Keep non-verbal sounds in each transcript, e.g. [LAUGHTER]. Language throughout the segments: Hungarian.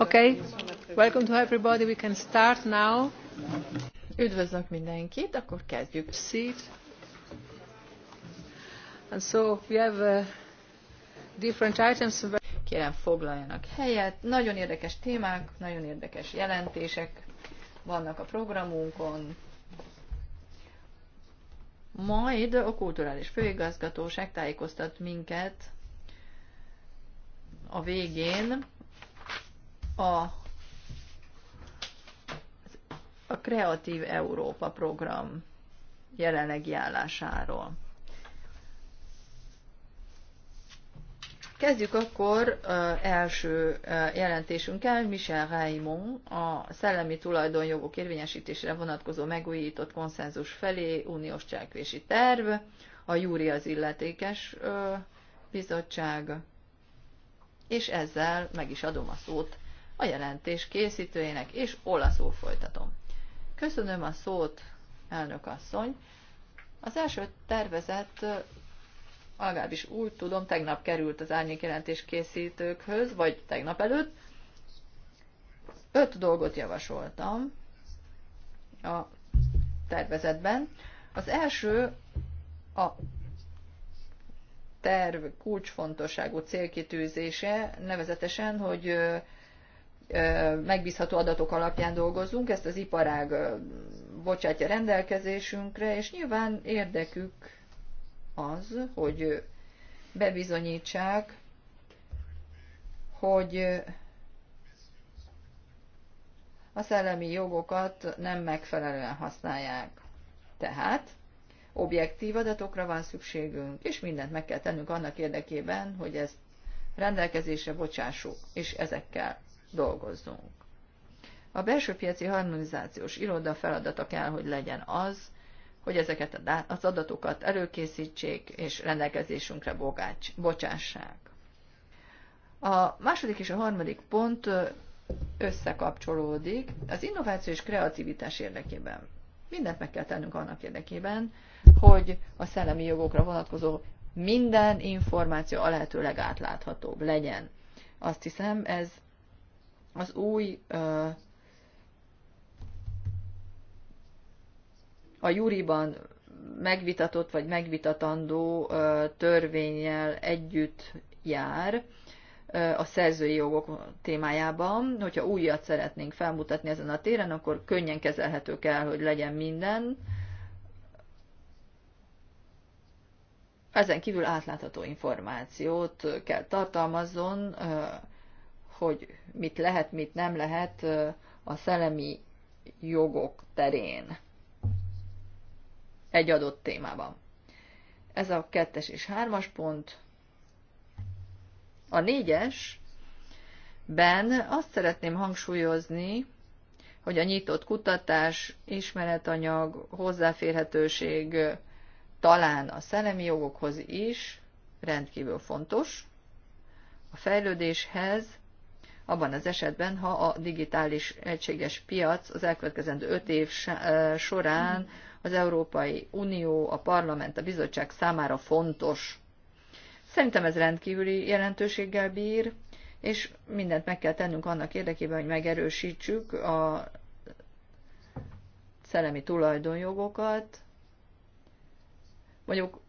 Okay. Welcome to everybody. We can start now. Üdvözlök mindenkit, akkor kezdjük. Seat. And so we have uh, different items. Kérem foglaljanak helyet. Nagyon érdekes témák, nagyon érdekes jelentések vannak a programunkon. Majd a Kulturális Főigazgatóság tájékoztat minket a végén a, a Kreatív Európa program jelenlegi állásáról. Kezdjük akkor első jelentésünkkel Michel Raimond, a szellemi tulajdonjogok érvényesítésére vonatkozó megújított konszenzus felé uniós cselekvési terv, a júri az illetékes bizottság, és ezzel meg is adom a szót a jelentés készítőjének, és olaszul folytatom. Köszönöm a szót, elnök asszony. Az első tervezet, eh, legalábbis úgy tudom, tegnap került az jelentés készítőkhöz, vagy tegnap előtt. Öt dolgot javasoltam a tervezetben. Az első a terv kulcsfontosságú célkitűzése, nevezetesen, hogy eh, megbízható adatok alapján dolgozunk, ezt az iparág bocsátja rendelkezésünkre, és nyilván érdekük az, hogy bebizonyítsák, hogy a szellemi jogokat nem megfelelően használják. Tehát objektív adatokra van szükségünk, és mindent meg kell tennünk annak érdekében, hogy ezt rendelkezésre bocsássuk, és ezekkel dolgozzunk. A belső piaci harmonizációs iroda feladata kell, hogy legyen az, hogy ezeket az adatokat előkészítsék és rendelkezésünkre bogács, bocsássák. A második és a harmadik pont összekapcsolódik az innováció és kreativitás érdekében. Mindent meg kell tennünk annak érdekében, hogy a szellemi jogokra vonatkozó minden információ a lehető legátláthatóbb legyen. Azt hiszem, ez az új a júriban megvitatott vagy megvitatandó törvényel együtt jár a szerzői jogok témájában. Hogyha újat szeretnénk felmutatni ezen a téren, akkor könnyen kezelhető kell, hogy legyen minden. Ezen kívül átlátható információt kell tartalmazzon hogy mit lehet, mit nem lehet a szellemi jogok terén egy adott témában. Ez a kettes és hármas pont. A négyesben azt szeretném hangsúlyozni, hogy a nyitott kutatás, ismeretanyag, hozzáférhetőség talán a szellemi jogokhoz is rendkívül fontos. A fejlődéshez abban az esetben, ha a digitális egységes piac az elkövetkezendő öt év során az Európai Unió, a Parlament, a Bizottság számára fontos. Szerintem ez rendkívüli jelentőséggel bír, és mindent meg kell tennünk annak érdekében, hogy megerősítsük a szellemi tulajdonjogokat, mondjuk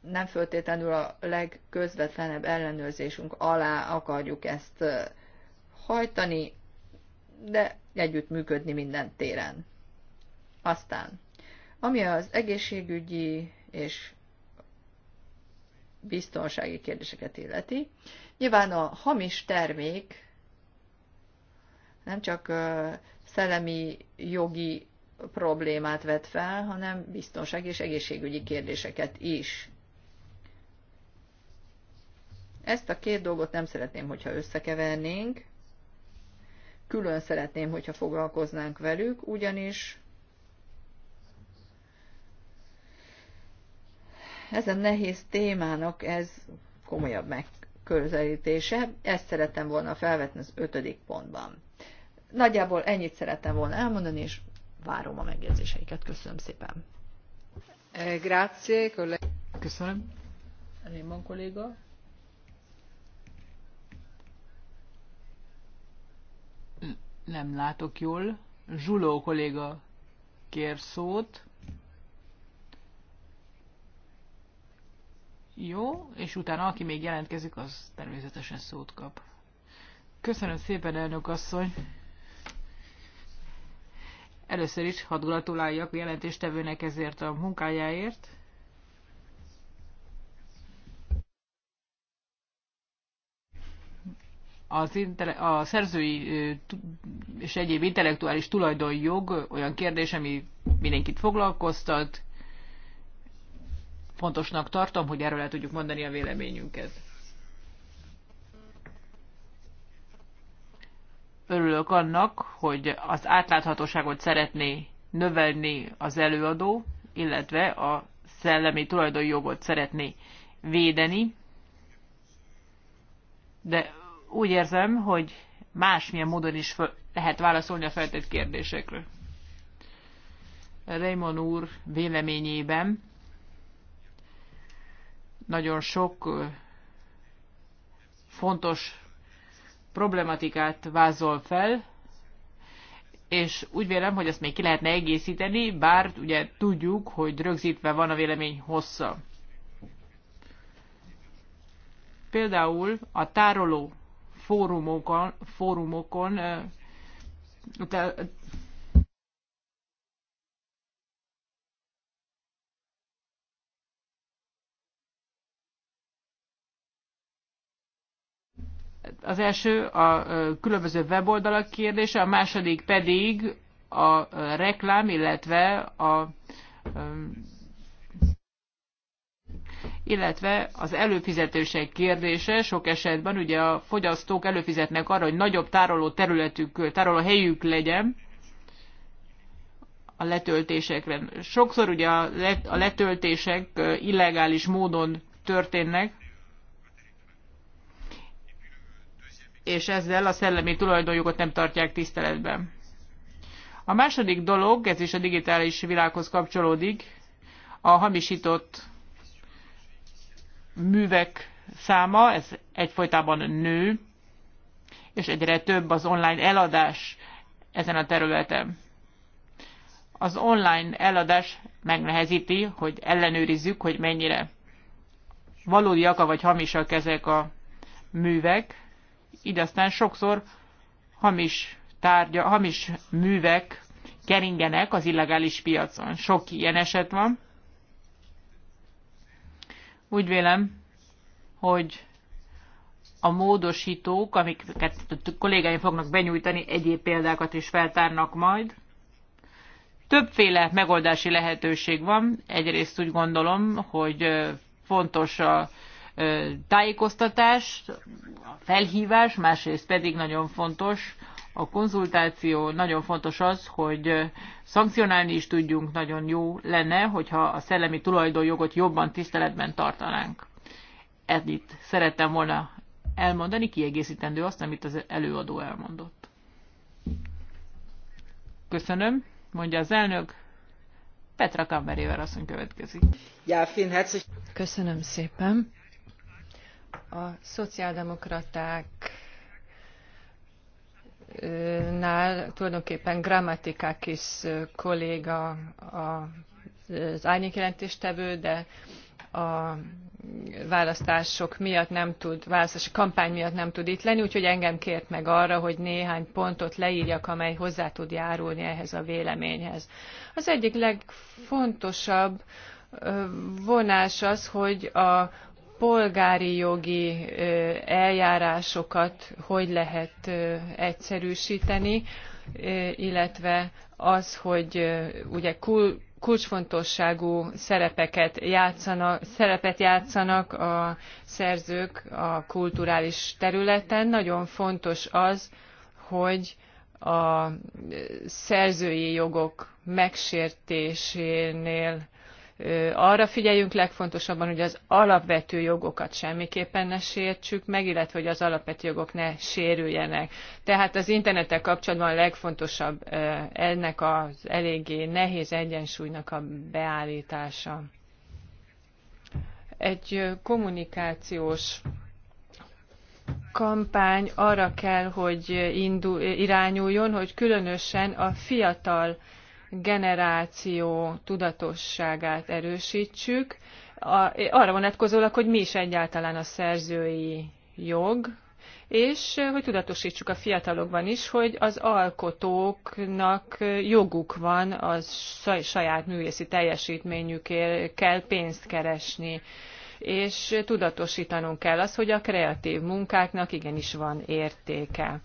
nem föltétlenül a legközvetlenebb ellenőrzésünk alá akarjuk ezt hajtani, de együtt működni minden téren. Aztán, ami az egészségügyi és biztonsági kérdéseket illeti, nyilván a hamis termék nem csak szellemi jogi problémát vet fel, hanem biztonsági és egészségügyi kérdéseket is. Ezt a két dolgot nem szeretném, hogyha összekevernénk, külön szeretném, hogyha foglalkoznánk velük, ugyanis ezen nehéz témának ez komolyabb megközelítése. Ezt szerettem volna felvetni az ötödik pontban. Nagyjából ennyit szerettem volna elmondani, és várom a megjegyzéseiket. Köszönöm szépen. Eh, grazie, Köszönöm. Raymond kolléga. Nem látok jól. Zsuló kolléga kér szót. Jó, és utána aki még jelentkezik, az természetesen szót kap. Köszönöm szépen, elnök asszony! Először is hadd gratuláljak a jelentéstevőnek ezért a munkájáért. az a szerzői és egyéb intellektuális tulajdonjog olyan kérdés, ami mindenkit foglalkoztat. Fontosnak tartom, hogy erről el tudjuk mondani a véleményünket. Örülök annak, hogy az átláthatóságot szeretné növelni az előadó, illetve a szellemi tulajdonjogot szeretné védeni, de úgy érzem, hogy másmilyen módon is lehet válaszolni a feltett kérdésekre. Raymond úr véleményében nagyon sok fontos problematikát vázol fel, és úgy vélem, hogy ezt még ki lehetne egészíteni, bár ugye tudjuk, hogy rögzítve van a vélemény hossza. Például a tároló fórumokon, fórumokon de, Az első a különböző weboldalak kérdése, a második pedig a reklám, illetve a illetve az előfizetőség kérdése sok esetben ugye a fogyasztók előfizetnek arra, hogy nagyobb tároló területük, tároló helyük legyen a letöltésekre. Sokszor ugye a letöltések illegális módon történnek, és ezzel a szellemi tulajdonjogot nem tartják tiszteletben. A második dolog, ez is a digitális világhoz kapcsolódik, a hamisított művek száma, ez egyfolytában nő, és egyre több az online eladás ezen a területen. Az online eladás megnehezíti, hogy ellenőrizzük, hogy mennyire valódiak vagy hamisak ezek a művek. Így aztán sokszor hamis, tárgya, hamis művek keringenek az illegális piacon. Sok ilyen eset van. Úgy vélem, hogy a módosítók, amiket a kollégáim fognak benyújtani, egyéb példákat is feltárnak majd. Többféle megoldási lehetőség van. Egyrészt úgy gondolom, hogy fontos a tájékoztatás, a felhívás, másrészt pedig nagyon fontos a konzultáció, nagyon fontos az, hogy szankcionálni is tudjunk, nagyon jó lenne, hogyha a szellemi tulajdonjogot jobban tiszteletben tartanánk. Ennyit szerettem volna elmondani, kiegészítendő azt, amit az előadó elmondott. Köszönöm, mondja az elnök. Petra Kammerével asszony következik. Köszönöm szépen. A szociáldemokraták nál tulajdonképpen is kolléga az árnyékjelentéstevő, de a választások miatt nem tud, választási kampány miatt nem tud itt lenni, úgyhogy engem kért meg arra, hogy néhány pontot leírjak, amely hozzá tud járulni ehhez a véleményhez. Az egyik legfontosabb vonás az, hogy a polgári jogi eljárásokat hogy lehet egyszerűsíteni, illetve az, hogy ugye kulcsfontosságú szerepeket játszanak, szerepet játszanak a szerzők a kulturális területen. Nagyon fontos az, hogy a szerzői jogok megsértésénél arra figyeljünk legfontosabban, hogy az alapvető jogokat semmiképpen ne sértsük meg, illetve hogy az alapvető jogok ne sérüljenek. Tehát az internettel kapcsolatban a legfontosabb ennek az eléggé nehéz egyensúlynak a beállítása. Egy kommunikációs kampány arra kell, hogy indul, irányuljon, hogy különösen a fiatal generáció tudatosságát erősítsük, arra vonatkozólag, hogy mi is egyáltalán a szerzői jog, és eh, hogy tudatosítsuk a fiatalokban is, hogy az alkotóknak eh, joguk van a saját művészi kell pénzt keresni, és tudatosítanunk kell az, hogy a kreatív munkáknak igenis van értéke.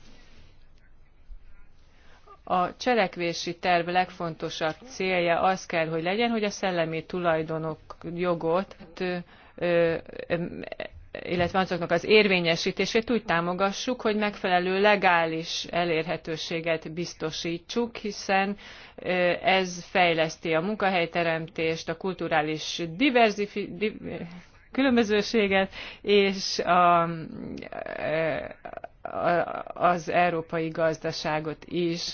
A cselekvési terv legfontosabb célja az kell, hogy legyen, hogy a szellemi tulajdonok jogot, illetve azoknak az érvényesítését úgy támogassuk, hogy megfelelő legális elérhetőséget biztosítsuk, hiszen ez fejleszti a munkahelyteremtést, a kulturális diverzifi, különbözőséget, és a, a, az európai gazdaságot is.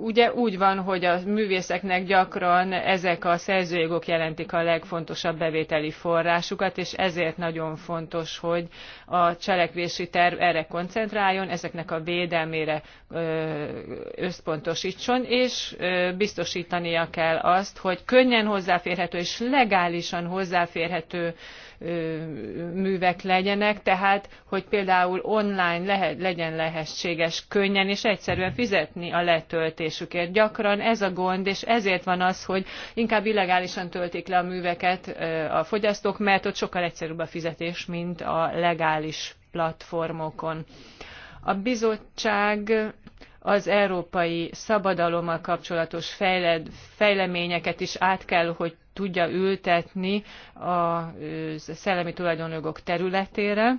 ugye úgy van, hogy a művészeknek gyakran ezek a szerzőjogok jelentik a legfontosabb bevételi forrásukat, és ezért nagyon fontos, hogy a cselekvési terv erre koncentráljon, ezeknek a védelmére összpontosítson, és biztosítania kell azt, hogy könnyen hozzáférhető és legálisan hozzáférhető művek legyenek, tehát hogy például online lehet, legyen lehetséges könnyen és egyszerűen fizetni a lett betöltésükért. Gyakran ez a gond, és ezért van az, hogy inkább illegálisan töltik le a műveket a fogyasztók, mert ott sokkal egyszerűbb a fizetés, mint a legális platformokon. A bizottság az európai szabadalommal kapcsolatos fejled, fejleményeket is át kell, hogy tudja ültetni a szellemi tulajdonjogok területére.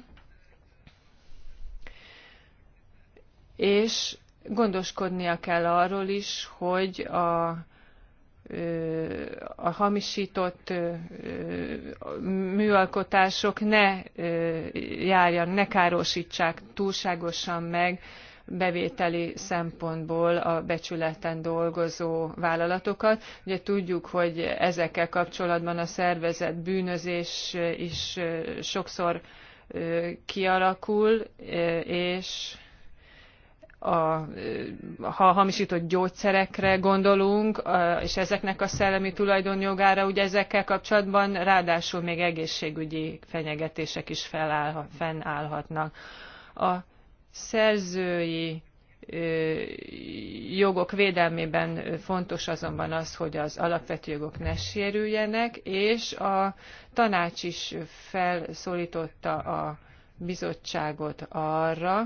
És gondoskodnia kell arról is, hogy a, a hamisított műalkotások ne járjan, ne károsítsák túlságosan meg bevételi szempontból a becsületen dolgozó vállalatokat. Ugye tudjuk, hogy ezekkel kapcsolatban a szervezet bűnözés is sokszor kialakul, és a, ha hamisított gyógyszerekre gondolunk, és ezeknek a szellemi tulajdonjogára, ugye ezekkel kapcsolatban ráadásul még egészségügyi fenyegetések is feláll, fennállhatnak. A szerzői jogok védelmében fontos azonban az, hogy az alapvető jogok ne sérüljenek, és a tanács is felszólította a bizottságot arra,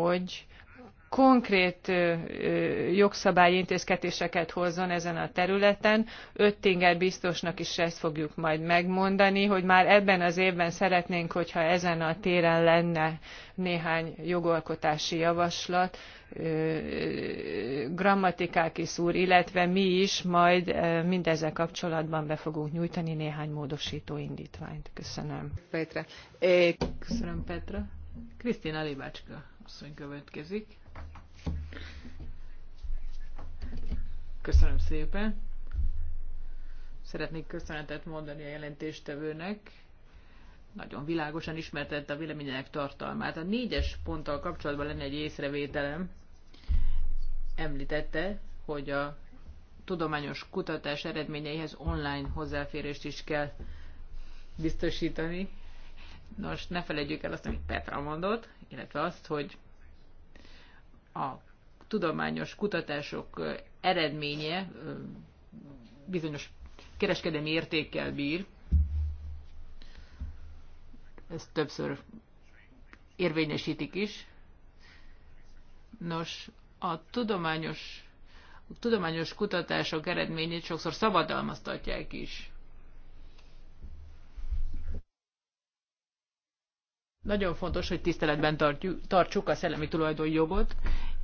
hogy konkrét jogszabályi intézkedéseket hozzon ezen a területen. Öttinger biztosnak is ezt fogjuk majd megmondani, hogy már ebben az évben szeretnénk, hogyha ezen a téren lenne néhány jogalkotási javaslat. Grammatikákis úr, illetve mi is majd mindezzel kapcsolatban be fogunk nyújtani néhány módosító indítványt. Köszönöm. Petra. Köszönöm, Petra. Krisztina Libácska asszony következik. Köszönöm szépen. Szeretnék köszönetet mondani a jelentéstevőnek. Nagyon világosan ismertette a vélemények tartalmát. A négyes ponttal kapcsolatban lenne egy észrevételem. Említette, hogy a tudományos kutatás eredményeihez online hozzáférést is kell biztosítani. Nos, ne felejtjük el azt, amit Petra mondott illetve azt, hogy a tudományos kutatások eredménye bizonyos kereskedelmi értékkel bír. Ezt többször érvényesítik is. Nos, a tudományos, a tudományos kutatások eredményét sokszor szabadalmaztatják is. Nagyon fontos, hogy tiszteletben tartjuk, tartsuk a szellemi tulajdonjogot.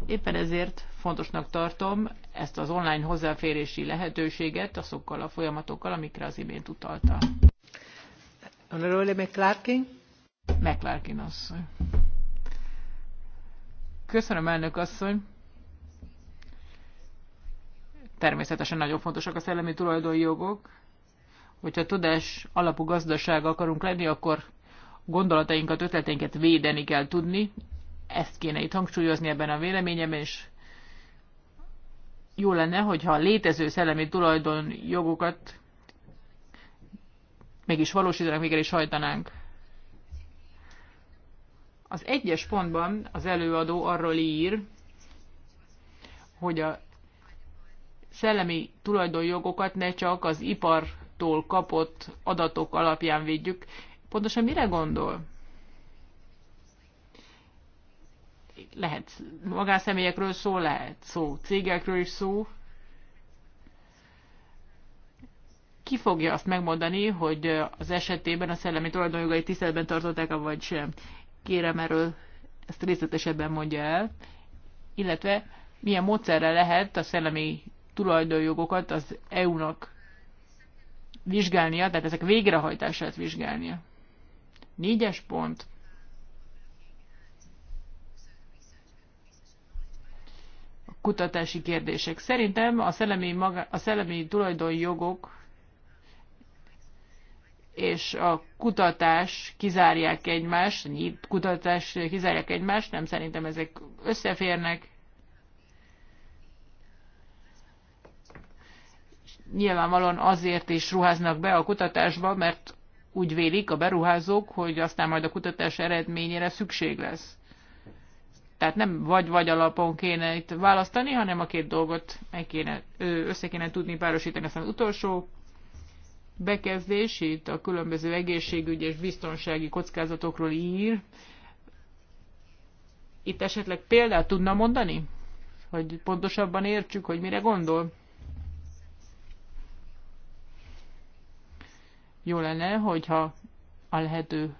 Éppen ezért fontosnak tartom ezt az online hozzáférési lehetőséget azokkal a folyamatokkal, amikre az imént utalta. Honorable McClarkin? McClarkin asszony. Köszönöm, elnök asszony. Természetesen nagyon fontosak a szellemi tulajdonjogok. Hogyha tudás alapú gazdaság akarunk lenni, akkor gondolatainkat, ötleteinket védeni kell tudni. Ezt kéne itt hangsúlyozni ebben a véleményemben, és jó lenne, hogyha a létező szellemi tulajdonjogokat mégis valósítanak, is hajtanánk. Az egyes pontban az előadó arról ír, hogy a szellemi tulajdonjogokat ne csak az ipartól kapott adatok alapján védjük. Pontosan mire gondol? Lehet magánszemélyekről szó, lehet szó cégekről is szó. Ki fogja azt megmondani, hogy az esetében a szellemi tulajdonjogai tiszteletben tartották-e vagy sem? Kérem erről ezt részletesebben mondja el, illetve milyen módszerre lehet a szellemi tulajdonjogokat az EU-nak vizsgálnia, tehát ezek végrehajtását vizsgálnia. Négyes pont. A kutatási kérdések. Szerintem a szellemi, maga, a szellemi tulajdonjogok és a kutatás kizárják egymást, nyit kutatás kizárják egymást, nem szerintem ezek összeférnek. Nyilvánvalóan azért is ruháznak be a kutatásba, mert úgy vélik a beruházók, hogy aztán majd a kutatás eredményére szükség lesz. Tehát nem vagy-vagy alapon kéne itt választani, hanem a két dolgot meg kéne, össze kéne tudni párosítani. Aztán az utolsó bekezdés, itt a különböző egészségügyi és biztonsági kockázatokról ír. Itt esetleg példát tudna mondani, hogy pontosabban értsük, hogy mire gondol? Jó lenne, hogyha a lehető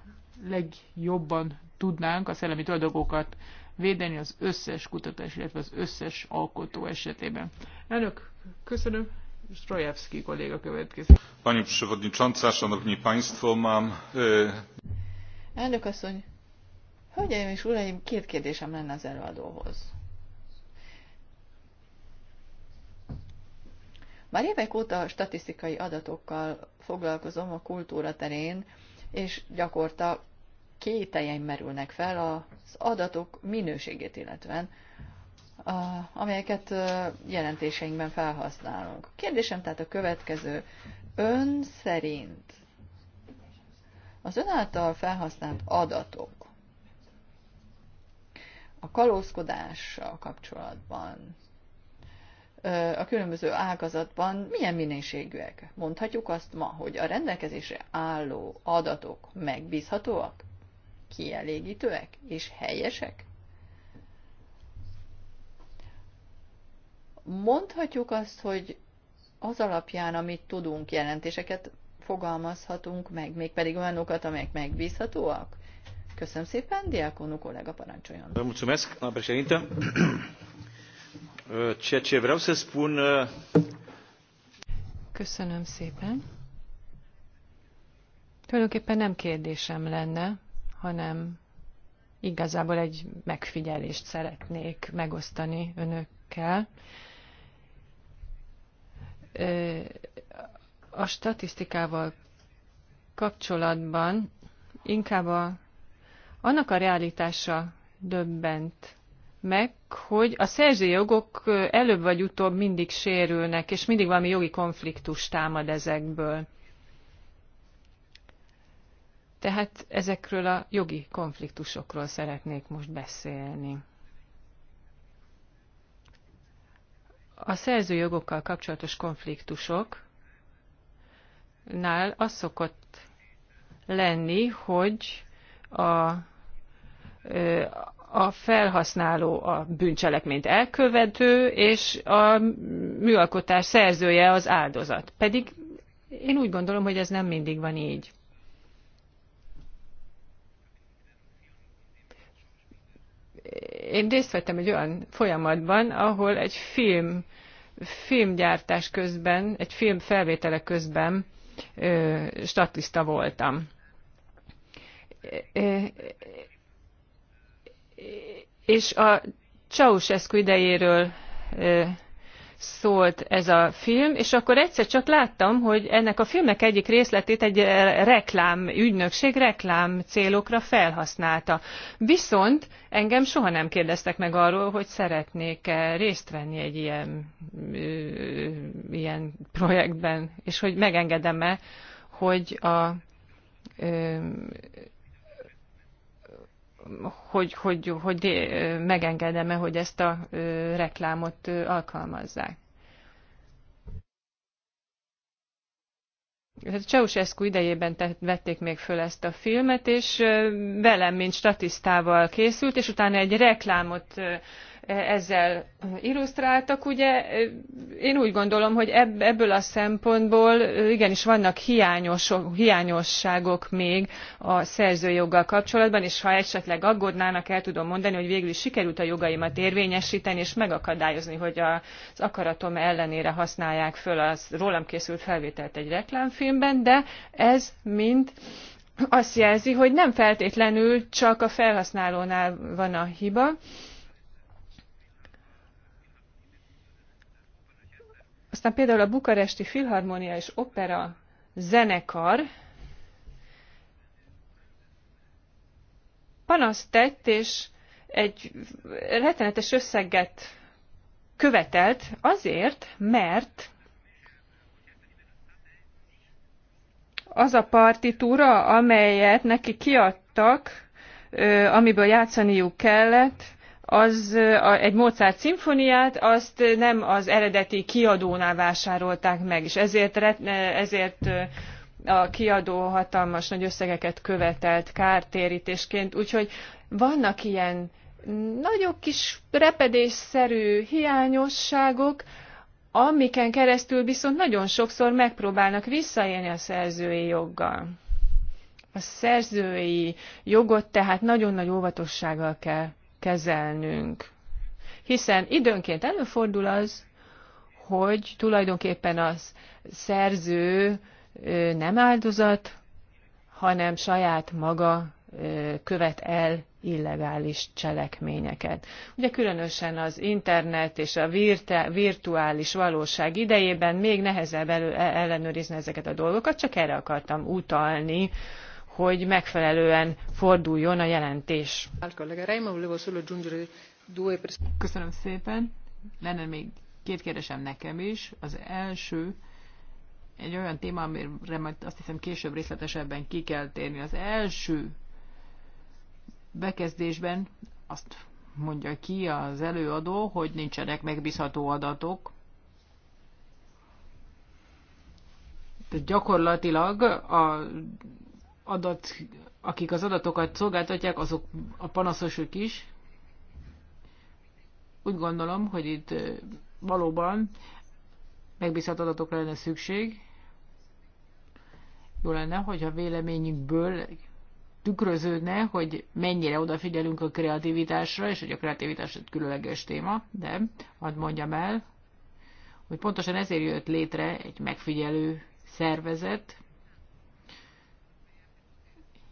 legjobban tudnánk a szellemi tulajdonokat védeni az összes kutatás, illetve az összes alkotó esetében. Elnök, köszönöm. Strojewski kolléga következik. Pani Przewodnicząca, Szanowni Państwo, mam... E, Elnök asszony, hölgyeim és uraim, két kérdésem lenne az előadóhoz. Már évek óta statisztikai adatokkal foglalkozom a kultúra terén, és gyakorta kételjeim merülnek fel az adatok minőségét illetően, amelyeket jelentéseinkben felhasználunk. Kérdésem tehát a következő. Ön szerint az ön által felhasznált adatok a kalózkodással kapcsolatban a különböző ágazatban milyen minőségűek. Mondhatjuk azt ma, hogy a rendelkezésre álló adatok megbízhatóak, kielégítőek és helyesek? Mondhatjuk azt, hogy az alapján, amit tudunk, jelentéseket fogalmazhatunk meg, mégpedig olyanokat, amelyek megbízhatóak? Köszönöm szépen, Diákonú kollega parancsoljon. Mulțumesc, Uh, ceea ce vreau să spun... Uh, Köszönöm szépen. Tulajdonképpen nem kérdésem lenne, hanem igazából egy megfigyelést szeretnék megosztani önökkel. Uh, a statisztikával kapcsolatban inkább a, annak a realitása döbbent meg, hogy a szerzői jogok előbb vagy utóbb mindig sérülnek, és mindig valami jogi konfliktus támad ezekből. Tehát ezekről a jogi konfliktusokról szeretnék most beszélni. A jogokkal kapcsolatos konfliktusoknál az szokott lenni, hogy a, a felhasználó a bűncselekményt elkövető, és a műalkotás szerzője az áldozat. Pedig én úgy gondolom, hogy ez nem mindig van így. Én részt vettem egy olyan folyamatban, ahol egy film, filmgyártás közben, egy film felvétele közben ö, statiszta voltam és a Ceausescu idejéről szólt ez a film, és akkor egyszer csak láttam, hogy ennek a filmnek egyik részletét egy reklám ügynökség reklám célokra felhasználta. Viszont engem soha nem kérdeztek meg arról, hogy szeretnék -e részt venni egy ilyen, ilyen projektben, és hogy megengedem-e, hogy a hogy, hogy, hogy megengedem-e, hogy ezt a reklámot alkalmazzák. Hát Ceausescu idejében vették még föl ezt a filmet, és velem, mint statisztával készült, és utána egy reklámot ezzel illusztráltak. Ugye eh, én úgy gondolom, hogy ebből a szempontból eh, igenis vannak hiányos, hiányosságok még a szerzőjoggal kapcsolatban, és ha esetleg aggódnának, el tudom mondani, hogy végül is sikerült a jogaimat érvényesíteni, és megakadályozni, hogy az akaratom ellenére használják föl az rólam készült felvételt egy reklámfilmben, de ez mind azt jelzi, hogy nem feltétlenül csak a felhasználónál van a hiba, Aztán például a bukaresti filharmonia és opera zenekar panaszt tett, és egy rettenetes összeget követelt azért, mert az a partitúra, amelyet neki kiadtak, amiből játszaniuk kellett, az egy Mozart szimfoniát, azt nem az eredeti kiadónál vásárolták meg, és ezért, ezért a kiadó hatalmas nagy összegeket követelt kártérítésként, úgyhogy vannak ilyen nagyobb kis repedésszerű hiányosságok, amiken keresztül viszont nagyon sokszor megpróbálnak visszaélni a szerzői joggal. A szerzői jogot tehát nagyon nagy óvatossággal kell kezelnünk. Hiszen időnként előfordul az, hogy tulajdonképpen a szerző nem áldozat, hanem saját maga követ el illegális cselekményeket. Ugye különösen az internet és a virtuális valóság idejében még nehezebb elő, ellenőrizni ezeket a dolgokat, csak erre akartam utalni hogy megfelelően forduljon a jelentés. Köszönöm szépen. Lenne még két kérdésem nekem is. Az első egy olyan téma, amire majd azt hiszem később részletesebben ki kell térni. Az első bekezdésben azt mondja ki az előadó, hogy nincsenek megbízható adatok. Tehát gyakorlatilag a adat, akik az adatokat szolgáltatják, azok a panaszosok is. Úgy gondolom, hogy itt valóban megbízható adatokra lenne szükség. Jó lenne, hogyha véleményünkből tükröződne, hogy mennyire odafigyelünk a kreativitásra, és hogy a kreativitás egy különleges téma, de hadd mondjam el, hogy pontosan ezért jött létre egy megfigyelő szervezet,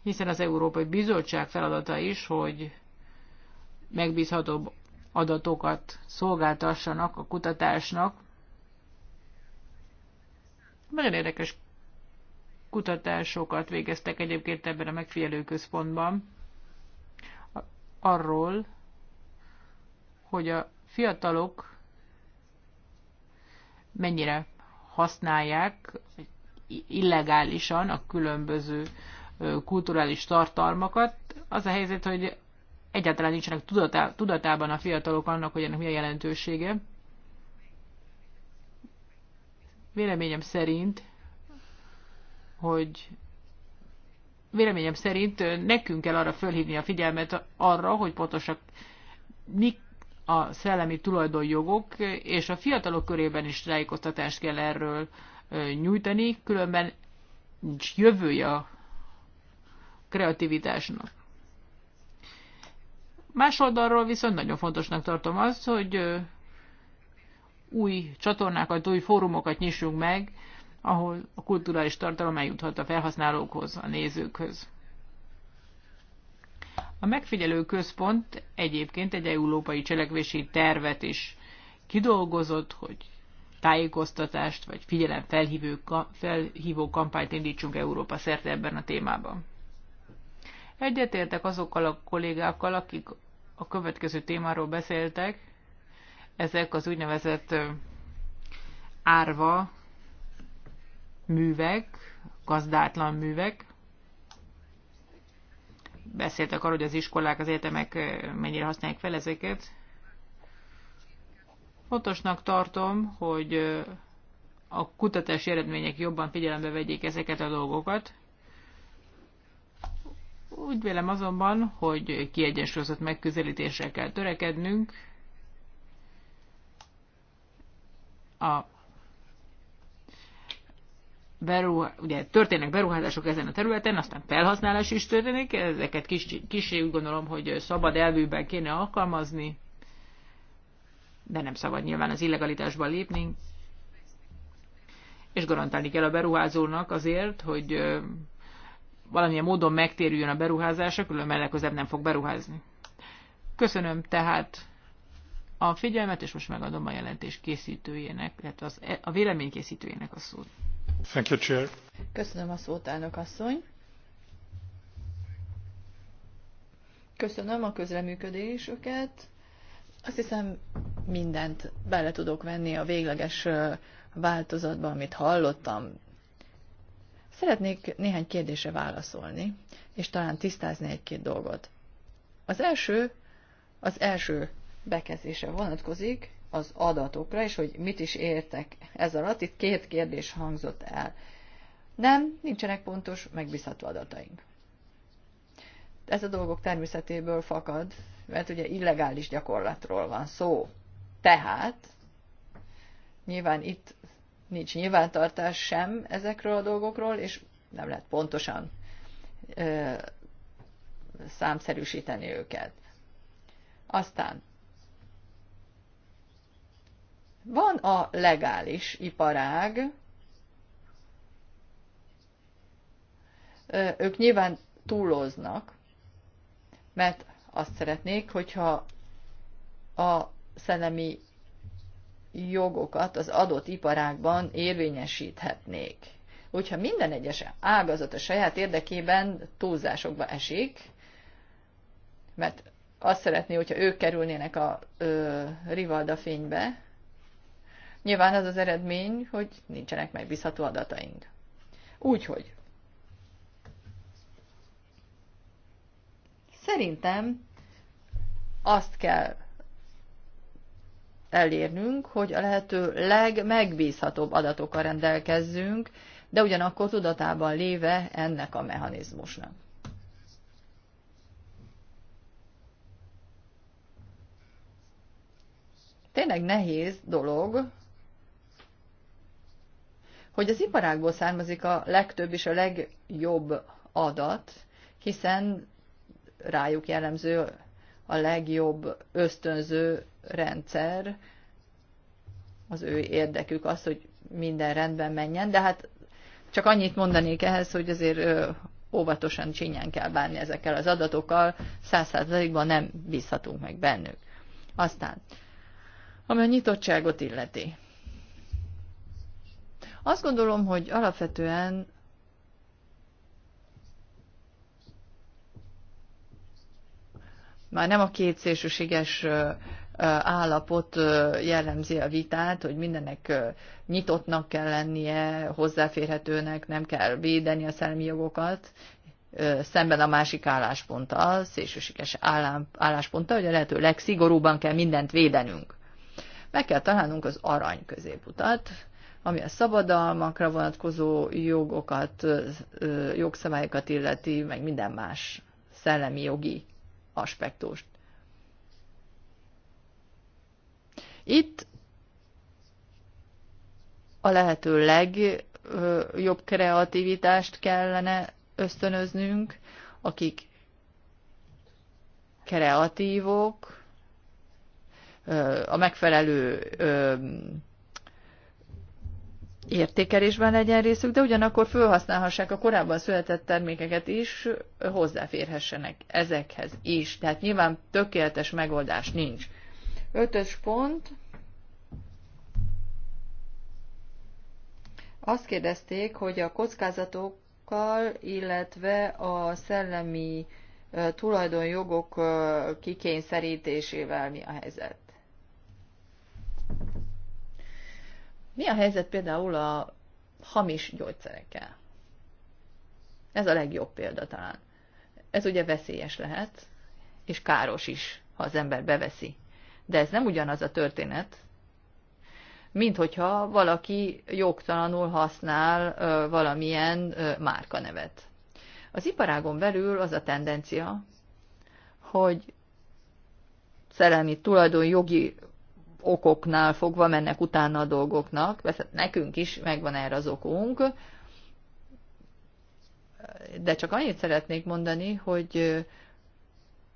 hiszen az Európai Bizottság feladata is, hogy megbízhatóbb adatokat szolgáltassanak a kutatásnak. Nagyon érdekes kutatásokat végeztek egyébként ebben a megfigyelőközpontban arról, hogy a fiatalok mennyire használják illegálisan a különböző kulturális tartalmakat. Az a helyzet, hogy egyáltalán nincsenek tudatá, tudatában a fiatalok annak, hogy ennek milyen jelentősége. Véleményem szerint, hogy véleményem szerint nekünk kell arra fölhívni a figyelmet arra, hogy pontosak mik a szellemi tulajdonjogok, és a fiatalok körében is tájékoztatást kell erről nyújtani, különben nincs jövője a kreativitásnak. Más oldalról viszont nagyon fontosnak tartom azt, hogy új csatornákat, új fórumokat nyissunk meg, ahol a kulturális tartalom eljuthat a felhasználókhoz, a nézőkhöz. A megfigyelő központ egyébként egy európai cselekvési tervet is kidolgozott, hogy tájékoztatást vagy figyelemfelhívó kampányt indítsunk Európa szerte ebben a témában. Egyetértek azokkal a kollégákkal, akik a következő témáról beszéltek, ezek az úgynevezett árva művek, gazdátlan művek. Beszéltek arról, hogy az iskolák, az egyetemek mennyire használják fel ezeket. Fontosnak tartom, hogy a kutatási eredmények jobban figyelembe vegyék ezeket a dolgokat. Úgy vélem azonban, hogy kiegyensúlyozott megközelítéssel kell törekednünk. A Beru, ugye történnek beruházások ezen a területen, aztán felhasználás is történik, ezeket kicsi, kicsi úgy gondolom, hogy szabad elvűben kéne alkalmazni, de nem szabad nyilván az illegalitásba lépni, és garantálni kell a beruházónak azért, hogy valamilyen módon megtérüljön a beruházása, különben legközebb nem fog beruházni. Köszönöm tehát a figyelmet, és most megadom a jelentés készítőjének, illetve az, e- a vélemény készítőjének a szót. Thank you, Chair. Köszönöm a szót, elnök asszony. Köszönöm a közreműködésüket. Azt hiszem, mindent bele tudok venni a végleges változatba, amit hallottam. Szeretnék néhány kérdésre válaszolni, és talán tisztázni egy-két dolgot. Az első, az első bekezdése vonatkozik az adatokra, és hogy mit is értek ez alatt. Itt két kérdés hangzott el. Nem, nincsenek pontos, megbízható adataink. Ez a dolgok természetéből fakad, mert ugye illegális gyakorlatról van szó. Tehát nyilván itt nincs nyilvántartás sem ezekről a dolgokról, és nem lehet pontosan ö, számszerűsíteni őket. Aztán van a legális iparág, ők nyilván túloznak, mert azt szeretnék, hogyha a szellemi jogokat az adott iparágban érvényesíthetnék. Hogyha minden egyes ágazat a saját érdekében túlzásokba esik, mert azt szeretné, hogyha ők kerülnének a ö, rivalda fénybe, nyilván az az eredmény, hogy nincsenek megbízható adataink. Úgyhogy szerintem azt kell elérnünk, hogy a lehető legmegbízhatóbb adatokkal rendelkezzünk, de ugyanakkor tudatában léve ennek a mechanizmusnak. Tényleg nehéz dolog, hogy az iparágból származik a legtöbb és a legjobb adat, hiszen rájuk jellemző a legjobb ösztönző rendszer, az ő érdekük az, hogy minden rendben menjen, de hát csak annyit mondanék ehhez, hogy azért óvatosan csinyán kell bánni ezekkel az adatokkal, százszázalékban nem bízhatunk meg bennük. Aztán, ami a nyitottságot illeti. Azt gondolom, hogy alapvetően már nem a szélsőséges állapot jellemzi a vitát, hogy mindennek nyitottnak kell lennie, hozzáférhetőnek, nem kell védeni a szellemi jogokat, szemben a másik állásponttal, szélsőséges állásponttal, hogy a lehető legszigorúban kell mindent védenünk. Meg kell találnunk az arany középutat, ami a szabadalmakra vonatkozó jogokat, jogszabályokat illeti, meg minden más szellemi jogi aspektust. Itt a lehető legjobb kreativitást kellene ösztönöznünk, akik kreatívok, a megfelelő értékelésben legyen részük, de ugyanakkor felhasználhassák a korábban született termékeket is, hozzáférhessenek ezekhez is. Tehát nyilván tökéletes megoldás nincs. Ötös pont. Azt kérdezték, hogy a kockázatokkal, illetve a szellemi tulajdonjogok kikényszerítésével mi a helyzet. Mi a helyzet például a hamis gyógyszerekkel? Ez a legjobb példa talán. Ez ugye veszélyes lehet, és káros is, ha az ember beveszi de ez nem ugyanaz a történet, mint hogyha valaki jogtalanul használ valamilyen márkanevet. Az iparágon belül az a tendencia, hogy szerelmi tulajdon jogi okoknál fogva mennek utána a dolgoknak, persze nekünk is megvan erre az okunk, de csak annyit szeretnék mondani, hogy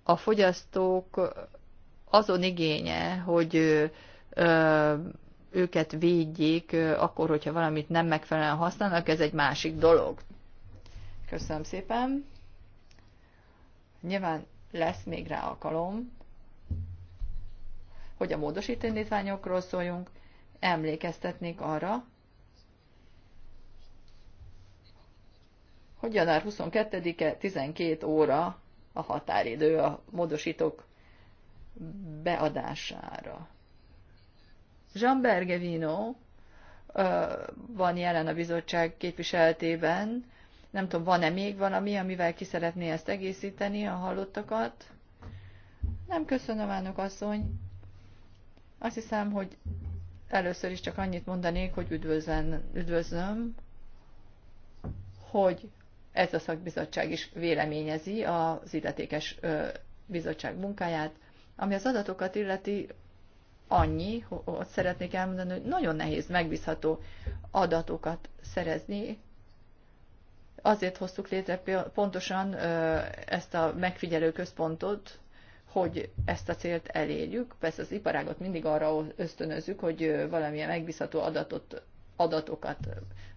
a fogyasztók azon igénye, hogy őket védjék, akkor, hogyha valamit nem megfelelően használnak, ez egy másik dolog. Köszönöm szépen. Nyilván lesz még rá alkalom, hogy a módosító szóljunk, emlékeztetnék arra, hogy január 22-e 12 óra a határidő a módosítók beadására. Jean Bergevino van jelen a bizottság képviseletében. Nem tudom, van-e még valami, amivel ki szeretné ezt egészíteni, a hallottakat? Nem köszönöm, elnök asszony. Azt hiszem, hogy először is csak annyit mondanék, hogy üdvözlen, üdvözlöm, hogy ez a szakbizottság is véleményezi az illetékes bizottság munkáját, ami az adatokat illeti, annyi, hogy szeretnék elmondani, hogy nagyon nehéz megbízható adatokat szerezni. Azért hoztuk létre pontosan ezt a megfigyelő központot, hogy ezt a célt elérjük. Persze az iparágot mindig arra ösztönözzük, hogy valamilyen megbízható adatot, adatokat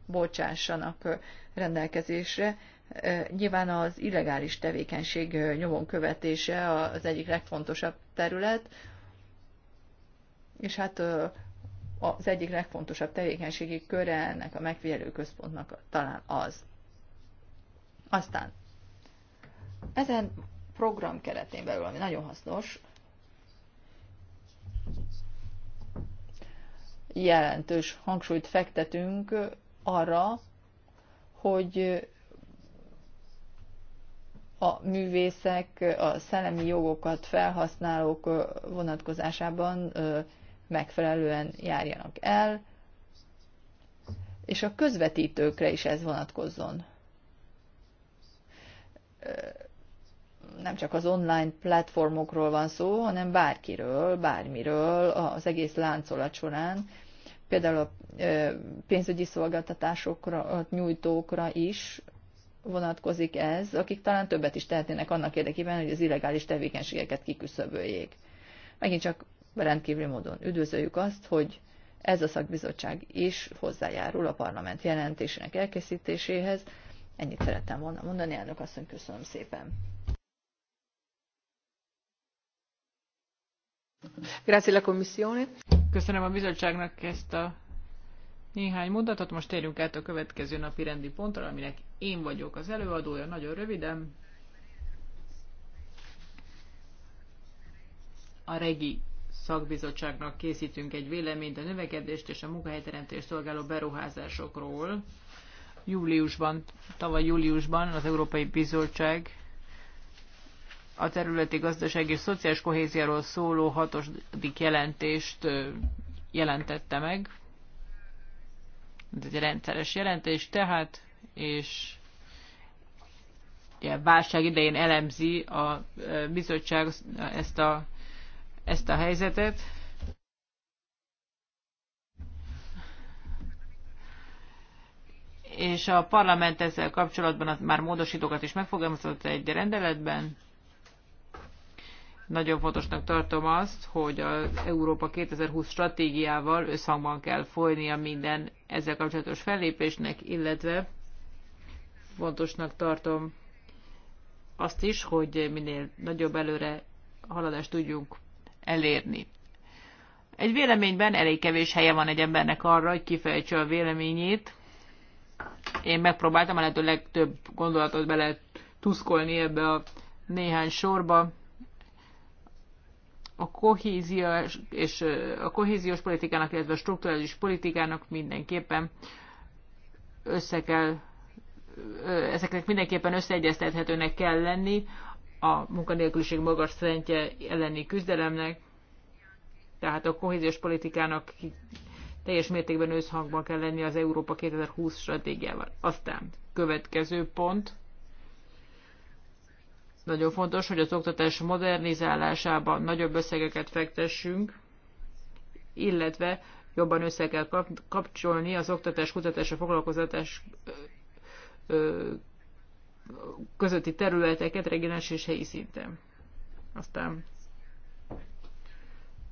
bocsássanak rendelkezésre, Nyilván az illegális tevékenység nyomon követése az egyik legfontosabb terület, és hát az egyik legfontosabb tevékenységi köre ennek a megfigyelő központnak talán az. Aztán ezen program keretén belül, ami nagyon hasznos, jelentős hangsúlyt fektetünk arra, hogy a művészek, a szellemi jogokat felhasználók vonatkozásában megfelelően járjanak el, és a közvetítőkre is ez vonatkozzon. Nem csak az online platformokról van szó, hanem bárkiről, bármiről az egész láncolat során, például a pénzügyi szolgáltatásokra, nyújtókra is vonatkozik ez, akik talán többet is tehetnének annak érdekében, hogy az illegális tevékenységeket kiküszöböljék. Megint csak rendkívüli módon üdvözöljük azt, hogy ez a szakbizottság is hozzájárul a parlament jelentésének elkészítéséhez. Ennyit szerettem volna mondani, elnök asszony, köszönöm szépen. Grazie la Commissione. Köszönöm a bizottságnak ezt a néhány mondatot, most térjünk át a következő napi rendi pontra, aminek én vagyok az előadója, nagyon röviden. A regi szakbizottságnak készítünk egy véleményt a növekedést és a munkahelyteremtést szolgáló beruházásokról. Júliusban, tavaly júliusban az Európai Bizottság a területi gazdaság és szociális kohéziáról szóló hatodik jelentést jelentette meg. Ez egy rendszeres jelentés tehát, és ilyen válság idején elemzi a bizottság ezt a, ezt a helyzetet. És a parlament ezzel kapcsolatban már módosítókat is megfogalmazott egy rendeletben, nagyon fontosnak tartom azt, hogy az Európa 2020 stratégiával összhangban kell folynia minden ezzel kapcsolatos fellépésnek, illetve fontosnak tartom azt is, hogy minél nagyobb előre haladást tudjunk elérni. Egy véleményben elég kevés helye van egy embernek arra, hogy kifejtse a véleményét. Én megpróbáltam a lehető legtöbb gondolatot bele tuszkolni ebbe a néhány sorba a kohéziós, és a kohéziós politikának, illetve a strukturális politikának mindenképpen össze kell, ezeknek mindenképpen összeegyeztethetőnek kell lenni a munkanélküliség magas szintje elleni küzdelemnek, tehát a kohéziós politikának teljes mértékben összhangban kell lenni az Európa 2020 stratégiával. Aztán következő pont, nagyon fontos, hogy az oktatás modernizálásában nagyobb összegeket fektessünk, illetve jobban össze kell kapcsolni az oktatás, kutatás, a foglalkoztatás közötti területeket regionális és helyi szinten. Aztán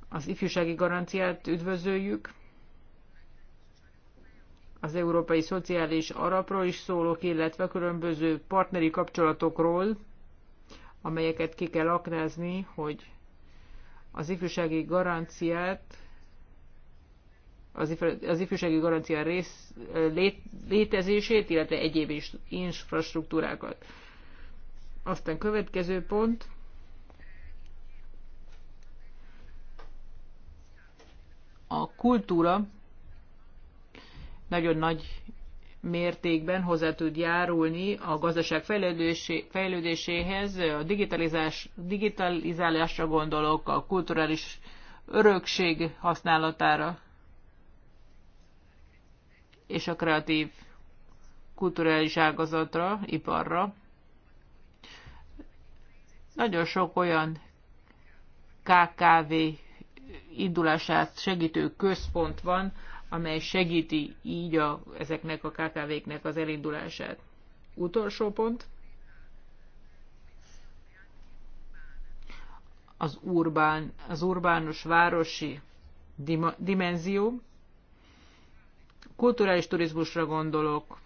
az ifjúsági garanciát üdvözöljük. Az európai szociális arapról is szólok, illetve különböző partneri kapcsolatokról, amelyeket ki kell aknázni, hogy az ifjúsági garanciát az ifjúsági garancia rész, lét, létezését, illetve egyéb infrastruktúrákat. Aztán következő pont. A kultúra nagyon nagy mértékben hozzá tud járulni a gazdaság fejlődéséhez, a digitalizás, digitalizálásra gondolok, a kulturális örökség használatára és a kreatív kulturális ágazatra, iparra. Nagyon sok olyan KKV indulását segítő központ van, amely segíti így a, ezeknek a KKV-knek az elindulását. Utolsó pont. Az, urbán, az urbánus városi dimenzió. Kulturális turizmusra gondolok,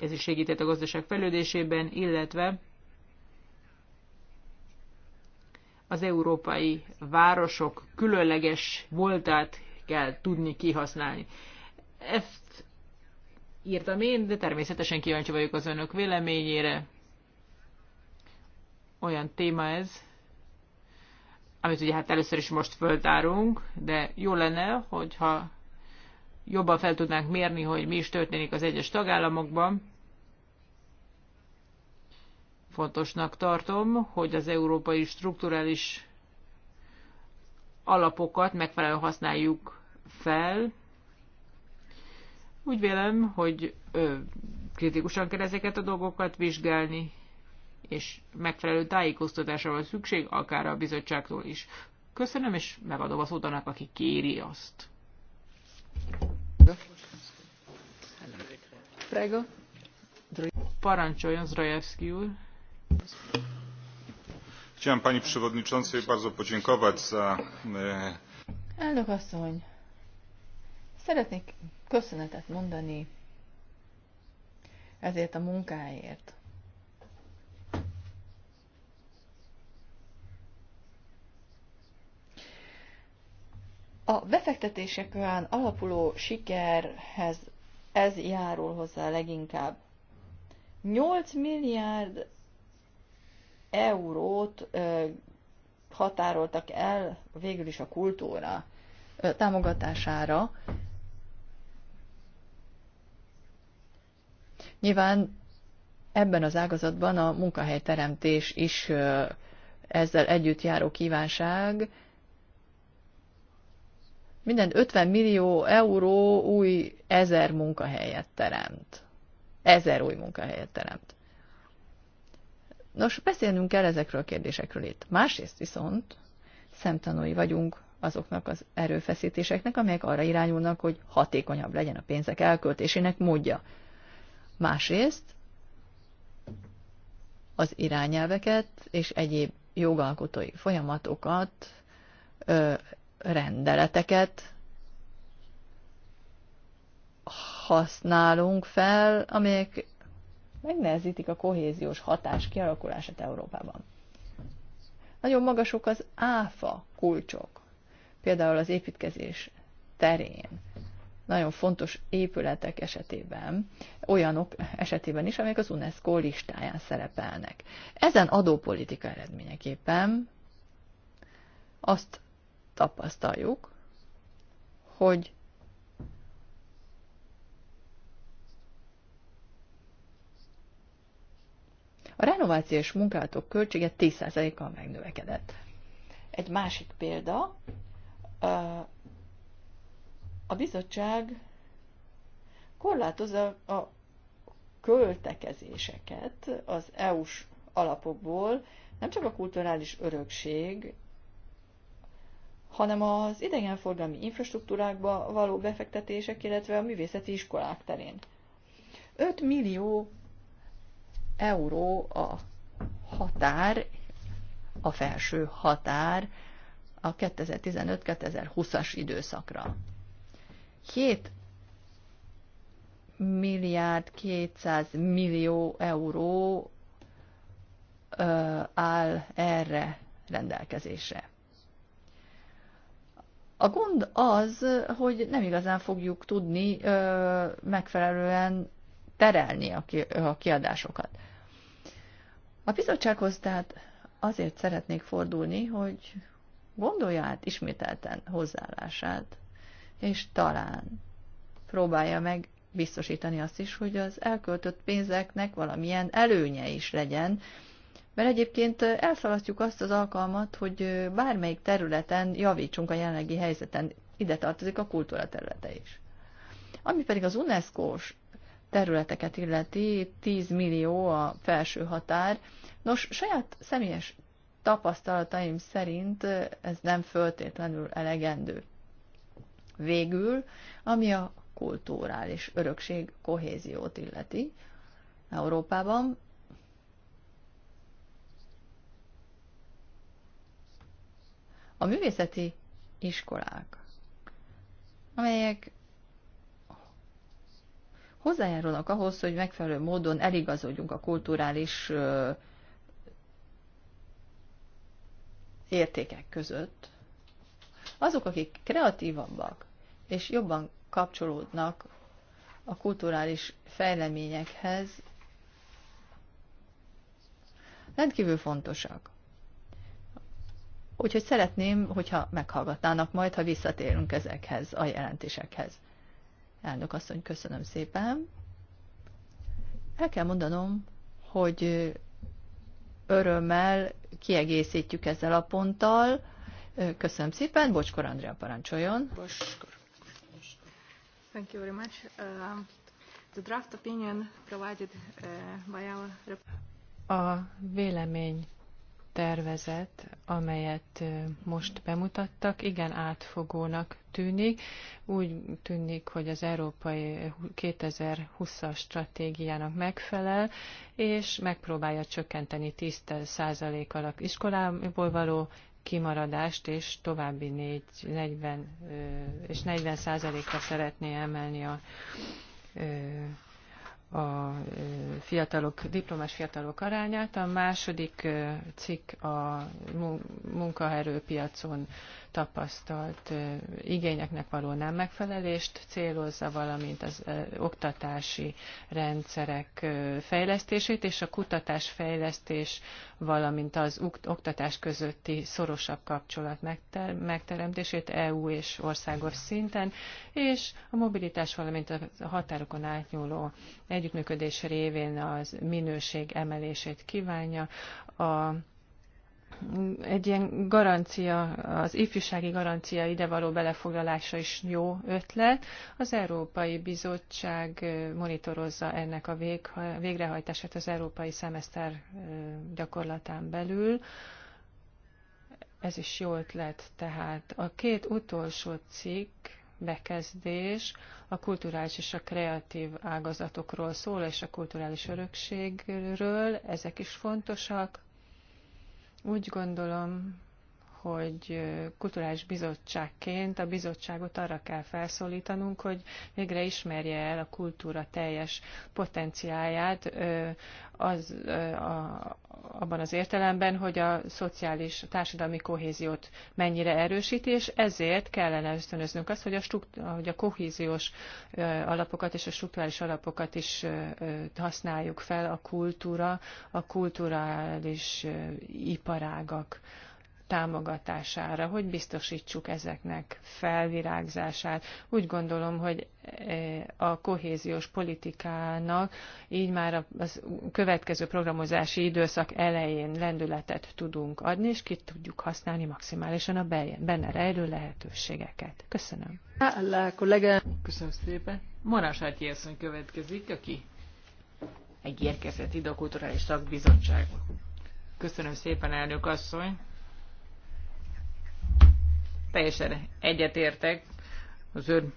ez is segített a gazdaság fejlődésében, illetve az európai városok különleges voltát kell tudni kihasználni. Ezt írtam én, de természetesen kíváncsi vagyok az önök véleményére. Olyan téma ez, amit ugye hát először is most föltárunk, de jó lenne, hogyha jobban fel tudnánk mérni, hogy mi is történik az egyes tagállamokban. Fontosnak tartom, hogy az európai strukturális alapokat megfelelően használjuk fel. Úgy vélem, hogy ö, kritikusan kell ezeket a dolgokat vizsgálni, és megfelelő tájékoztatásra van szükség, akár a bizottságtól is. Köszönöm, és megadom a szót annak, aki kéri azt. Prego. Parancsoljon, Zrajevszki úr. Chciałem pani przewodniczącej bardzo podziękować za... E, Elnök asszony, szeretnék köszönetet mondani ezért a munkáért. A befektetéseken alapuló sikerhez ez járul hozzá leginkább. 8 milliárd eurót határoltak el végül is a kultúra támogatására. Nyilván ebben az ágazatban a munkahelyteremtés is ezzel együtt járó kívánság. Minden 50 millió euró új ezer munkahelyet teremt. Ezer új munkahelyet teremt. Nos, beszélnünk kell ezekről a kérdésekről itt. Másrészt viszont szemtanúi vagyunk azoknak az erőfeszítéseknek, amelyek arra irányulnak, hogy hatékonyabb legyen a pénzek elköltésének módja. Másrészt az irányelveket és egyéb jogalkotói folyamatokat, rendeleteket használunk fel, amelyek megnehezítik a kohéziós hatás kialakulását Európában. Nagyon magasok az áfa kulcsok, például az építkezés terén, nagyon fontos épületek esetében, olyanok esetében is, amelyek az UNESCO listáján szerepelnek. Ezen adópolitika eredményeképpen azt tapasztaljuk, hogy A renovációs munkálatok költsége 10%-kal megnövekedett. Egy másik példa, a bizottság korlátozza a költekezéseket az EU-s alapokból, nem csak a kulturális örökség, hanem az idegenforgalmi infrastruktúrákba való befektetések, illetve a művészeti iskolák terén. 5 millió euró a határ, a felső határ a 2015-2020-as időszakra. 7 milliárd 200 millió euró ö, áll erre rendelkezésre. A gond az, hogy nem igazán fogjuk tudni ö, megfelelően terelni a kiadásokat. A bizottsághoz tehát azért szeretnék fordulni, hogy gondolja át ismételten hozzáállását, és talán próbálja meg biztosítani azt is, hogy az elköltött pénzeknek valamilyen előnye is legyen, mert egyébként elszalasztjuk azt az alkalmat, hogy bármelyik területen javítsunk a jelenlegi helyzeten. Ide tartozik a kultúra területe is. Ami pedig az UNESCO-s területeket illeti, 10 millió a felső határ. Nos, saját személyes tapasztalataim szerint ez nem föltétlenül elegendő. Végül, ami a kulturális örökség kohéziót illeti Európában, a művészeti iskolák, amelyek hozzájárulnak ahhoz, hogy megfelelő módon eligazodjunk a kulturális értékek között. Azok, akik kreatívabbak és jobban kapcsolódnak a kulturális fejleményekhez, rendkívül fontosak. Úgyhogy szeretném, hogyha meghallgatnának majd, ha visszatérünk ezekhez a jelentésekhez. Elnök asszony, köszönöm szépen. El kell mondanom, hogy örömmel kiegészítjük ezzel a ponttal. Köszönöm szépen, Bocskor Andrea parancsoljon. Bocskor. Thank you very much. Uh, the draft opinion provided uh, by our... A vélemény tervezet, amelyet most bemutattak, igen átfogónak tűnik. Úgy tűnik, hogy az Európai 2020-as stratégiának megfelel, és megpróbálja csökkenteni 10%-kal a iskolából való kimaradást, és további 4, 40, és 40%-ra szeretné emelni a a fiatalok, diplomás fiatalok arányát, a második cikk a munkaerőpiacon tapasztalt igényeknek való nem megfelelést célozza, valamint az oktatási rendszerek fejlesztését és a kutatás-fejlesztés, valamint az oktatás közötti szorosabb kapcsolat megteremtését EU és országos szinten, és a mobilitás, valamint a határokon átnyúló együttműködés révén az minőség emelését kívánja. A egy ilyen garancia, az ifjúsági garancia idevaló belefoglalása is jó ötlet. Az Európai Bizottság monitorozza ennek a végrehajtását az európai szemeszter gyakorlatán belül. Ez is jó ötlet. Tehát a két utolsó cikk bekezdés a kulturális és a kreatív ágazatokról szól, és a kulturális örökségről. Ezek is fontosak úgy gondolom, hogy kulturális bizottságként a bizottságot arra kell felszólítanunk, hogy végre ismerje el a kultúra teljes potenciáját az, a, abban az értelemben, hogy a szociális a társadalmi kohéziót mennyire erősíti, és ezért kellene ösztönöznünk azt, hogy a, hogy a kohéziós alapokat és a struktúrális alapokat is használjuk fel a kultúra, a kulturális iparágak támogatására, hogy biztosítsuk ezeknek felvirágzását. Úgy gondolom, hogy e, a kohéziós politikának így már a következő programozási időszak elején lendületet tudunk adni, és ki tudjuk használni maximálisan a benne rejlő lehetőségeket. Köszönöm. Köszönöm szépen. Marás Átyérszony következik, aki egy érkezett a Kulturális Köszönöm szépen, elnök asszony! Teljesen egyetértek az ön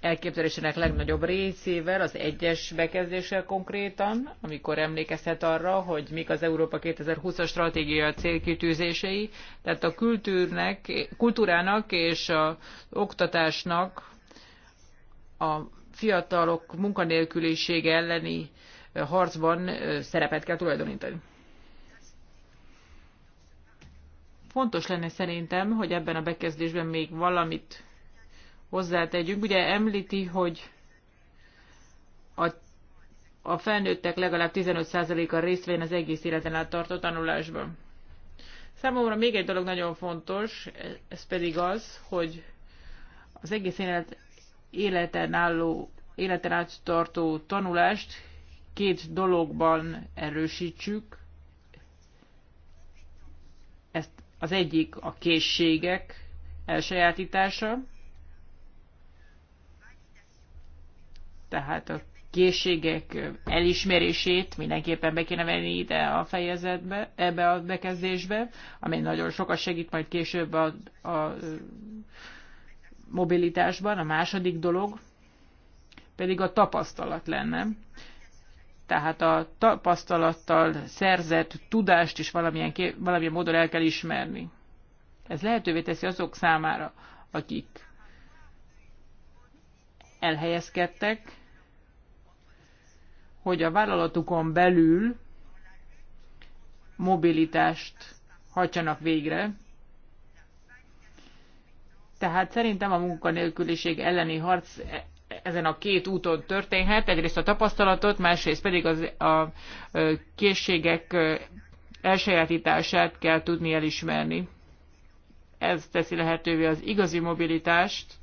elképzelésének legnagyobb részével, az egyes bekezdéssel konkrétan, amikor emlékezhet arra, hogy mik az Európa 2020-as stratégia célkitűzései, tehát a kultúrnek, kultúrának és az oktatásnak a fiatalok munkanélkülisége elleni harcban szerepet kell tulajdonítani. Fontos lenne szerintem, hogy ebben a bekezdésben még valamit hozzátegyünk. Ugye említi, hogy a, a felnőttek legalább 15%-a részt az egész életen át tartó tanulásban. Számomra még egy dolog nagyon fontos, ez pedig az, hogy az egész élet, életen álló, életen át tartó tanulást két dologban erősítsük. Ezt az egyik a készségek elsajátítása, tehát a készségek elismerését mindenképpen be kéne venni ide a fejezetbe, ebbe a bekezdésbe, ami nagyon sokat segít majd később a, a mobilitásban. A második dolog pedig a tapasztalat lenne tehát a tapasztalattal szerzett tudást is valamilyen, kép, valamilyen módon el kell ismerni. Ez lehetővé teszi azok számára, akik elhelyezkedtek, hogy a vállalatukon belül mobilitást hagyjanak végre. Tehát szerintem a munkanélküliség elleni harc ezen a két úton történhet, egyrészt a tapasztalatot, másrészt pedig az, a készségek elsajátítását kell tudni elismerni. Ez teszi lehetővé az igazi mobilitást,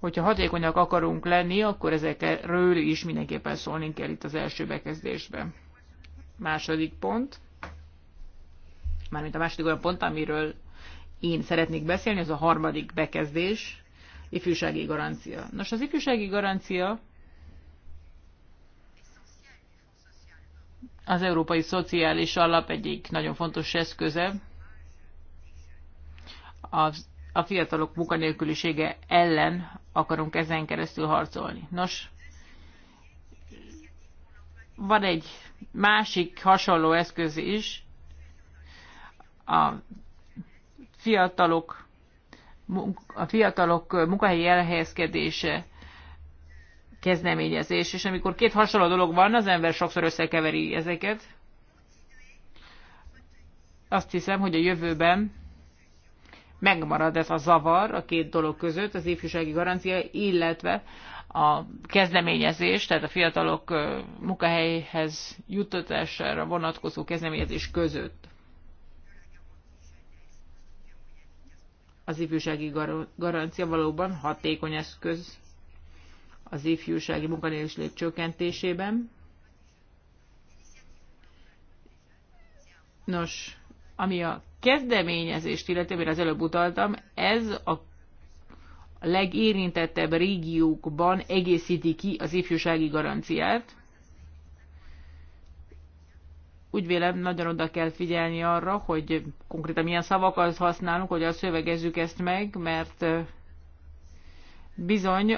hogyha hatékonyak akarunk lenni, akkor ezekről is mindenképpen szólni kell itt az első bekezdésben. Második pont, mármint a második olyan pont, amiről én szeretnék beszélni, az a harmadik bekezdés ifjúsági garancia. Nos, az ifjúsági garancia az Európai Szociális Alap egyik nagyon fontos eszköze. A, a fiatalok munkanélkülisége ellen akarunk ezen keresztül harcolni. Nos, van egy másik hasonló eszköz is, a fiatalok a fiatalok munkahelyi elhelyezkedése kezdeményezés, és amikor két hasonló dolog van, az ember sokszor összekeveri ezeket. Azt hiszem, hogy a jövőben megmarad ez a zavar a két dolog között, az ifjúsági garancia, illetve a kezdeményezés, tehát a fiatalok munkahelyhez juttatására vonatkozó kezdeményezés között. Az ifjúsági garancia valóban hatékony eszköz az ifjúsági munkanélküliség csökkentésében. Nos, ami a kezdeményezést illeti, amire az előbb utaltam, ez a legérintettebb régiókban egészíti ki az ifjúsági garanciát úgy vélem, nagyon oda kell figyelni arra, hogy konkrétan milyen szavakat használunk, hogy a szövegezzük ezt meg, mert bizony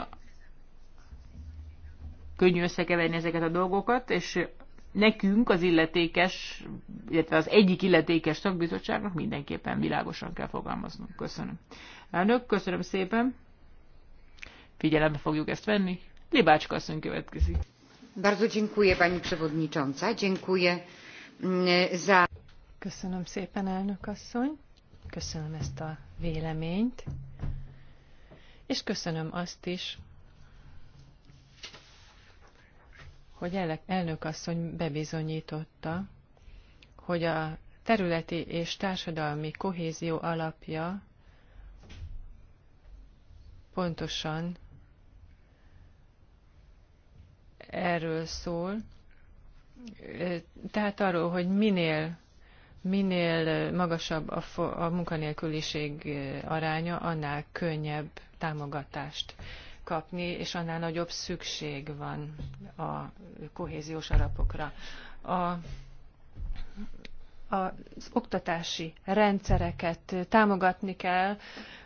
könnyű összekeverni ezeket a dolgokat, és nekünk az illetékes, illetve az egyik illetékes szakbizottságnak mindenképpen világosan kell fogalmaznunk. Köszönöm. Elnök, köszönöm szépen. Figyelembe fogjuk ezt venni. Libácska asszony következik. Bardzo dziękuję pani przewodnicząca. Dziękuję za... Köszönöm szépen, elnök asszony. Köszönöm ezt a véleményt. És köszönöm azt is, hogy elnök asszony bebizonyította, hogy a területi és társadalmi kohézió alapja pontosan erről szól, tehát arról, hogy minél, minél magasabb a, a munkanélküliség aránya, annál könnyebb támogatást kapni, és annál nagyobb szükség van a kohéziós alapokra. A, az oktatási rendszereket támogatni kell,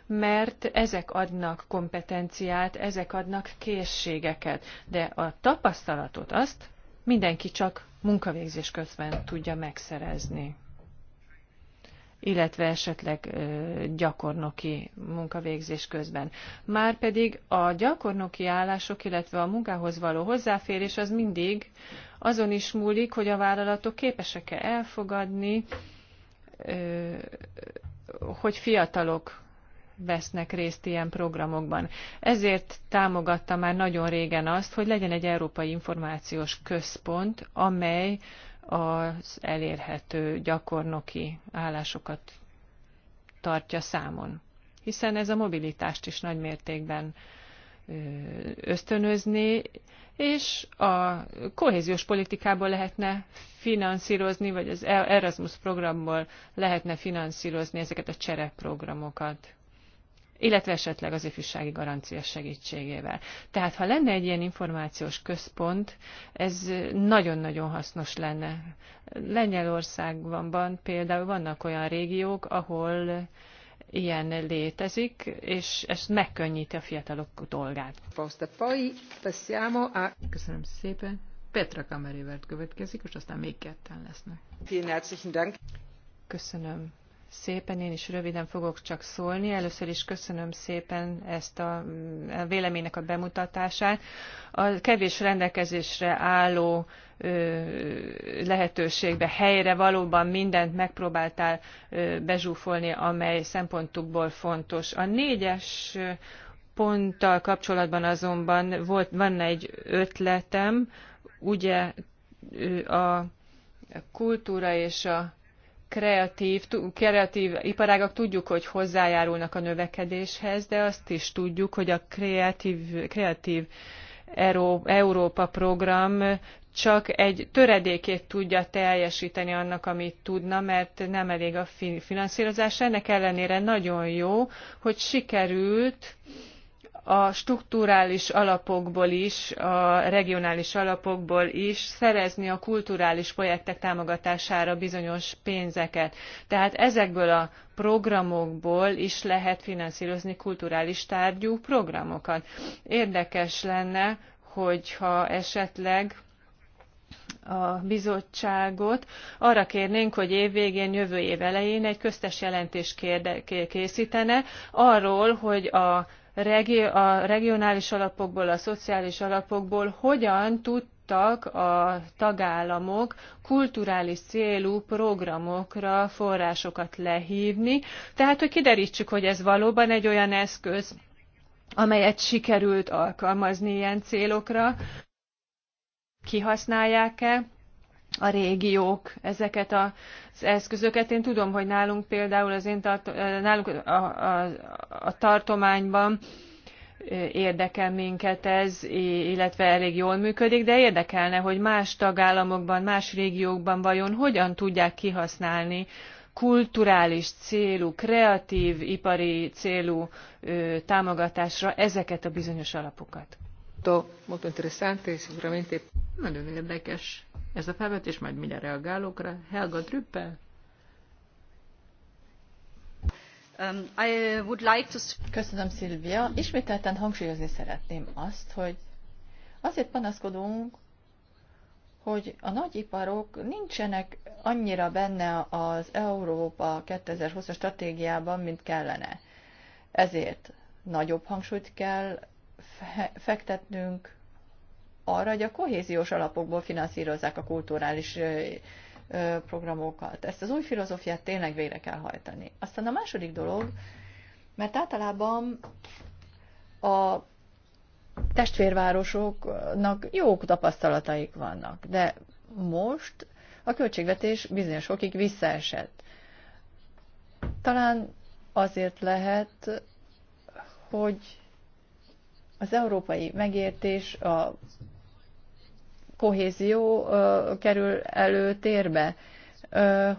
mert ezek adnak kompetenciát, ezek adnak készségeket, de a tapasztalatot azt mindenki csak munkavégzés közben tudja megszerezni, illetve esetleg gyakornoki munkavégzés közben. Márpedig a gyakornoki állások, illetve a munkához való hozzáférés az mindig azon is múlik, hogy a vállalatok képesek-e elfogadni, hogy fiatalok vesznek részt ilyen programokban. Ezért támogatta már nagyon régen azt, hogy legyen egy Európai Információs Központ, amely az elérhető gyakornoki állásokat tartja számon. Hiszen ez a mobilitást is nagy mértékben ösztönözni, és a kohéziós politikából lehetne finanszírozni, vagy az Erasmus programból lehetne finanszírozni ezeket a csereprogramokat illetve esetleg az ifjúsági garancia segítségével. Tehát ha lenne egy ilyen információs központ, ez nagyon-nagyon hasznos lenne. Lengyelországban például vannak olyan régiók, ahol ilyen létezik, és ezt megkönnyíti a fiatalok dolgát. Köszönöm szépen. Petra Kamerévert következik, és aztán még ketten lesznek. Köszönöm szépen, én is röviden fogok csak szólni. Először is köszönöm szépen ezt a, véleménynek a bemutatását. A kevés rendelkezésre álló lehetőségbe, helyre valóban mindent megpróbáltál bezsúfolni, amely szempontukból fontos. A négyes ponttal kapcsolatban azonban volt, van egy ötletem, ugye a kultúra és a kreatív, kreatív iparágak tudjuk, hogy hozzájárulnak a növekedéshez, de azt is tudjuk, hogy a kreatív, kreatív Európa program csak egy töredékét tudja teljesíteni annak, amit tudna, mert nem elég a finanszírozás. Ennek ellenére nagyon jó, hogy sikerült a strukturális alapokból is, a regionális alapokból is szerezni a kulturális projektek támogatására bizonyos pénzeket. Tehát ezekből a programokból is lehet finanszírozni kulturális tárgyú programokat. Érdekes lenne, hogyha esetleg a bizottságot. Arra kérnénk, hogy évvégén, jövő év elején egy köztes jelentést készítene arról, hogy a a regionális alapokból, a szociális alapokból hogyan tudtak a tagállamok kulturális célú programokra forrásokat lehívni. Tehát, hogy kiderítsük, hogy ez valóban egy olyan eszköz, amelyet sikerült alkalmazni ilyen célokra, kihasználják-e, a régiók ezeket az eszközöket. Én tudom, hogy nálunk például az én tartom, nálunk a, a, a tartományban érdekel minket ez, illetve elég jól működik, de érdekelne, hogy más tagállamokban, más régiókban vajon hogyan tudják kihasználni kulturális célú, kreatív, ipari célú ö, támogatásra ezeket a bizonyos alapokat. Nagyon érdekes ez a felvetés, majd mire reagálok rá. Helga Trüppel. Um, I would like to... Köszönöm, Szilvia. Ismételten hangsúlyozni szeretném azt, hogy azért panaszkodunk, hogy a nagyiparok nincsenek annyira benne az Európa 2020 stratégiában, mint kellene. Ezért nagyobb hangsúlyt kell fektetnünk arra, hogy a kohéziós alapokból finanszírozzák a kulturális programokat. Ezt az új filozófiát tényleg végre kell hajtani. Aztán a második dolog, mert általában a testvérvárosoknak jó tapasztalataik vannak, de most a költségvetés bizonyos okig visszaesett. Talán azért lehet, hogy az európai megértés a kohézió kerül előtérbe.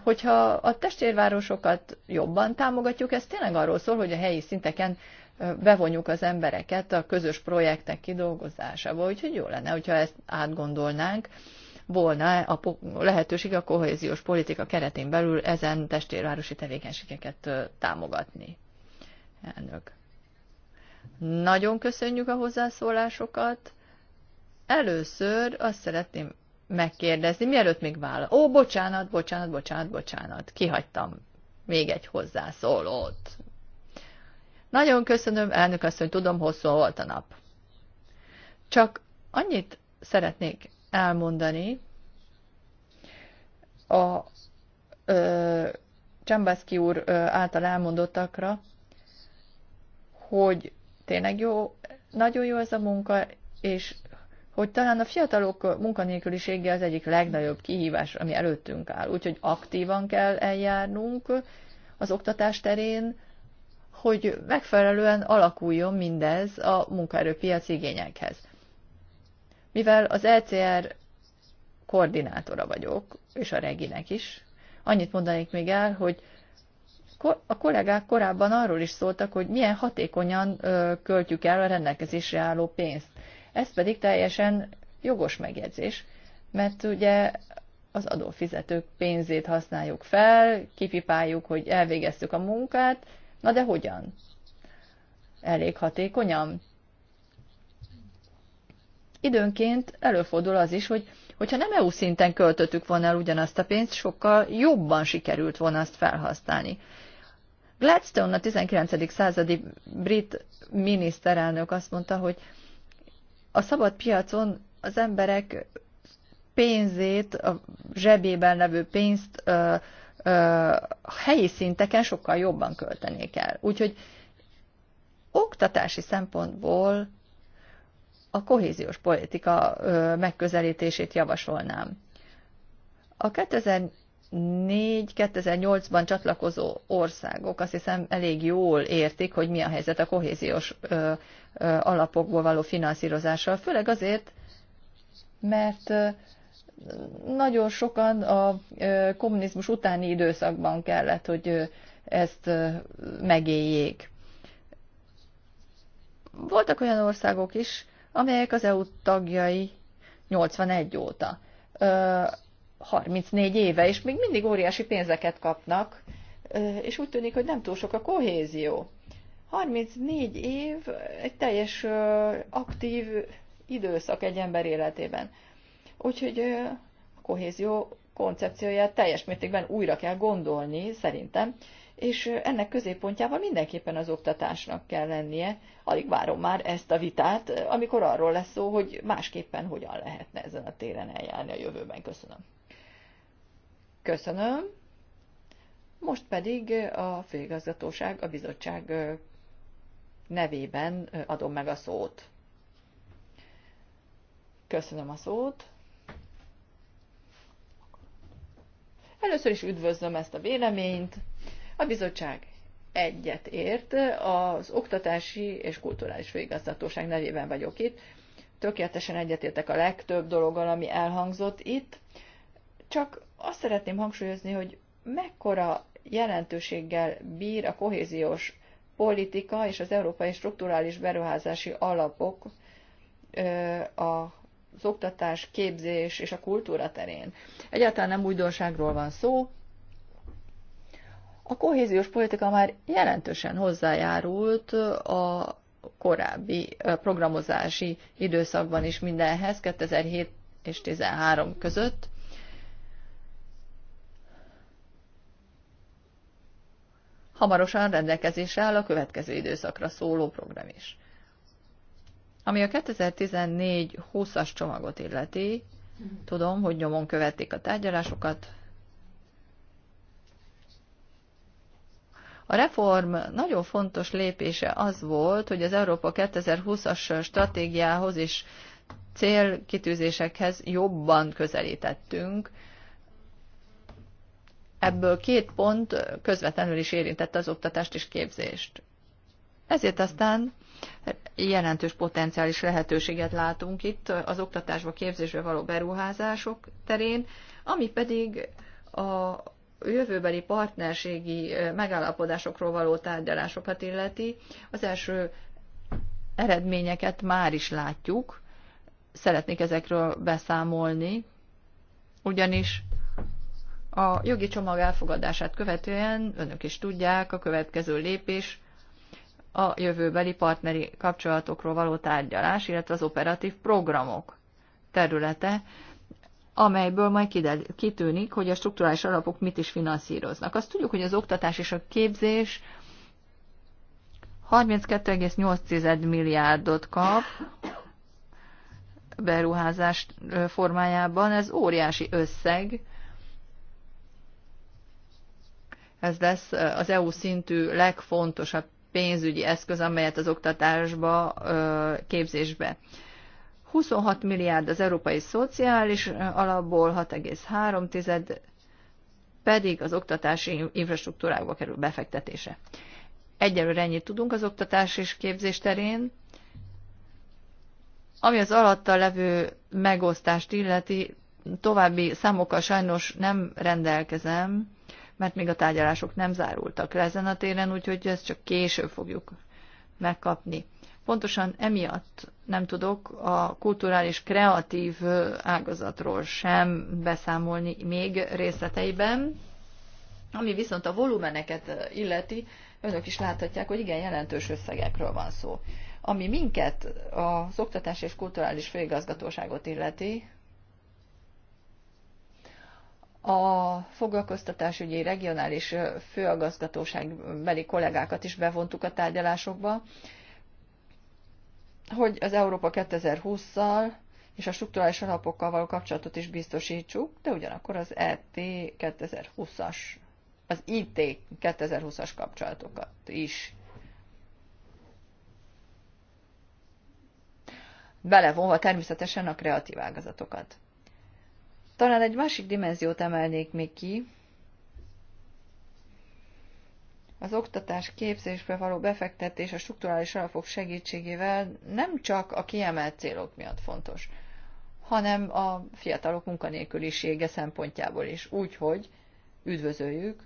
Hogyha a testvérvárosokat jobban támogatjuk, ez tényleg arról szól, hogy a helyi szinteken bevonjuk az embereket a közös projektek kidolgozásába, úgyhogy jó lenne, hogyha ezt átgondolnánk volna a lehetőség a kohéziós politika keretén belül ezen testvérvárosi tevékenységeket támogatni. Elnök. Nagyon köszönjük a hozzászólásokat. Először azt szeretném megkérdezni, mielőtt még vállal. Ó, bocsánat, bocsánat, bocsánat, bocsánat, kihagytam még egy hozzászólót. Nagyon köszönöm, elnök asszony, tudom, hosszú volt a nap. Csak annyit szeretnék elmondani a ö, Csambászki úr ö, által elmondottakra, hogy tényleg jó, nagyon jó ez a munka, és hogy talán a fiatalok munkanélkülisége az egyik legnagyobb kihívás, ami előttünk áll. Úgyhogy aktívan kell eljárnunk az oktatás terén, hogy megfelelően alakuljon mindez a munkaerőpiac igényekhez. Mivel az ECR koordinátora vagyok, és a Reginek is, annyit mondanék még el, hogy a kollégák korábban arról is szóltak, hogy milyen hatékonyan költjük el a rendelkezésre álló pénzt. Ez pedig teljesen jogos megjegyzés, mert ugye az adófizetők pénzét használjuk fel, kipipáljuk, hogy elvégeztük a munkát, na de hogyan? Elég hatékonyan? Időnként előfordul az is, hogy hogyha nem EU szinten költöttük volna el ugyanazt a pénzt, sokkal jobban sikerült volna azt felhasználni. Gladstone a 19. századi brit miniszterelnök azt mondta, hogy a szabad piacon az emberek pénzét, a zsebében levő pénzt ö, ö, helyi szinteken sokkal jobban költenék el. Úgyhogy oktatási szempontból a kohéziós politika ö, megközelítését javasolnám. A 2004-2008-ban csatlakozó országok azt hiszem elég jól értik, hogy mi a helyzet a kohéziós ö, alapokból való finanszírozással, főleg azért, mert nagyon sokan a kommunizmus utáni időszakban kellett, hogy ezt megéljék. Voltak olyan országok is, amelyek az EU tagjai 81 óta, 34 éve, és még mindig óriási pénzeket kapnak, és úgy tűnik, hogy nem túl sok a kohézió. 34 év egy teljes aktív időszak egy ember életében. Úgyhogy a kohézió koncepcióját teljes mértékben újra kell gondolni, szerintem, és ennek középpontjában mindenképpen az oktatásnak kell lennie. Alig várom már ezt a vitát, amikor arról lesz szó, hogy másképpen hogyan lehetne ezen a téren eljárni a jövőben. Köszönöm. Köszönöm. Most pedig a főigazgatóság, a bizottság nevében adom meg a szót. Köszönöm a szót. Először is üdvözlöm ezt a véleményt. A bizottság egyet ért, az Oktatási és Kulturális Főigazgatóság nevében vagyok itt. Tökéletesen egyetértek a legtöbb dologgal, ami elhangzott itt. Csak azt szeretném hangsúlyozni, hogy mekkora jelentőséggel bír a kohéziós politika és az európai strukturális beruházási alapok az oktatás, képzés és a kultúra terén. Egyáltalán nem újdonságról van szó. A kohéziós politika már jelentősen hozzájárult a korábbi programozási időszakban is mindenhez, 2007 és 2013 között hamarosan rendelkezésre áll a következő időszakra szóló program is. Ami a 2014-20-as csomagot illeti, tudom, hogy nyomon követték a tárgyalásokat. A reform nagyon fontos lépése az volt, hogy az Európa 2020-as stratégiához és célkitűzésekhez jobban közelítettünk, ebből két pont közvetlenül is érintette az oktatást és képzést. Ezért aztán jelentős potenciális lehetőséget látunk itt az oktatásba, képzésbe való beruházások terén, ami pedig a jövőbeli partnerségi megállapodásokról való tárgyalásokat illeti. Az első eredményeket már is látjuk, szeretnék ezekről beszámolni, ugyanis a jogi csomag elfogadását követően önök is tudják, a következő lépés a jövőbeli partneri kapcsolatokról való tárgyalás, illetve az operatív programok területe, amelyből majd kitűnik, hogy a strukturális alapok mit is finanszíroznak. Azt tudjuk, hogy az oktatás és a képzés 32,8 milliárdot kap beruházás formájában. Ez óriási összeg, ez lesz az EU szintű legfontosabb pénzügyi eszköz, amelyet az oktatásba, képzésbe. 26 milliárd az európai szociális alapból, 6,3 pedig az oktatási infrastruktúrákba kerül befektetése. Egyelőre ennyit tudunk az oktatás és képzés terén. Ami az alatta levő megosztást illeti, további számokkal sajnos nem rendelkezem, mert még a tárgyalások nem zárultak le ezen a téren, úgyhogy ezt csak később fogjuk megkapni. Pontosan emiatt nem tudok a kulturális kreatív ágazatról sem beszámolni még részleteiben, ami viszont a volumeneket illeti, önök is láthatják, hogy igen jelentős összegekről van szó. Ami minket, az Oktatás és Kulturális Főigazgatóságot illeti, a foglalkoztatásügyi regionális főagazgatóság beli kollégákat is bevontuk a tárgyalásokba, hogy az Európa 2020-szal és a struktúrális alapokkal való kapcsolatot is biztosítsuk, de ugyanakkor az ET 2020-as, az IT 2020-as kapcsolatokat is. Belevonva természetesen a kreatív ágazatokat. Talán egy másik dimenziót emelnék még ki, az oktatás képzésbe való befektetés a strukturális alapok segítségével nem csak a kiemelt célok miatt fontos, hanem a fiatalok munkanélkülisége szempontjából is. Úgyhogy üdvözöljük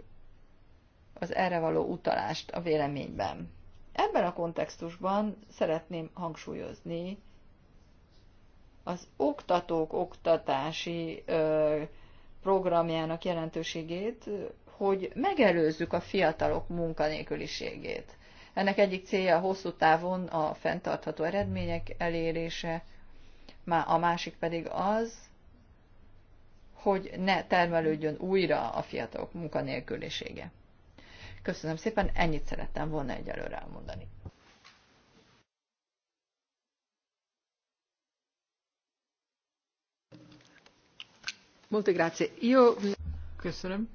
az erre való utalást a véleményben. Ebben a kontextusban szeretném hangsúlyozni az oktatók oktatási programjának jelentőségét, hogy megelőzzük a fiatalok munkanélküliségét. Ennek egyik célja hosszú távon a fenntartható eredmények elérése, a másik pedig az, hogy ne termelődjön újra a fiatalok munkanélkülisége. Köszönöm szépen, ennyit szerettem volna egyelőre elmondani. Köszönöm.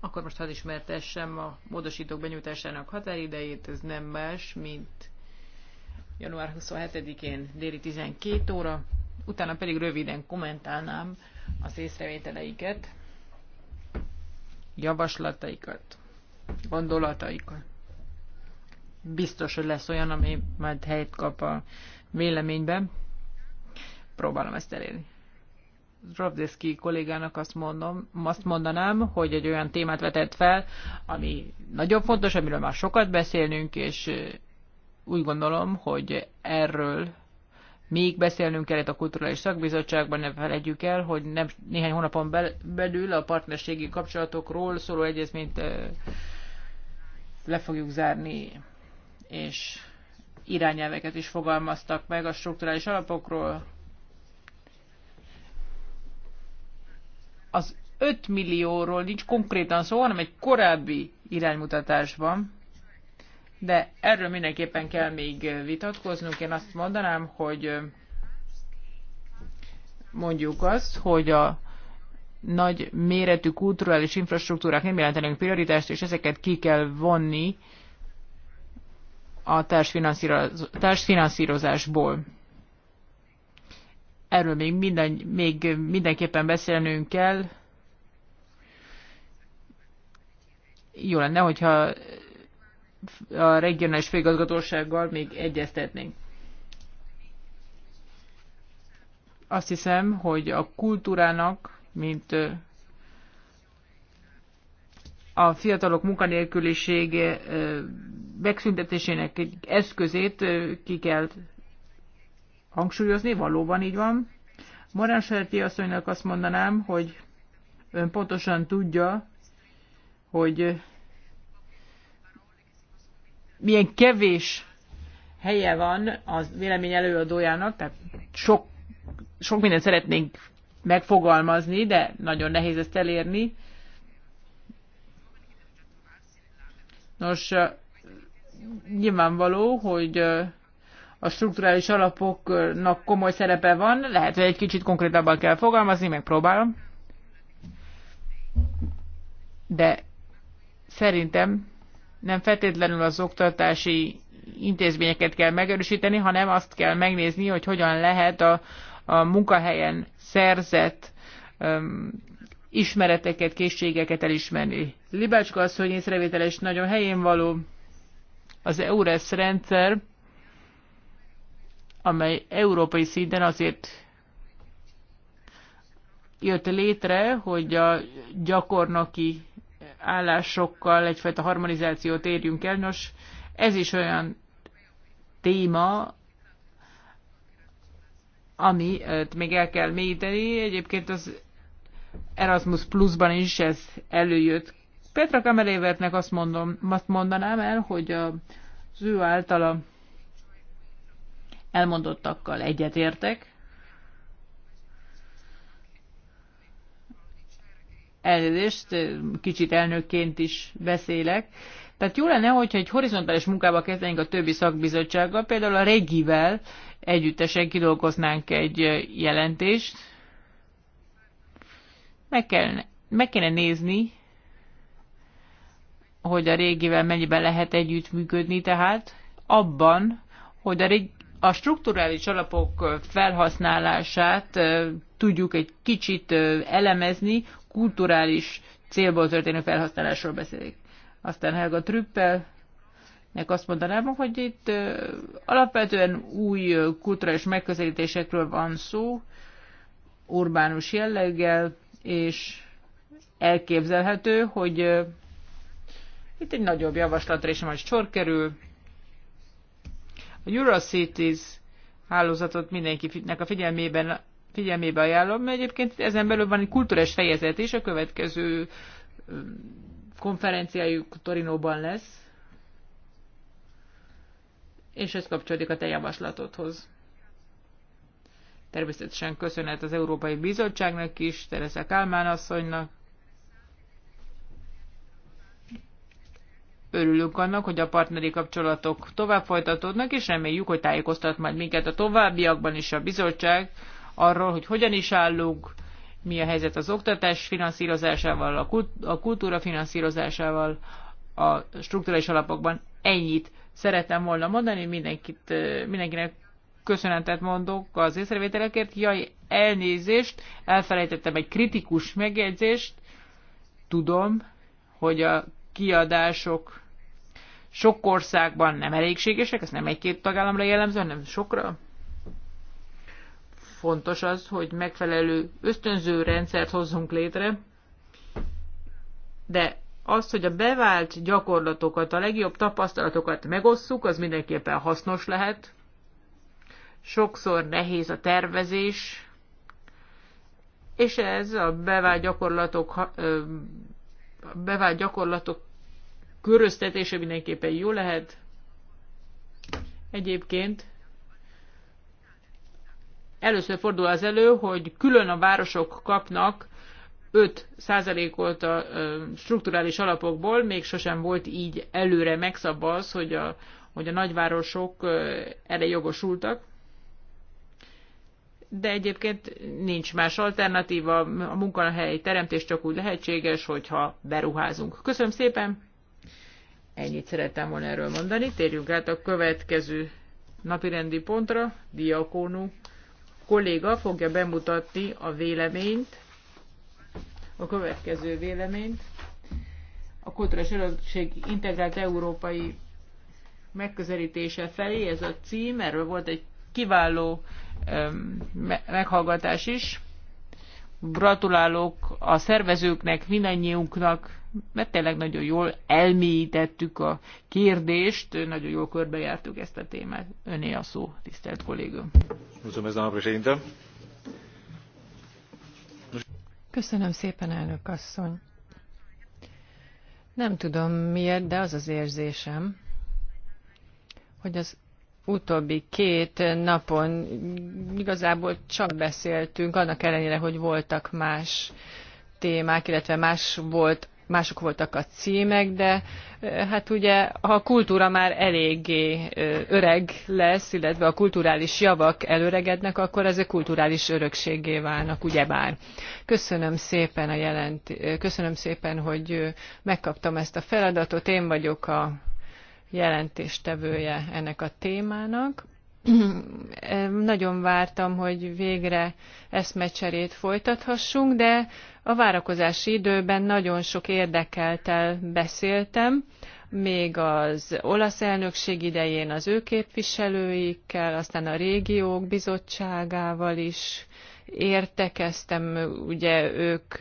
Akkor most hadd ismertessem a módosítók benyújtásának határidejét, ez nem más, mint január 27-én déli 12 óra, utána pedig röviden kommentálnám az észrevételeiket, javaslataikat, gondolataikat. Biztos, hogy lesz olyan, ami majd helyet kap a véleményben. Próbálom ezt elérni. Zdrovdeszki kollégának azt, mondom, azt mondanám, hogy egy olyan témát vetett fel, ami nagyon fontos, amiről már sokat beszélünk, és úgy gondolom, hogy erről még beszélnünk kell itt a Kulturális Szakbizottságban, ne felejtjük el, hogy nem, néhány hónapon belül a partnerségi kapcsolatokról szóló egyezményt le fogjuk zárni, és irányelveket is fogalmaztak meg a strukturális alapokról, az 5 millióról nincs konkrétan szó, hanem egy korábbi iránymutatásban. De erről mindenképpen kell még vitatkoznunk. Én azt mondanám, hogy mondjuk azt, hogy a nagy méretű kulturális infrastruktúrák nem jelentenek prioritást, és ezeket ki kell vonni a társfinanszírozásból. Erről még, minden, még mindenképpen beszélnünk kell. Jó lenne, hogyha a regionális főigazgatósággal még egyeztetnénk. Azt hiszem, hogy a kultúrának, mint a fiatalok munkanélküliség megszüntetésének egy eszközét ki kell hangsúlyozni, valóban így van. Morán Serti asszonynak azt mondanám, hogy ön pontosan tudja, hogy milyen kevés helye van az vélemény előadójának, tehát sok, sok mindent szeretnénk megfogalmazni, de nagyon nehéz ezt elérni. Nos, nyilvánvaló, hogy a strukturális alapoknak komoly szerepe van, lehet, hogy egy kicsit konkrétabban kell fogalmazni, megpróbálom. De szerintem nem feltétlenül az oktatási intézményeket kell megerősíteni, hanem azt kell megnézni, hogy hogyan lehet a, a munkahelyen szerzett um, ismereteket, készségeket elismerni. Libácska asszony észrevétele is nagyon helyén való. Az EURES rendszer amely európai szinten azért jött létre, hogy a gyakornoki állásokkal egyfajta harmonizációt érjünk el. Nos, ez is olyan téma, ami még el kell mélyíteni. Egyébként az Erasmus Plus-ban is ez előjött. Petra Kamerévertnek azt, mondom, azt mondanám el, hogy az ő általa elmondottakkal egyetértek. Elnézést, kicsit elnökként is beszélek. Tehát jó lenne, hogyha egy horizontális munkába kezdenénk a többi szakbizottsággal, például a Regivel együttesen kidolgoznánk egy jelentést. Meg kell, meg kéne nézni, hogy a régivel mennyiben lehet együttműködni, tehát abban, hogy a a strukturális alapok felhasználását tudjuk egy kicsit elemezni, kulturális célból történő felhasználásról beszélik. Aztán Helga Trüppel nek azt mondanám, hogy itt alapvetően új kulturális megközelítésekről van szó, urbánus jelleggel, és elképzelhető, hogy itt egy nagyobb javaslatra is majd sor kerül, a Eurocities hálózatot mindenkinek a figyelmében figyelmébe ajánlom, mert egyébként ezen belül van egy kulturális fejezet is, a következő konferenciájuk Torinóban lesz, és ez kapcsolódik a te javaslatodhoz. Természetesen köszönet az Európai Bizottságnak is, Teresa Kálmán asszonynak, Örülünk annak, hogy a partneri kapcsolatok tovább folytatódnak, és reméljük, hogy tájékoztat majd minket a továbbiakban is a bizottság arról, hogy hogyan is állunk, mi a helyzet az oktatás finanszírozásával, a kultúra finanszírozásával, a struktúrális alapokban. Ennyit szeretem volna mondani, mindenkit, mindenkinek köszönetet mondok az észrevételekért. Jaj, elnézést, elfelejtettem egy kritikus megjegyzést. Tudom, hogy a kiadások sok országban nem elégségesek, ez nem egy-két tagállamra jellemző, hanem sokra. Fontos az, hogy megfelelő ösztönző rendszert hozzunk létre, de az, hogy a bevált gyakorlatokat, a legjobb tapasztalatokat megosszuk, az mindenképpen hasznos lehet. Sokszor nehéz a tervezés, és ez a bevált gyakorlatok bevált gyakorlatok köröztetése mindenképpen jó lehet. Egyébként először fordul az elő, hogy külön a városok kapnak 5%-ot a strukturális alapokból, még sosem volt így előre megszabva az, hogy a, hogy a nagyvárosok erre jogosultak. De egyébként nincs más alternatíva, a munkahely teremtés csak úgy lehetséges, hogyha beruházunk. Köszönöm szépen! Ennyit szerettem volna erről mondani. Térjünk át a következő napirendi pontra. Diakónú kolléga fogja bemutatni a véleményt, a következő véleményt. A Kulturális Örökség Integrált Európai megközelítése felé, ez a cím, erről volt egy kiváló meghallgatás is. Gratulálok a szervezőknek, mindannyiunknak, mert tényleg nagyon jól elmélyítettük a kérdést, nagyon jól körbejártuk ezt a témát. Öné a szó, tisztelt kollégőm. Köszönöm szépen, elnök asszony. Nem tudom miért, de az az érzésem, hogy az utóbbi két napon igazából csak beszéltünk, annak ellenére, hogy voltak más témák, illetve más volt mások voltak a címek, de hát ugye a kultúra már eléggé öreg lesz, illetve a kulturális javak előregednek, akkor ezek kulturális örökségé válnak, ugyebár. Köszönöm szépen a jelent, köszönöm szépen, hogy megkaptam ezt a feladatot. Én vagyok a jelentéstevője ennek a témának nagyon vártam, hogy végre eszmecserét folytathassunk, de a várakozási időben nagyon sok érdekeltel beszéltem, még az olasz elnökség idején az ő képviselőikkel, aztán a régiók bizottságával is értekeztem, ugye ők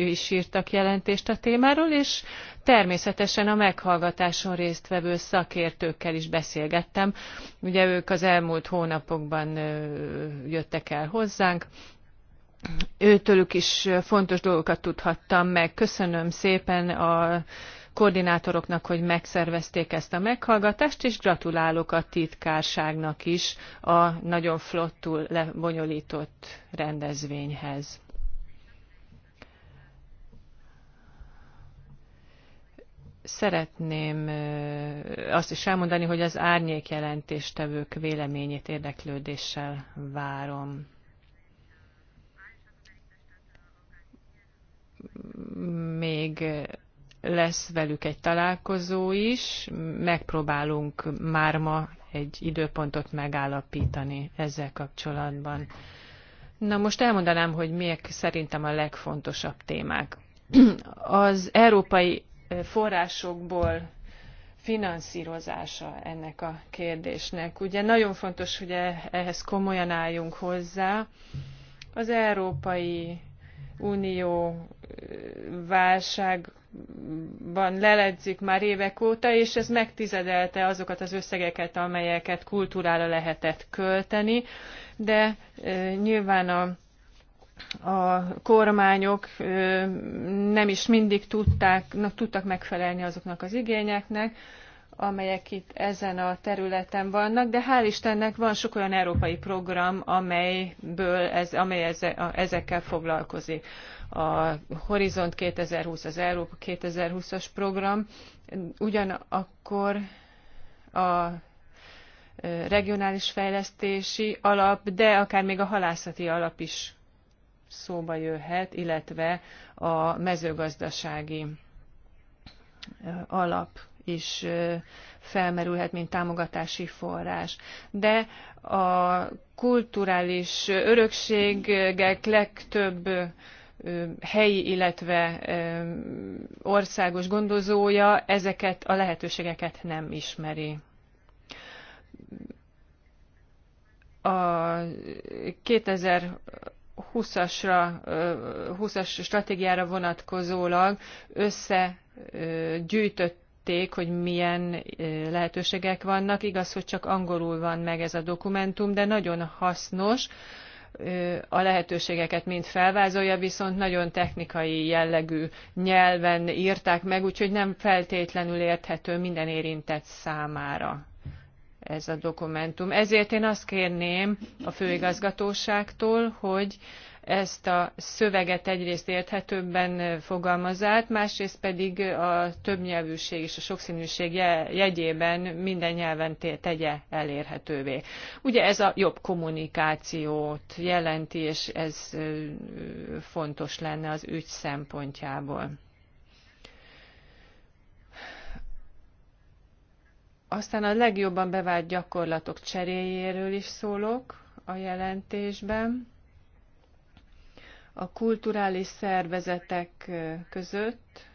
is írtak jelentést a témáról, és természetesen a meghallgatáson résztvevő szakértőkkel is beszélgettem. Ugye ők az elmúlt hónapokban jöttek el hozzánk, őtőlük is fontos dolgokat tudhattam meg. Köszönöm szépen a koordinátoroknak, hogy megszervezték ezt a meghallgatást, és gratulálok a titkárságnak is a nagyon flottul lebonyolított rendezvényhez. szeretném azt is elmondani, hogy az árnyék jelentéstevők véleményét érdeklődéssel várom. Még lesz velük egy találkozó is, megpróbálunk már ma egy időpontot megállapítani ezzel kapcsolatban. Na most elmondanám, hogy miek szerintem a legfontosabb témák. Az európai forrásokból finanszírozása ennek a kérdésnek. Ugye nagyon fontos, hogy e-, ehhez komolyan álljunk hozzá. Az európai Unió válságban leledzik már évek óta, és ez megtizedelte azokat az összegeket, amelyeket kultúrára lehetett költeni, de nyilván a a kormányok nem is mindig tudták, tudtak megfelelni azoknak az igényeknek, amelyek itt ezen a területen vannak, de hál' Istennek van sok olyan európai program, amelyből ez, amely eze, a, ezekkel foglalkozik. A Horizont 2020, az Európa 2020-as program, ugyanakkor a regionális fejlesztési alap, de akár még a halászati alap is szóba jöhet, illetve a mezőgazdasági alap is felmerülhet, mint támogatási forrás. De a kulturális örökségek legtöbb helyi, illetve országos gondozója ezeket a lehetőségeket nem ismeri. A 2020 asra 20-as stratégiára vonatkozólag összegyűjtött említették, hogy milyen lehetőségek vannak. Igaz, hogy csak angolul van meg ez a dokumentum, de nagyon hasznos. A lehetőségeket mind felvázolja, viszont nagyon technikai jellegű nyelven írták meg, úgyhogy nem feltétlenül érthető minden érintett számára ez a dokumentum. Ezért én azt kérném a főigazgatóságtól, hogy ezt a szöveget egyrészt érthetőbben fogalmazát, másrészt pedig a többnyelvűség és a sokszínűség jegyében minden nyelven tegye elérhetővé. Ugye ez a jobb kommunikációt jelenti, és ez fontos lenne az ügy szempontjából. Aztán a legjobban bevált gyakorlatok cseréjéről is szólok a jelentésben a kulturális szervezetek között.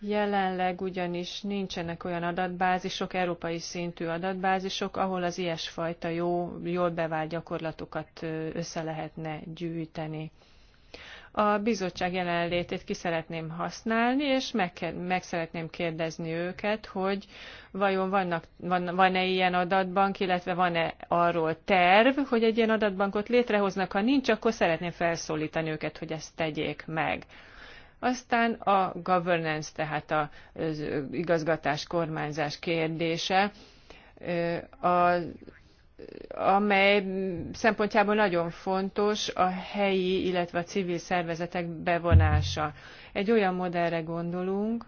Jelenleg ugyanis nincsenek olyan adatbázisok, európai szintű adatbázisok, ahol az ilyesfajta jó, jól bevált gyakorlatokat össze lehetne gyűjteni a bizottság jelenlétét ki szeretném használni, és meg, meg szeretném kérdezni őket, hogy vajon vannak, van, van-e ilyen adatbank, illetve van-e arról terv, hogy egy ilyen adatbankot létrehoznak, ha nincs, akkor szeretném felszólítani őket, hogy ezt tegyék meg. Aztán a governance, tehát az igazgatás, kormányzás kérdése a amely szempontjából nagyon fontos a helyi, illetve a civil szervezetek bevonása. Egy olyan modellre gondolunk,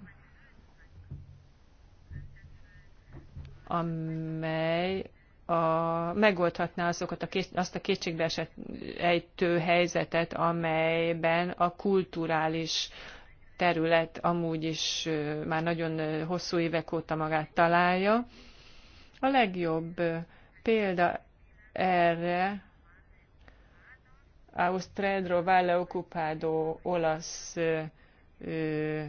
amely a, megoldhatná azokat a, azt a kétségbeesett ejtő helyzetet, amelyben a kulturális terület amúgy is már nagyon hosszú évek óta magát találja. A legjobb példa erre Austredro Valle Occupado olasz ö,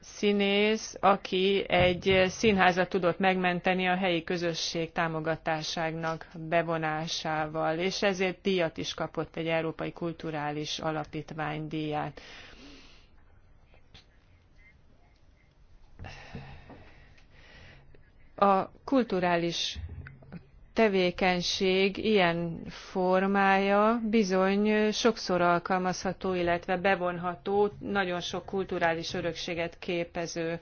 színész, aki egy színházat tudott megmenteni a helyi közösség támogatásának bevonásával, és ezért díjat is kapott egy Európai Kulturális Alapítvány díját. A kulturális tevékenység ilyen formája bizony sokszor alkalmazható, illetve bevonható, nagyon sok kulturális örökséget képező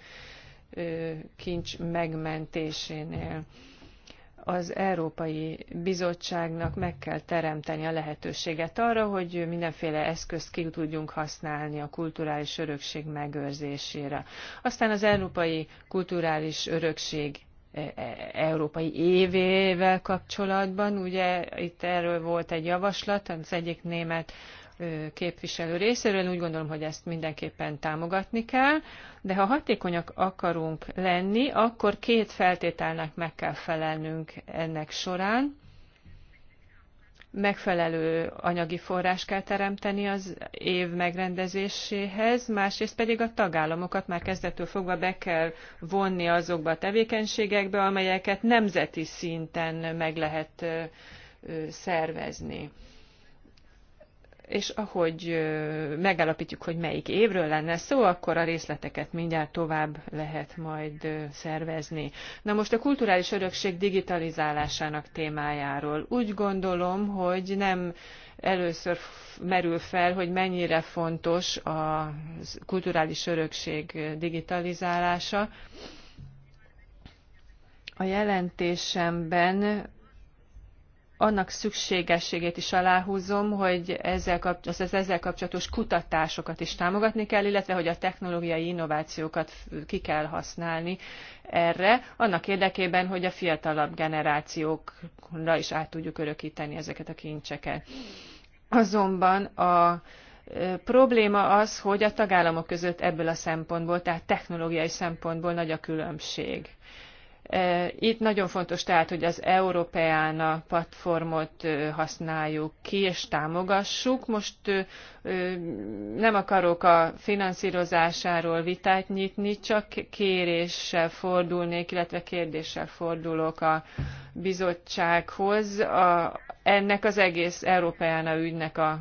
kincs megmentésénél. Az Európai Bizottságnak meg kell teremteni a lehetőséget arra, hogy mindenféle eszközt ki tudjunk használni a kulturális örökség megőrzésére. Aztán az Európai Kulturális Örökség E, e, európai évével kapcsolatban. Ugye itt erről volt egy javaslat az egyik német képviselő részéről, úgy gondolom, hogy ezt mindenképpen támogatni kell, de ha hatékonyak akarunk lenni, akkor két feltételnek meg kell felelnünk ennek során megfelelő anyagi forrás kell teremteni az év megrendezéséhez, másrészt pedig a tagállamokat már kezdettől fogva be kell vonni azokba a tevékenységekbe, amelyeket nemzeti szinten meg lehet szervezni és ahogy megállapítjuk, hogy melyik évről lenne szó, akkor a részleteket mindjárt tovább lehet majd szervezni. Na most a kulturális örökség digitalizálásának témájáról. Úgy gondolom, hogy nem először merül fel, hogy mennyire fontos a kulturális örökség digitalizálása. A jelentésemben annak szükségességét is aláhúzom, hogy ezzel kapcsolatos, az ezzel kapcsolatos kutatásokat is támogatni kell, illetve hogy a technológiai innovációkat ki kell használni erre, annak érdekében, hogy a fiatalabb generációkra is át tudjuk örökíteni ezeket a kincseket. Azonban a probléma az, hogy a tagállamok között ebből a szempontból, tehát technológiai szempontból nagy a különbség E, itt nagyon fontos tehát, hogy az Európeána platformot használjuk ki és támogassuk. Most nem akarok a finanszírozásáról vitát nyitni, csak kéréssel fordulnék, illetve kérdéssel fordulok a bizottsághoz. A, ennek az egész Európeána ügynek a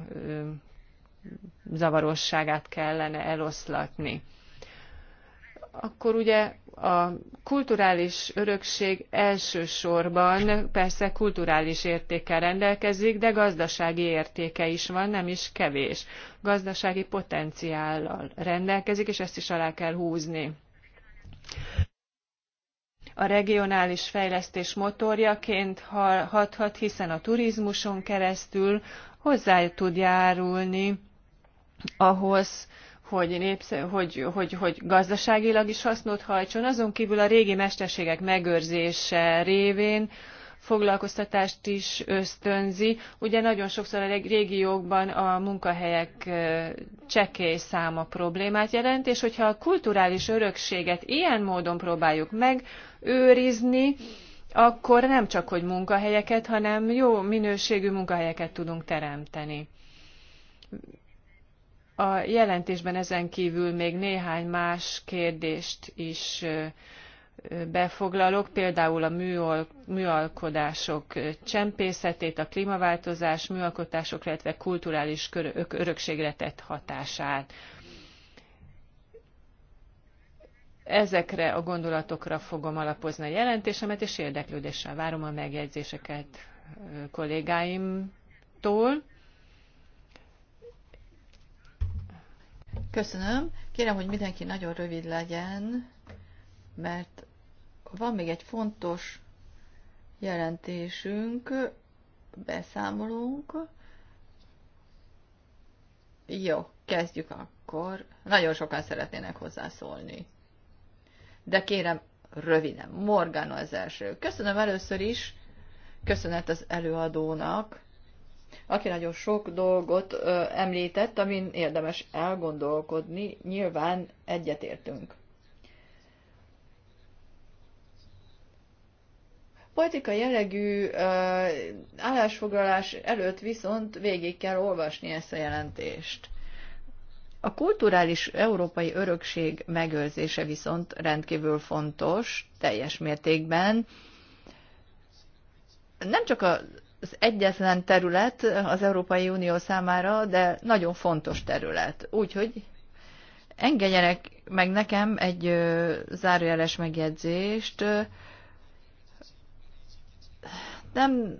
zavarosságát kellene eloszlatni. Akkor ugye a kulturális örökség elsősorban persze kulturális értékkel rendelkezik, de gazdasági értéke is van, nem is kevés. Gazdasági potenciállal rendelkezik, és ezt is alá kell húzni. A regionális fejlesztés motorjaként hathat, hiszen a turizmuson keresztül hozzá tud járulni ahhoz, hogy, népsz, hogy, hogy, hogy gazdaságilag is hasznot hajtson, azon kívül a régi mesterségek megőrzése révén foglalkoztatást is ösztönzi. Ugye nagyon sokszor a régiókban a munkahelyek csekély száma problémát jelent, és hogyha a kulturális örökséget ilyen módon próbáljuk megőrizni, akkor nem csak, hogy munkahelyeket, hanem jó minőségű munkahelyeket tudunk teremteni. A jelentésben ezen kívül még néhány más kérdést is befoglalok, például a műal, műalkodások csempészetét, a klímaváltozás műalkotások, illetve kulturális kör, örökségre tett hatását. Ezekre a gondolatokra fogom alapozni a jelentésemet, és érdeklődéssel várom a megjegyzéseket kollégáimtól Köszönöm. Kérem, hogy mindenki nagyon rövid legyen, mert van még egy fontos jelentésünk, beszámolunk. Jó, kezdjük akkor. Nagyon sokan szeretnének hozzászólni. De kérem, röviden. Morgana az első. Köszönöm először is. Köszönet az előadónak aki nagyon sok dolgot ö, említett, amin érdemes elgondolkodni, nyilván egyetértünk. Politika jellegű ö, állásfoglalás előtt viszont végig kell olvasni ezt a jelentést. A kulturális európai örökség megőrzése viszont rendkívül fontos, teljes mértékben. Nem csak a az egyetlen terület az Európai Unió számára, de nagyon fontos terület. Úgyhogy engedjenek meg nekem egy zárójeles megjegyzést. Nem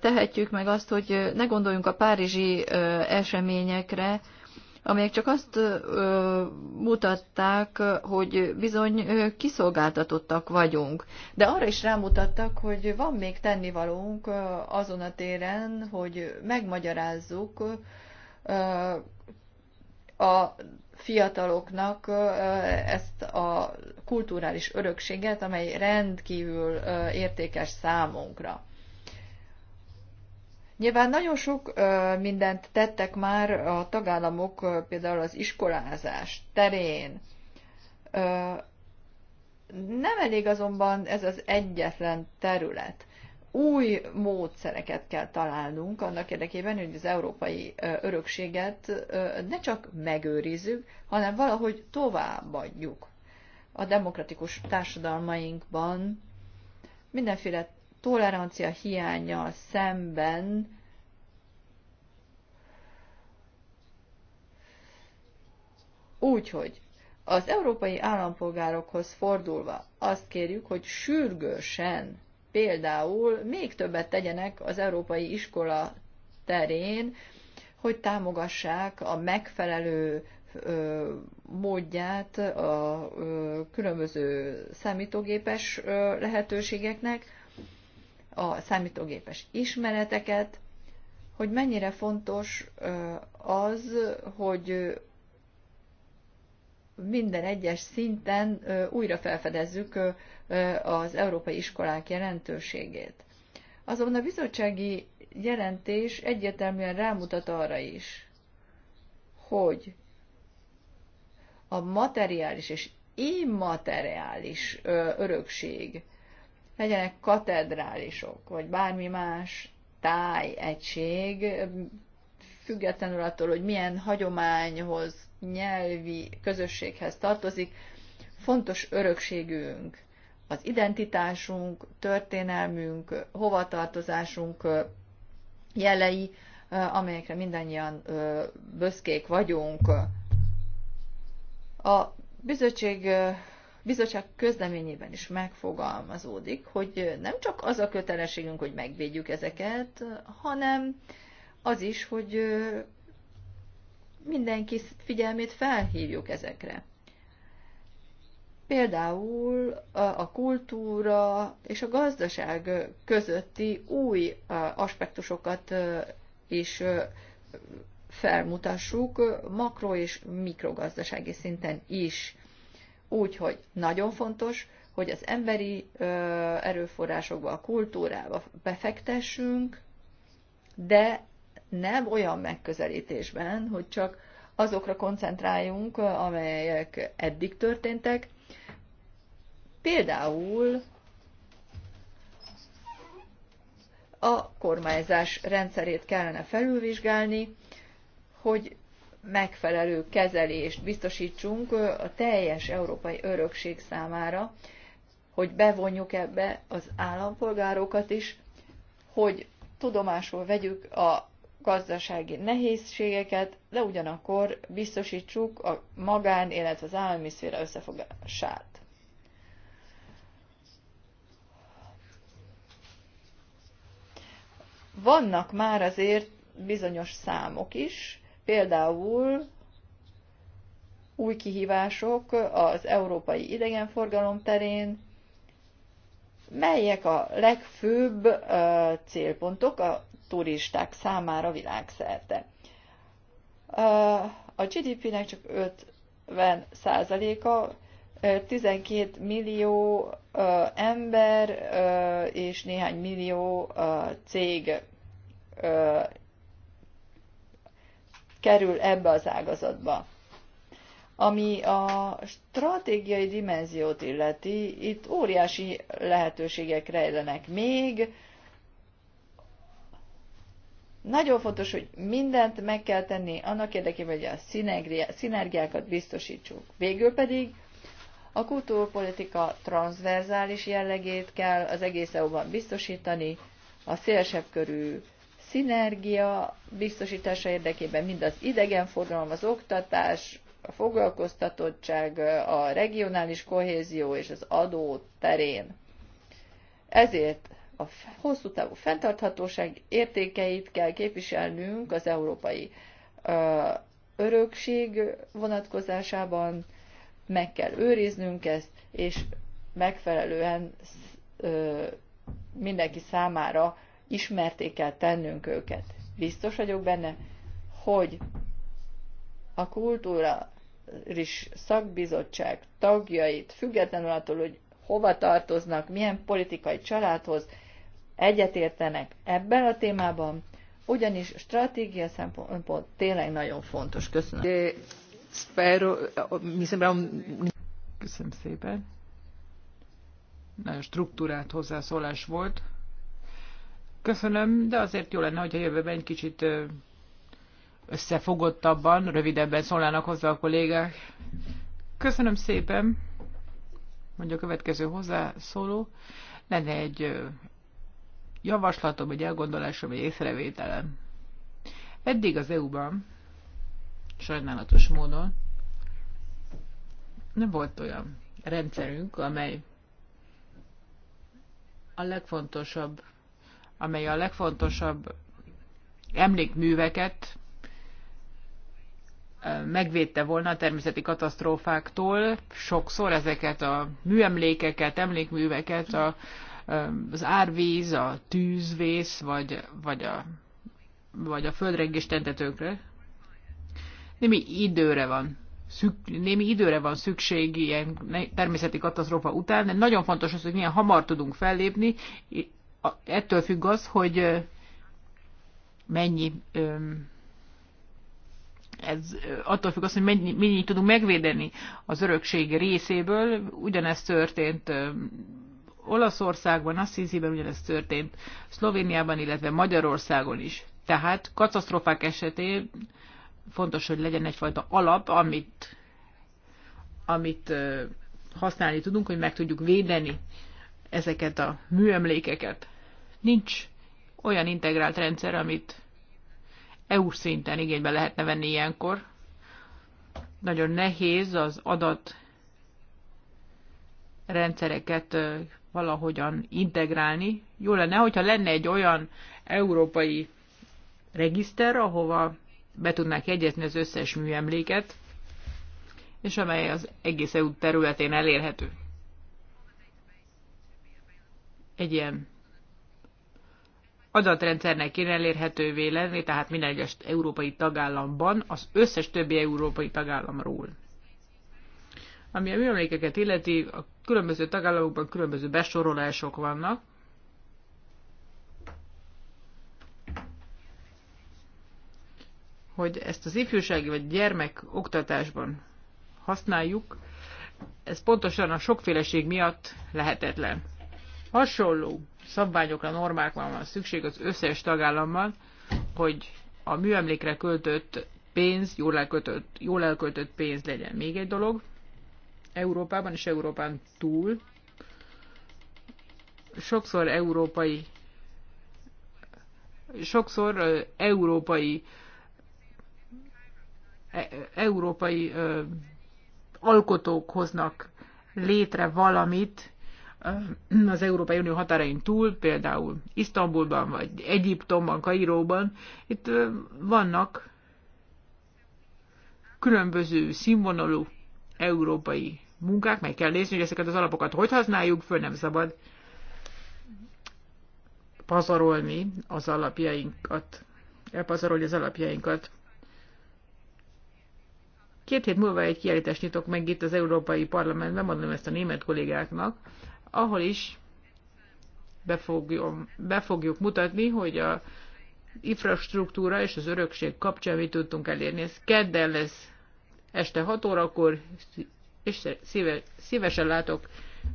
tehetjük meg azt, hogy ne gondoljunk a párizsi eseményekre, amelyek csak azt ö, mutatták, hogy bizony ö, kiszolgáltatottak vagyunk. De arra is rámutattak, hogy van még tennivalónk ö, azon a téren, hogy megmagyarázzuk ö, a fiataloknak ezt a kulturális örökséget, amely rendkívül értékes számunkra. Nyilván nagyon sok mindent tettek már a tagállamok, például az iskolázás terén. Nem elég azonban ez az egyetlen terület. Új módszereket kell találnunk annak érdekében, hogy az európai örökséget ne csak megőrizzük, hanem valahogy továbbadjuk a demokratikus társadalmainkban mindenféle tolerancia hiánya szemben Úgyhogy az európai állampolgárokhoz fordulva azt kérjük, hogy sürgősen például még többet tegyenek az európai iskola terén, hogy támogassák a megfelelő ö, módját a ö, különböző számítógépes ö, lehetőségeknek, a számítógépes ismereteket, hogy mennyire fontos az, hogy minden egyes szinten újra felfedezzük az európai iskolák jelentőségét. Azonban a bizottsági jelentés egyértelműen rámutat arra is, hogy a materiális és immateriális örökség legyenek katedrálisok, vagy bármi más tájegység, függetlenül attól, hogy milyen hagyományhoz, nyelvi közösséghez tartozik, fontos örökségünk, az identitásunk, történelmünk, hovatartozásunk jelei, amelyekre mindannyian büszkék vagyunk. A bizottség bizottság közleményében is megfogalmazódik, hogy nem csak az a kötelességünk, hogy megvédjük ezeket, hanem az is, hogy mindenki figyelmét felhívjuk ezekre. Például a kultúra és a gazdaság közötti új aspektusokat is felmutassuk makro- és mikrogazdasági szinten is. Úgyhogy nagyon fontos, hogy az emberi ö, erőforrásokba, a kultúrába befektessünk, de nem olyan megközelítésben, hogy csak azokra koncentráljunk, amelyek eddig történtek. Például a kormányzás rendszerét kellene felülvizsgálni, hogy megfelelő kezelést biztosítsunk a teljes európai örökség számára, hogy bevonjuk ebbe az állampolgárokat is, hogy tudomásul vegyük a gazdasági nehézségeket, de ugyanakkor biztosítsuk a magán, illetve az állami szféra összefogását. Vannak már azért bizonyos számok is, Például új kihívások az európai idegenforgalom terén, melyek a legfőbb célpontok a turisták számára világszerte. A GDP-nek csak 50%-a, 12 millió ember és néhány millió cég kerül ebbe az ágazatba. Ami a stratégiai dimenziót illeti, itt óriási lehetőségek rejlenek még. Nagyon fontos, hogy mindent meg kell tenni annak érdekében, hogy a szinergiákat biztosítsuk. Végül pedig a kultúrpolitika transzverzális jellegét kell az egész EU-ban biztosítani, a szélsebb körű szinergia biztosítása érdekében mind az idegenforgalom, az oktatás, a foglalkoztatottság, a regionális kohézió és az adó terén. Ezért a hosszú távú fenntarthatóság értékeit kell képviselnünk az európai örökség vonatkozásában, meg kell őriznünk ezt, és megfelelően mindenki számára ismerté kell tennünk őket. Biztos vagyok benne, hogy a kultúra is szakbizottság tagjait, függetlenül attól, hogy hova tartoznak, milyen politikai családhoz, egyetértenek ebben a témában, ugyanis stratégia szempontból tényleg nagyon fontos. Köszönöm. De spero, mi sembra un... Köszönöm szépen. Nagyon struktúrát hozzászólás volt. Köszönöm, de azért jó lenne, hogyha jövőben egy kicsit összefogottabban, rövidebben szólnának hozzá a kollégák. Köszönöm szépen, mondja a következő hozzászóló. Lenne egy javaslatom, egy elgondolásom, egy észrevételem. Eddig az EU-ban, sajnálatos módon, nem volt olyan rendszerünk, amely a legfontosabb amely a legfontosabb emlékműveket megvédte volna a természeti katasztrófáktól. Sokszor ezeket a műemlékeket, emlékműveket a, az árvíz, a tűzvész, vagy, vagy a, vagy a földrengés tentetőkre. Némi időre van szük, némi időre van szükség ilyen természeti katasztrófa után, de nagyon fontos az, hogy milyen hamar tudunk fellépni, ettől függ az, hogy mennyi ez attól függ az, hogy mennyi, mennyit tudunk megvédeni az örökség részéből. Ugyanezt történt Olaszországban, Assisiben ugyanezt történt, Szlovéniában, illetve Magyarországon is. Tehát katasztrofák esetén fontos, hogy legyen egyfajta alap, amit, amit használni tudunk, hogy meg tudjuk védeni ezeket a műemlékeket. Nincs olyan integrált rendszer, amit EU szinten igénybe lehetne venni ilyenkor. Nagyon nehéz az adat rendszereket valahogyan integrálni. Jó lenne, hogyha lenne egy olyan európai regiszter, ahova be tudnák jegyezni az összes műemléket, és amely az egész EU területén elérhető egy ilyen adatrendszernek kéne elérhetővé lenni, tehát minden egyes európai tagállamban, az összes többi európai tagállamról. Ami a műemlékeket illeti, a különböző tagállamokban különböző besorolások vannak. Hogy ezt az ifjúsági vagy gyermek oktatásban használjuk, ez pontosan a sokféleség miatt lehetetlen. Hasonló szabványokra, normákra van szükség az összes tagállamban, hogy a műemlékre költött pénz, jól elköltött, jól elköltött pénz legyen. Még egy dolog, Európában és Európán túl sokszor európai sokszor európai e, európai alkotók hoznak létre valamit, az Európai Unió határain túl, például Isztambulban, vagy Egyiptomban, Kairóban. Itt vannak különböző színvonalú európai munkák, meg kell nézni, hogy ezeket az alapokat hogy használjuk, föl nem szabad pazarolni az alapjainkat, elpazarolni az alapjainkat. Két hét múlva egy kiállítást nyitok meg itt az Európai Parlamentben, mondom ezt a német kollégáknak, ahol is be, fogjom, be fogjuk mutatni, hogy a infrastruktúra és az örökség kapcsán mit tudtunk elérni. Ez kedden lesz este 6 órakor, és szíve, szívesen látok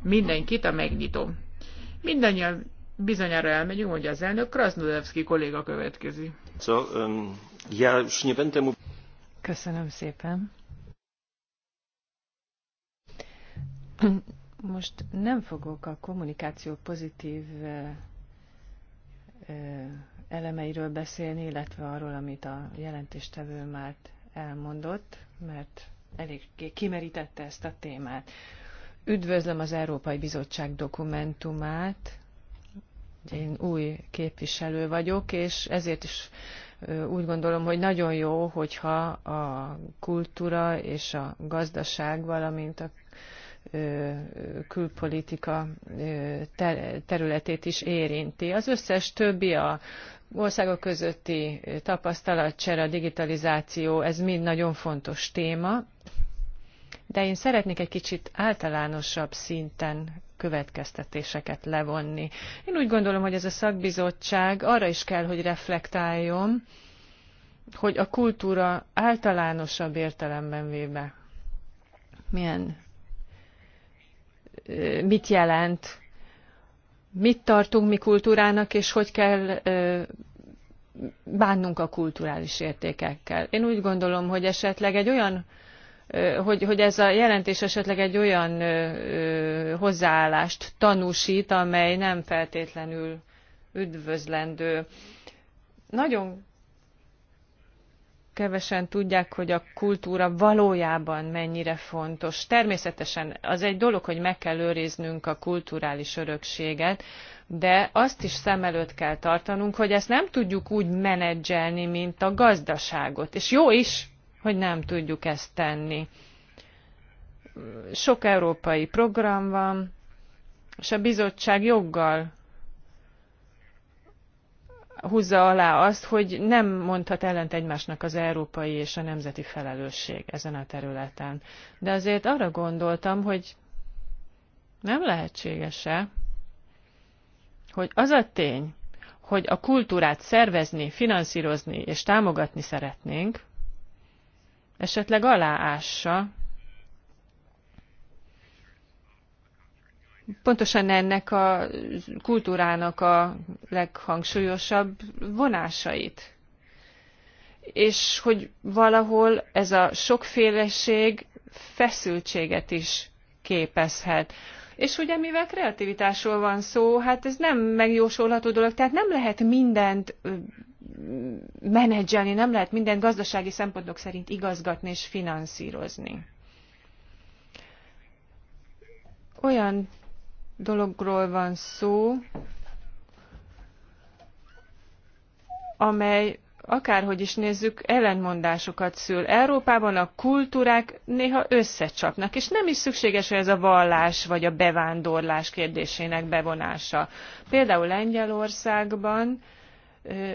mindenkit a megnyitó. Mindannyian bizonyára elmegyünk, hogy az elnök Krasnodevski kolléga következi. So, um, ja już mu... Köszönöm szépen. Most nem fogok a kommunikáció pozitív elemeiről beszélni, illetve arról, amit a jelentéstevő már elmondott, mert elég kimerítette ezt a témát. Üdvözlöm az Európai Bizottság dokumentumát. Én új képviselő vagyok, és ezért is úgy gondolom, hogy nagyon jó, hogyha a kultúra és a gazdaság, valamint a külpolitika területét is érinti. Az összes többi a országok közötti tapasztalatcsere, a digitalizáció, ez mind nagyon fontos téma, de én szeretnék egy kicsit általánosabb szinten következtetéseket levonni. Én úgy gondolom, hogy ez a szakbizottság arra is kell, hogy reflektáljon, hogy a kultúra általánosabb értelemben véve milyen mit jelent, mit tartunk mi kultúrának, és hogy kell bánnunk a kulturális értékekkel. Én úgy gondolom, hogy esetleg egy olyan hogy, hogy ez a jelentés esetleg egy olyan hozzáállást tanúsít, amely nem feltétlenül üdvözlendő. Nagyon kevesen tudják, hogy a kultúra valójában mennyire fontos. Természetesen az egy dolog, hogy meg kell őriznünk a kulturális örökséget, de azt is szem előtt kell tartanunk, hogy ezt nem tudjuk úgy menedzselni, mint a gazdaságot. És jó is, hogy nem tudjuk ezt tenni. Sok európai program van, és a bizottság joggal húzza alá azt, hogy nem mondhat ellent egymásnak az európai és a nemzeti felelősség ezen a területen. De azért arra gondoltam, hogy nem lehetséges-e, hogy az a tény, hogy a kultúrát szervezni, finanszírozni és támogatni szeretnénk, esetleg aláássa pontosan ennek a kultúrának a leghangsúlyosabb vonásait. És hogy valahol ez a sokféleség feszültséget is képezhet. És ugye mivel kreativitásról van szó, hát ez nem megjósolható dolog, tehát nem lehet mindent menedzselni, nem lehet mindent gazdasági szempontok szerint igazgatni és finanszírozni. Olyan dologról van szó, amely akárhogy is nézzük, ellentmondásokat szül. Európában a kultúrák néha összecsapnak, és nem is szükséges, hogy ez a vallás vagy a bevándorlás kérdésének bevonása. Például Lengyelországban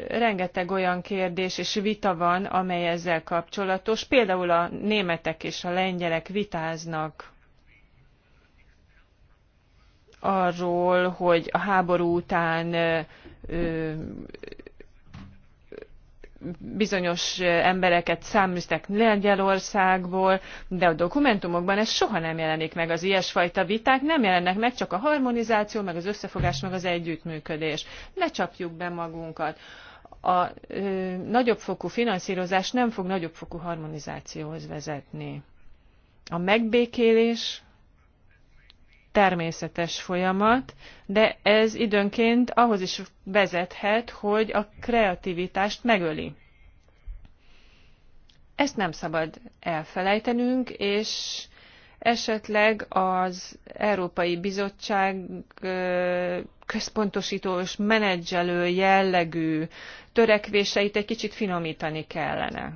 rengeteg olyan kérdés és vita van, amely ezzel kapcsolatos. Például a németek és a lengyelek vitáznak arról, hogy a háború után bizonyos embereket száműztek Lengyelországból, de a dokumentumokban ez soha nem jelenik meg. Az ilyesfajta viták nem jelennek meg, csak a harmonizáció, meg az összefogás, meg az együttműködés. Ne csapjuk be magunkat. A ö, nagyobb fokú finanszírozás nem fog nagyobb fokú harmonizációhoz vezetni. A megbékélés természetes folyamat, de ez időnként ahhoz is vezethet, hogy a kreativitást megöli. Ezt nem szabad elfelejtenünk, és esetleg az Európai Bizottság központosító és menedzselő jellegű törekvéseit egy kicsit finomítani kellene.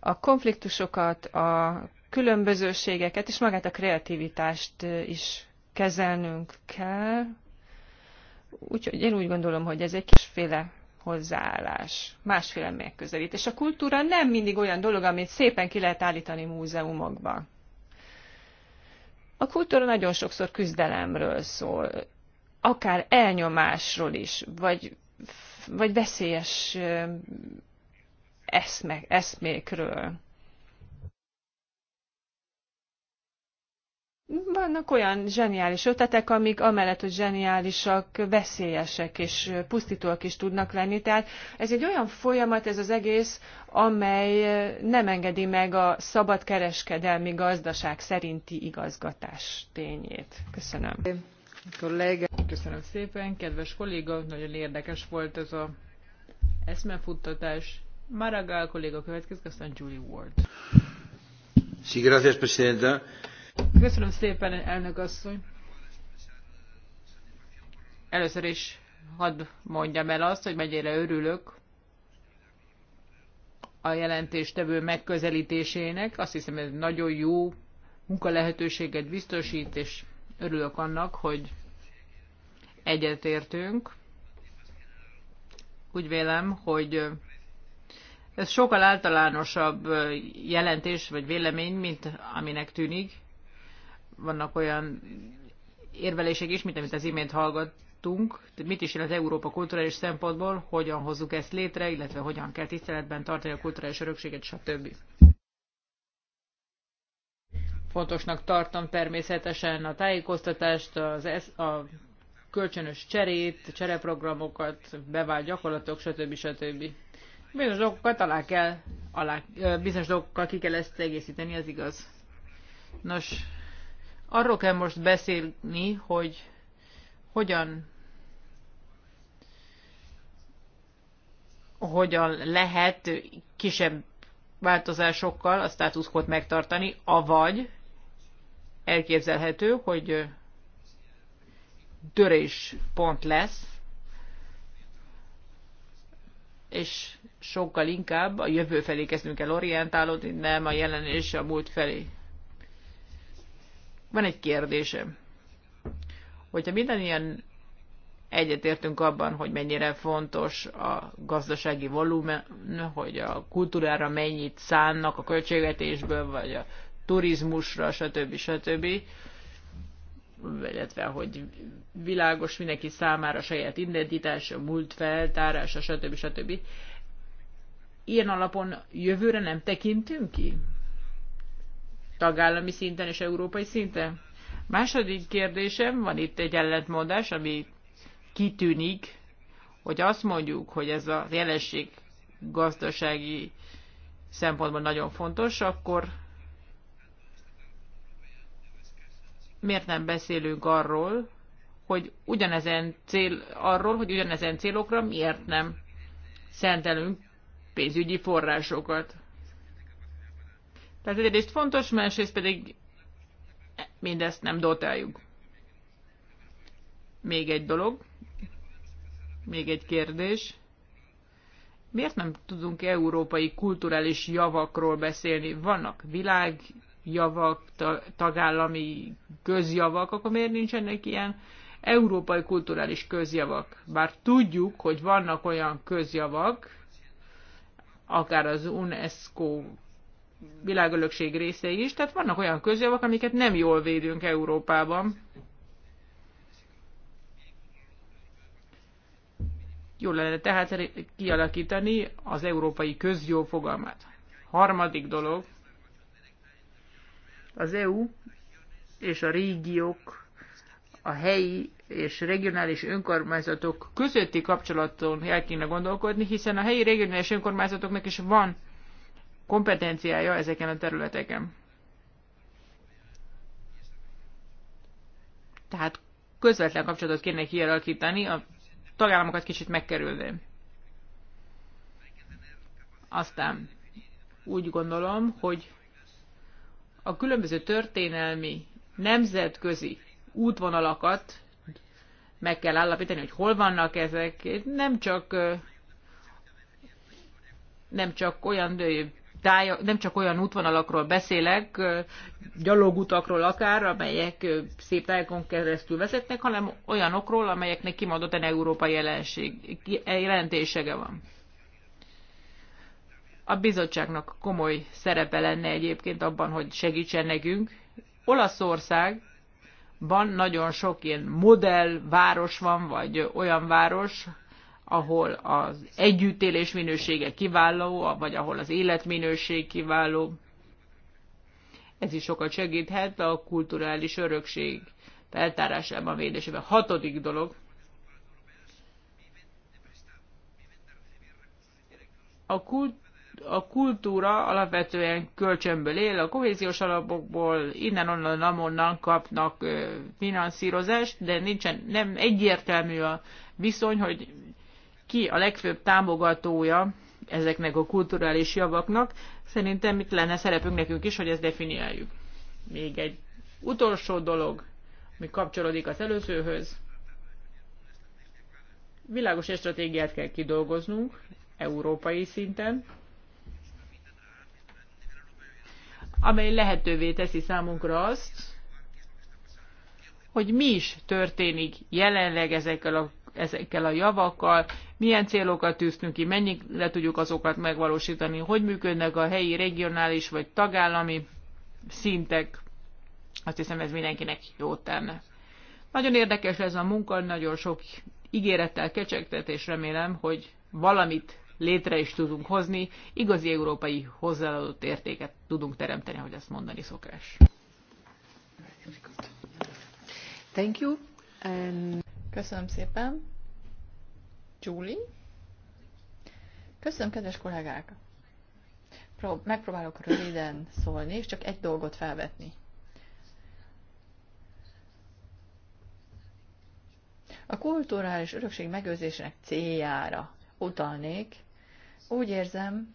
A konfliktusokat, a különbözőségeket és magát a kreativitást is kezelnünk kell. Úgyhogy én úgy gondolom, hogy ez egy kisféle hozzáállás, másféle megközelítés. A kultúra nem mindig olyan dolog, amit szépen ki lehet állítani múzeumokba. A kultúra nagyon sokszor küzdelemről szól, akár elnyomásról is, vagy, vagy veszélyes eszme, eszmékről. Vannak olyan zseniális ötletek, amik amellett, hogy zseniálisak, veszélyesek és pusztítóak is tudnak lenni. Tehát ez egy olyan folyamat, ez az egész, amely nem engedi meg a szabad kereskedelmi gazdaság szerinti igazgatás tényét. Köszönöm. Kolléga. Köszönöm szépen, kedves kolléga, nagyon érdekes volt ez a eszmefuttatás. Maragall kolléga következik, aztán Julie Ward. Sí, gracias, presidenta. Köszönöm szépen, elnök asszony. Először is hadd mondjam el azt, hogy mennyire örülök a jelentéstevő megközelítésének. Azt hiszem, ez nagyon jó munkalehetőséget biztosít, és örülök annak, hogy egyetértünk. Úgy vélem, hogy ez sokkal általánosabb jelentés vagy vélemény, mint aminek tűnik vannak olyan érvelések is, mint amit az imént hallgattunk, mit is jelent Európa kulturális szempontból, hogyan hozzuk ezt létre, illetve hogyan kell tiszteletben tartani a kulturális örökséget, stb. Fontosnak tartom természetesen a tájékoztatást, az esz, a kölcsönös cserét, csereprogramokat, bevált gyakorlatok, stb. stb. Bizonyos dolgokat alá kell, alá, bizonyos dolgokkal ki kell ezt egészíteni, ez igaz. Nos, Arról kell most beszélni, hogy hogyan hogyan lehet kisebb változásokkal a státuszkot megtartani, avagy elképzelhető, hogy pont lesz, és sokkal inkább a jövő felé kezdünk el orientálódni, nem a jelen és a múlt felé. Van egy kérdésem. Hogyha minden ilyen egyetértünk abban, hogy mennyire fontos a gazdasági volumen, hogy a kultúrára mennyit szánnak a költségvetésből, vagy a turizmusra, stb. stb. illetve, hogy világos mindenki számára saját identitása, múlt feltárása, stb. stb. Ilyen alapon jövőre nem tekintünk ki? tagállami szinten és európai szinten? Második kérdésem, van itt egy ellentmondás, ami kitűnik, hogy azt mondjuk, hogy ez a jelenség gazdasági szempontból nagyon fontos, akkor miért nem beszélünk arról, hogy ugyanezen cél, arról, hogy ugyanezen célokra miért nem szentelünk pénzügyi forrásokat. Tehát egyrészt fontos, másrészt pedig mindezt nem dotáljuk. Még egy dolog, még egy kérdés. Miért nem tudunk európai kulturális javakról beszélni? Vannak világjavak, tagállami közjavak, akkor miért nincsenek ilyen európai kulturális közjavak? Bár tudjuk, hogy vannak olyan közjavak, akár az UNESCO világölökség részei is, tehát vannak olyan közjavak, amiket nem jól védünk Európában. Jól lenne tehát kialakítani az európai közjó fogalmát. Harmadik dolog, az EU és a régiók, a helyi és regionális önkormányzatok közötti kapcsolaton el kéne gondolkodni, hiszen a helyi regionális önkormányzatoknak is van kompetenciája ezeken a területeken. Tehát közvetlen kapcsolatot kéne kialakítani, a tagállamokat kicsit megkerülni. Aztán úgy gondolom, hogy a különböző történelmi, nemzetközi útvonalakat meg kell állapítani, hogy hol vannak ezek. Nem csak, nem csak olyan táj, nem csak olyan útvonalakról beszélek, gyalogutakról akár, amelyek szép tájakon keresztül vezetnek, hanem olyanokról, amelyeknek kimondottan európai jelenség, e, jelentésege van. A bizottságnak komoly szerepe lenne egyébként abban, hogy segítsen nekünk. Olaszországban nagyon sok ilyen város van, vagy olyan város, ahol az együttélés minősége kiváló, vagy ahol az életminőség kiváló. Ez is sokat segíthet a kulturális örökség feltárásában, védésében. Hatodik dolog, a, kult, a kultúra alapvetően kölcsönből él, a kohéziós alapokból innen-onnan, amonnan kapnak finanszírozást, de nincsen, nem egyértelmű a viszony, hogy ki a legfőbb támogatója ezeknek a kulturális javaknak. Szerintem itt lenne szerepünk nekünk is, hogy ezt definiáljuk. Még egy utolsó dolog, ami kapcsolódik az előzőhöz. Világos stratégiát kell kidolgoznunk európai szinten, amely lehetővé teszi számunkra azt, hogy mi is történik jelenleg ezekkel a ezekkel a javakkal, milyen célokat tűztünk ki, mennyire tudjuk azokat megvalósítani, hogy működnek a helyi, regionális vagy tagállami szintek. Azt hiszem ez mindenkinek jót tenne. Nagyon érdekes ez a munka, nagyon sok ígérettel kecsegtet, és remélem, hogy valamit létre is tudunk hozni, igazi európai hozzáadott értéket tudunk teremteni, hogy ezt mondani szokás. Thank you. And... Köszönöm szépen. Julie? Köszönöm, kedves kollégák! megpróbálok röviden szólni, és csak egy dolgot felvetni. A kulturális örökség megőrzésének céljára utalnék. Úgy érzem,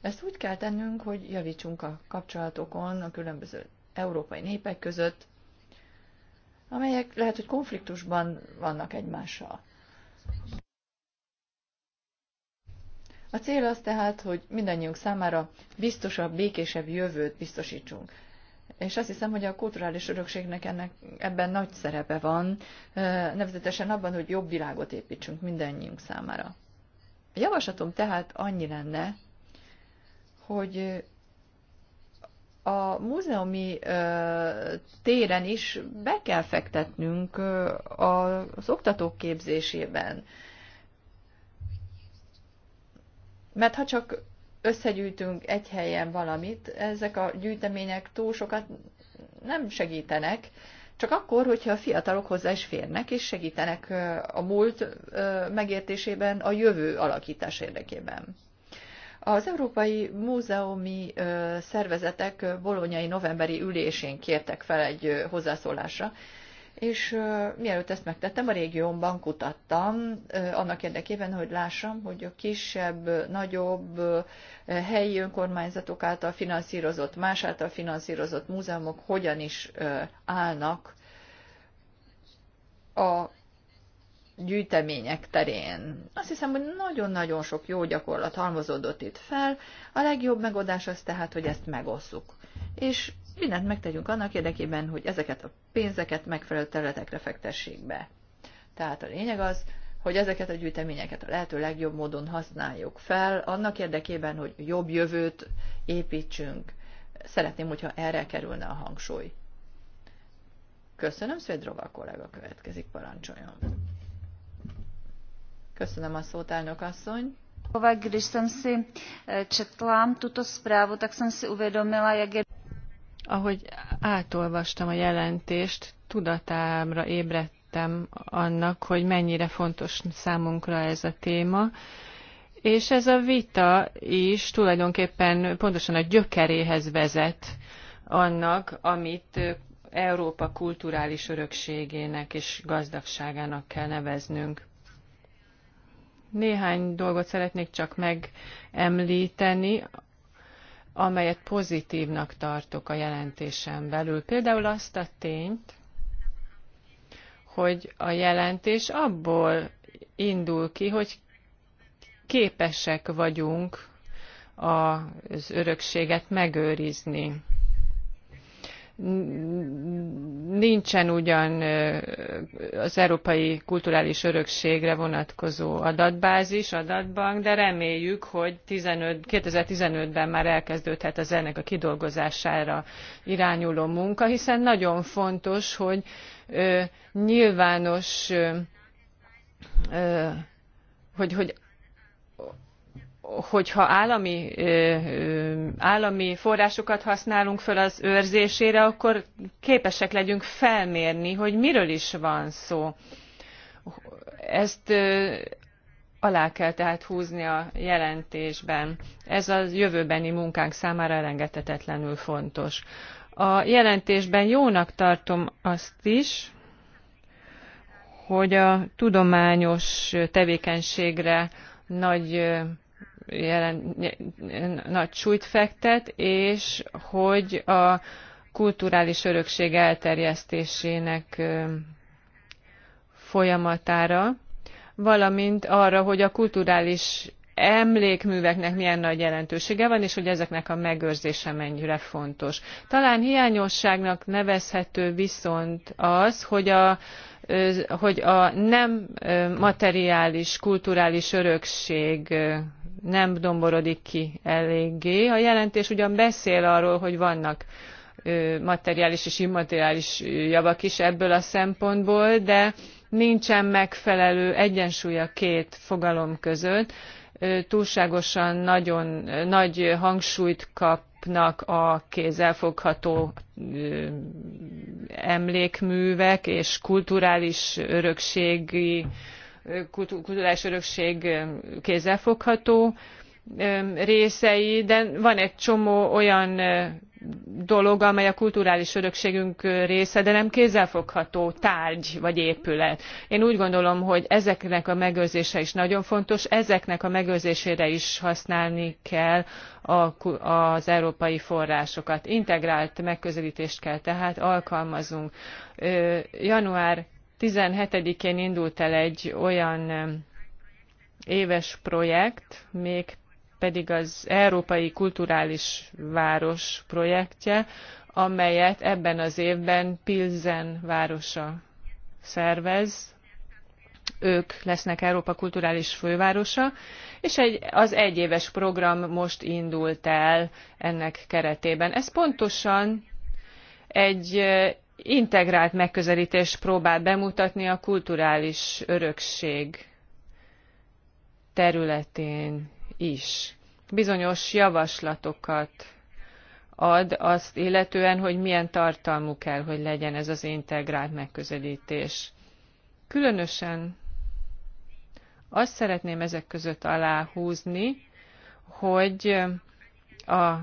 ezt úgy kell tennünk, hogy javítsunk a kapcsolatokon a különböző európai népek között, amelyek lehet, hogy konfliktusban vannak egymással. A cél az tehát, hogy mindannyiunk számára biztosabb, békésebb jövőt biztosítsunk. És azt hiszem, hogy a kulturális örökségnek ennek, ebben nagy szerepe van, nevezetesen abban, hogy jobb világot építsünk mindannyiunk számára. A javaslatom tehát annyi lenne, hogy a múzeumi ö, téren is be kell fektetnünk ö, az oktatók képzésében. Mert ha csak összegyűjtünk egy helyen valamit, ezek a gyűjtemények túl sokat nem segítenek, csak akkor, hogyha a fiatalok hozzá is férnek, és segítenek a múlt megértésében, a jövő alakítás érdekében. Az Európai Múzeumi Szervezetek bolonyai novemberi ülésén kértek fel egy hozzászólásra, és mielőtt ezt megtettem, a régiómban kutattam, annak érdekében, hogy lássam, hogy a kisebb, nagyobb helyi önkormányzatok által finanszírozott, más által finanszírozott múzeumok hogyan is állnak a gyűjtemények terén. Azt hiszem, hogy nagyon-nagyon sok jó gyakorlat halmozódott itt fel. A legjobb megoldás az tehát, hogy ezt megosszuk. És mindent megtegyünk annak érdekében, hogy ezeket a pénzeket megfelelő területekre fektessék be. Tehát a lényeg az, hogy ezeket a gyűjteményeket a lehető legjobb módon használjuk fel, annak érdekében, hogy jobb jövőt építsünk. Szeretném, hogyha erre kerülne a hangsúly. Köszönöm, Szvedrova kollega következik, parancsoljon. Köszönöm a szót, elnök asszony. Když jsem si eh, četla tuto zprávu, tak jsem si uvědomila, jak je... Ahogy átolvastam a jelentést, tudatámra ébredtem annak, hogy mennyire fontos számunkra ez a téma, és ez a vita is tulajdonképpen pontosan a gyökeréhez vezet annak, amit Európa kulturális örökségének és gazdagságának kell neveznünk. Néhány dolgot szeretnék csak megemlíteni, amelyet pozitívnak tartok a jelentésen belül. Például azt a tényt, hogy a jelentés abból indul ki, hogy képesek vagyunk az örökséget megőrizni nincsen ugyan az európai kulturális örökségre vonatkozó adatbázis, adatbank, de reméljük, hogy 15, 2015-ben már elkezdődhet az ennek a kidolgozására irányuló munka, hiszen nagyon fontos, hogy nyilvános, hogy, hogy hogyha állami, állami forrásokat használunk föl az őrzésére, akkor képesek legyünk felmérni, hogy miről is van szó. Ezt alá kell tehát húzni a jelentésben. Ez a jövőbeni munkánk számára elengedhetetlenül fontos. A jelentésben jónak tartom azt is, hogy a tudományos tevékenységre nagy jelen, nagy súlyt fektet, és hogy a kulturális örökség elterjesztésének folyamatára, valamint arra, hogy a kulturális emlékműveknek milyen nagy jelentősége van, és hogy ezeknek a megőrzése mennyire fontos. Talán hiányosságnak nevezhető viszont az, hogy a, hogy a nem materiális kulturális örökség nem domborodik ki eléggé. A jelentés ugyan beszél arról, hogy vannak materiális és immateriális javak is ebből a szempontból, de nincsen megfelelő egyensúly a két fogalom között. Túlságosan nagyon nagy hangsúlyt kapnak a kézzelfogható emlékművek és kulturális örökségi kulturális örökség kézzelfogható részei, de van egy csomó olyan dolog, amely a kulturális örökségünk része, de nem kézzelfogható tárgy vagy épület. Én úgy gondolom, hogy ezeknek a megőrzése is nagyon fontos, ezeknek a megőrzésére is használni kell a, az európai forrásokat. Integrált megközelítést kell tehát alkalmazunk. Január 17-én indult el egy olyan éves projekt, még pedig az Európai Kulturális Város projektje, amelyet ebben az évben Pilzen városa szervez. Ők lesznek Európa Kulturális Fővárosa, és egy, az egyéves program most indult el ennek keretében. Ez pontosan egy integrált megközelítést próbál bemutatni a kulturális örökség területén is. Bizonyos javaslatokat ad azt illetően, hogy milyen tartalmú kell, hogy legyen ez az integrált megközelítés. Különösen azt szeretném ezek között aláhúzni, hogy a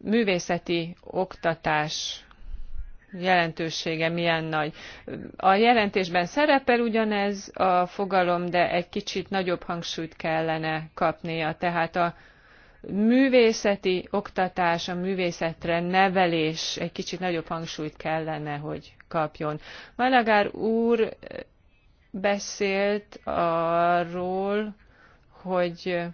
művészeti oktatás jelentősége milyen nagy. A jelentésben szerepel ugyanez a fogalom, de egy kicsit nagyobb hangsúlyt kellene kapnia. Tehát a művészeti oktatás, a művészetre nevelés egy kicsit nagyobb hangsúlyt kellene, hogy kapjon. Malagár úr beszélt arról, hogy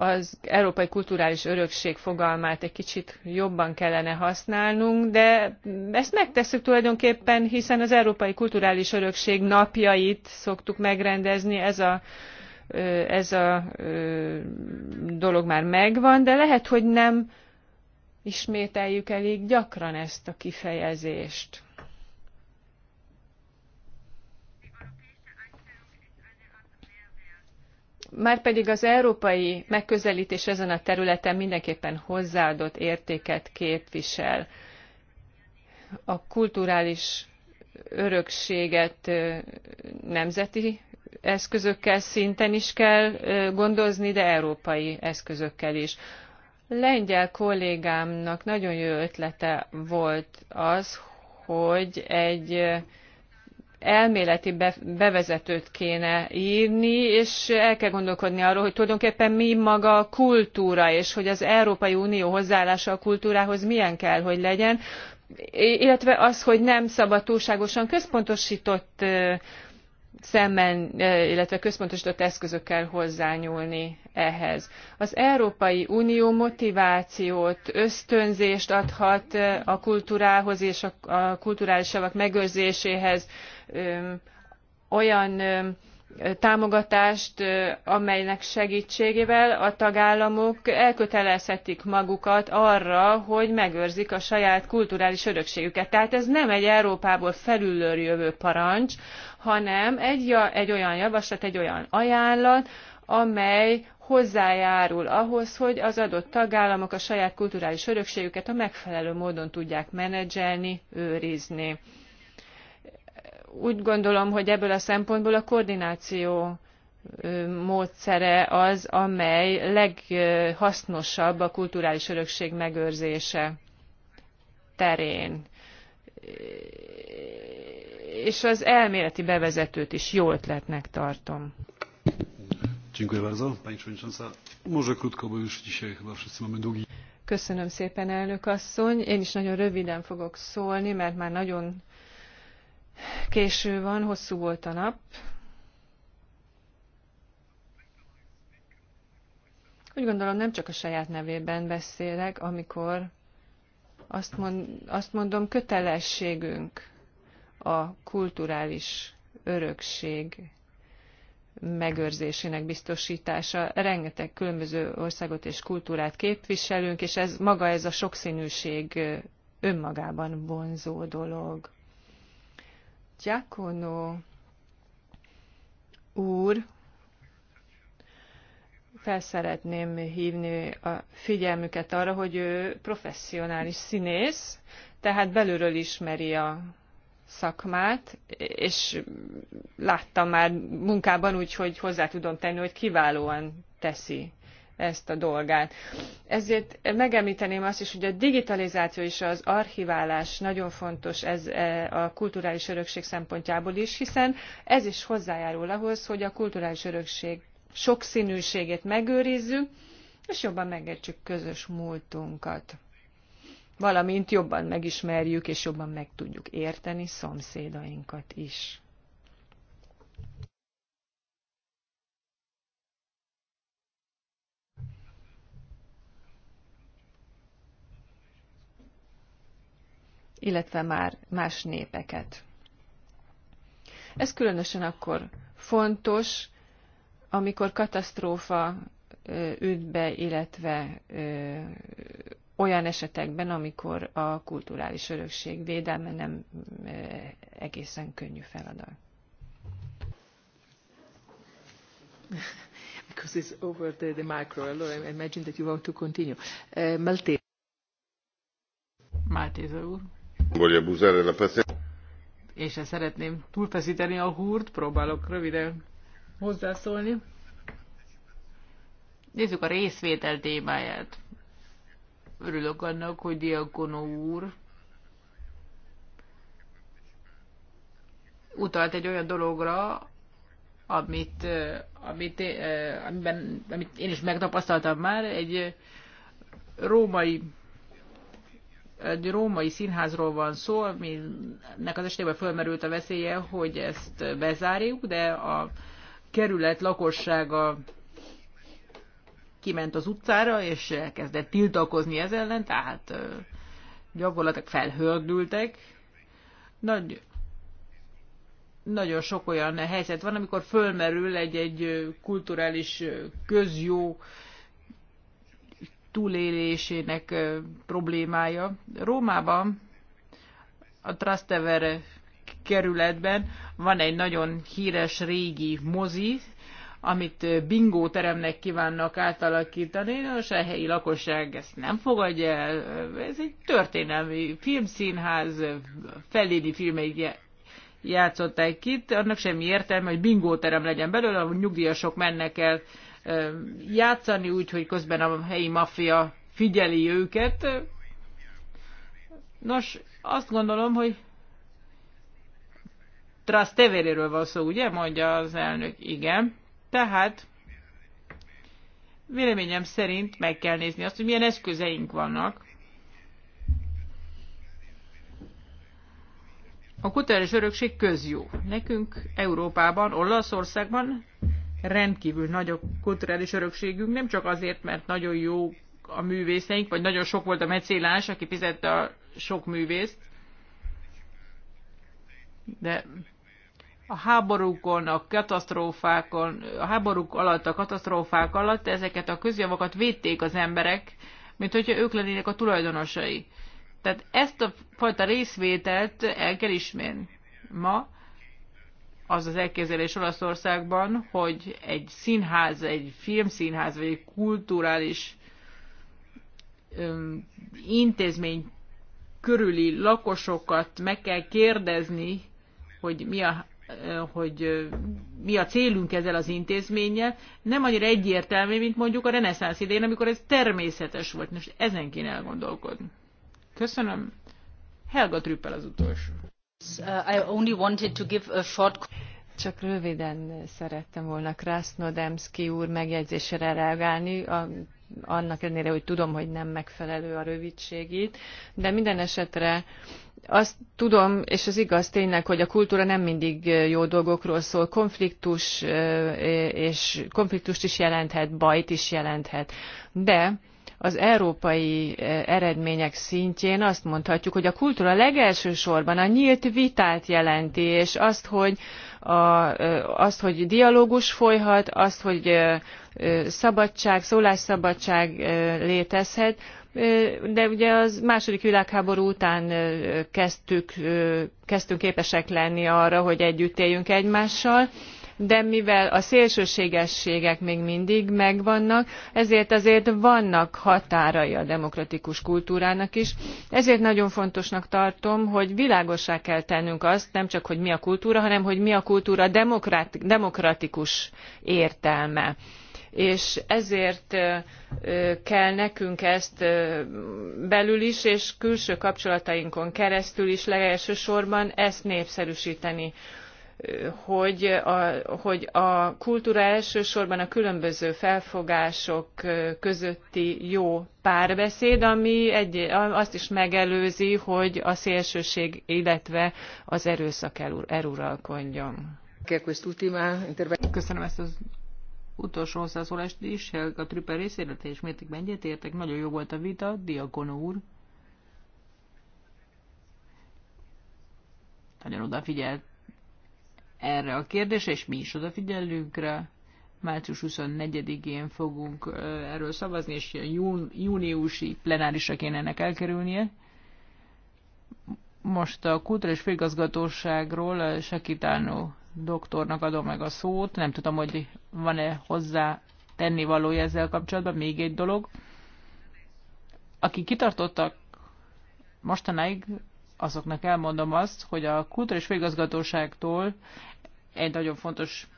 az európai kulturális örökség fogalmát egy kicsit jobban kellene használnunk, de ezt megtesszük tulajdonképpen, hiszen az európai kulturális örökség napjait szoktuk megrendezni, ez a ez a dolog már megvan, de lehet, hogy nem ismételjük elég gyakran ezt a kifejezést. márpedig az európai megközelítés ezen a területen mindenképpen hozzáadott értéket képvisel. A kulturális örökséget nemzeti eszközökkel szinten is kell gondozni, de európai eszközökkel is. Lengyel kollégámnak nagyon jó ötlete volt az, hogy egy elméleti bevezetőt kéne írni, és el kell gondolkodni arról, hogy tulajdonképpen mi maga a kultúra, és hogy az Európai Unió hozzáállása a kultúrához milyen kell, hogy legyen, illetve az, hogy nem szabad túlságosan központosított szemben, e, illetve központosított eszközökkel hozzányúlni ehhez. Az Európai Unió motivációt, ösztönzést adhat e, a kultúrához és a kulturális javak megőrzéséhez e, olyan támogatást, amelynek segítségével a tagállamok elkötelezhetik magukat arra, hogy megőrzik a saját kulturális örökségüket. Tehát ez nem egy Európából felülről jövő parancs, hanem egy, egy olyan javaslat, egy olyan ajánlat, amely hozzájárul ahhoz, hogy az adott tagállamok a saját kulturális örökségüket a megfelelő módon tudják menedzselni, őrizni. Úgy gondolom, hogy ebből a szempontból a koordináció módszere az, amely leghasznosabb a kulturális örökség megőrzése terén és az elméleti bevezetőt is jó ötletnek tartom. Köszönöm szépen, elnök asszony. Én is nagyon röviden fogok szólni, mert már nagyon késő van, hosszú volt a nap. Úgy gondolom, nem csak a saját nevében beszélek, amikor azt, mond, azt mondom, kötelességünk a kulturális örökség megőrzésének biztosítása. Rengeteg különböző országot és kultúrát képviselünk, és ez maga ez a sokszínűség önmagában vonzó dolog. Giacono úr, felszeretném hívni a figyelmüket arra, hogy ő professzionális színész, tehát belülről ismeri a szakmát, és láttam már munkában úgy, hogy hozzá tudom tenni, hogy kiválóan teszi ezt a dolgát. Ezért megemlíteném azt is, hogy a digitalizáció és az archiválás nagyon fontos ez e, a kulturális örökség szempontjából is, hiszen ez is hozzájárul ahhoz, hogy a kulturális örökség sokszínűségét megőrizzük, és jobban megértsük közös múltunkat valamint jobban megismerjük és jobban meg tudjuk érteni szomszédainkat is. illetve már más népeket. Ez különösen akkor fontos, amikor katasztrófa ütbe, illetve olyan esetekben, amikor a kulturális örökség védelme nem egészen könnyű feladat. [LAUGHS] Because it's over the, the micro, I imagine that you want to continue. Uh, úr. Voglio la szeretném túlfeszíteni a húrt, próbálok röviden hozzászólni. Nézzük a részvétel témáját. Örülök annak, hogy Diakono úr utalt egy olyan dologra, amit, amit, amiben, amit én is megtapasztaltam már, egy római egy római színházról van szó, aminek az esetében fölmerült a veszélye, hogy ezt bezárjuk, de a kerület lakossága kiment az utcára, és elkezdett tiltakozni ez ellen, tehát gyakorlatilag felhördültek. Nagy, nagyon sok olyan helyzet van, amikor fölmerül egy-egy kulturális közjó túlélésének problémája. Rómában, a Trastevere kerületben van egy nagyon híres régi mozi, amit bingó teremnek kívánnak átalakítani. és a e helyi lakosság ezt nem fogadja el. Ez egy történelmi filmszínház, Fellini filmeit játszották itt. Annak semmi értelme, hogy bingó terem legyen belőle, ahol nyugdíjasok mennek el játszani, úgyhogy közben a helyi maffia figyeli őket. Nos, azt gondolom, hogy Trasteveréről van szó, ugye? Mondja az elnök. Igen. Tehát véleményem szerint meg kell nézni azt, hogy milyen eszközeink vannak. A kulturális örökség közjó. Nekünk Európában, Olaszországban rendkívül nagy a kulturális örökségünk, nem csak azért, mert nagyon jó a művészeink, vagy nagyon sok volt a mecélás, aki fizette a sok művészt, de a háborúkon, a katasztrófákon, a háborúk alatt, a katasztrófák alatt ezeket a közjavakat védték az emberek, mint hogyha ők lennének a tulajdonosai. Tehát ezt a fajta részvételt el kell ismerni. Ma az az elképzelés Olaszországban, hogy egy színház, egy filmszínház, vagy egy kulturális öm, intézmény körüli lakosokat meg kell kérdezni, hogy mi a hogy mi a célunk ezzel az intézménnyel, nem annyira egyértelmű, mint mondjuk a reneszánsz idején, amikor ez természetes volt. Most ezen kéne elgondolkodni. Köszönöm. Helga Trüppel az utolsó. Uh, I only wanted to give a short... Csak röviden szerettem volna Krasznodemszki úr megjegyzésére reagálni. A annak ellenére, hogy tudom, hogy nem megfelelő a rövidségét, de minden esetre azt tudom, és az igaz tényleg, hogy a kultúra nem mindig jó dolgokról szól. Konfliktus és konfliktust is jelenthet, bajt is jelenthet. De az európai eredmények szintjén azt mondhatjuk, hogy a kultúra legelső sorban a nyílt vitát jelenti, és azt, hogy, a, azt, hogy dialógus folyhat, azt, hogy szabadság, szólásszabadság létezhet, de ugye az második világháború után kezdtük, kezdtünk képesek lenni arra, hogy együtt éljünk egymással, de mivel a szélsőségességek még mindig megvannak, ezért azért vannak határai a demokratikus kultúrának is. Ezért nagyon fontosnak tartom, hogy világossá kell tennünk azt, nem csak, hogy mi a kultúra, hanem hogy mi a kultúra demokratikus értelme és ezért kell nekünk ezt belül is és külső kapcsolatainkon keresztül is legelsősorban ezt népszerűsíteni hogy a, hogy a kultúra elsősorban a különböző felfogások közötti jó párbeszéd, ami egy, azt is megelőzi, hogy a szélsőség, illetve az erőszak eluralkodjon. Köszönöm ezt az utolsó hozzászólást is, a trüpper részére teljes mértékben egyetértek, nagyon jó volt a vita, Diakonó úr. Nagyon odafigyelt erre a kérdésre, és mi is odafigyelünk rá. Március 24-én fogunk erről szavazni, és júniusi plenárisra kéne ennek elkerülnie. Most a kulturális főigazgatóságról Sakitánó doktornak adom meg a szót. Nem tudom, hogy van-e hozzá tennivalója ezzel kapcsolatban. Még egy dolog. Akik kitartottak mostanáig, azoknak elmondom azt, hogy a és Végazgatóságtól egy nagyon fontos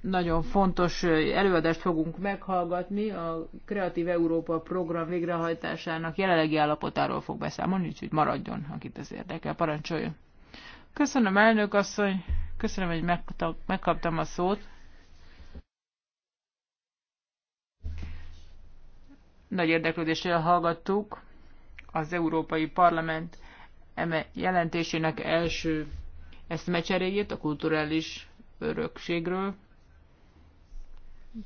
nagyon fontos előadást fogunk meghallgatni, a Kreatív Európa program végrehajtásának jelenlegi állapotáról fog beszámolni, úgyhogy maradjon, akit ez érdekel. Parancsoljon! Köszönöm, elnök asszony. Köszönöm, hogy megkaptam a szót. Nagy érdeklődéssel hallgattuk az Európai Parlament eme jelentésének első eszmecseréjét a kulturális örökségről.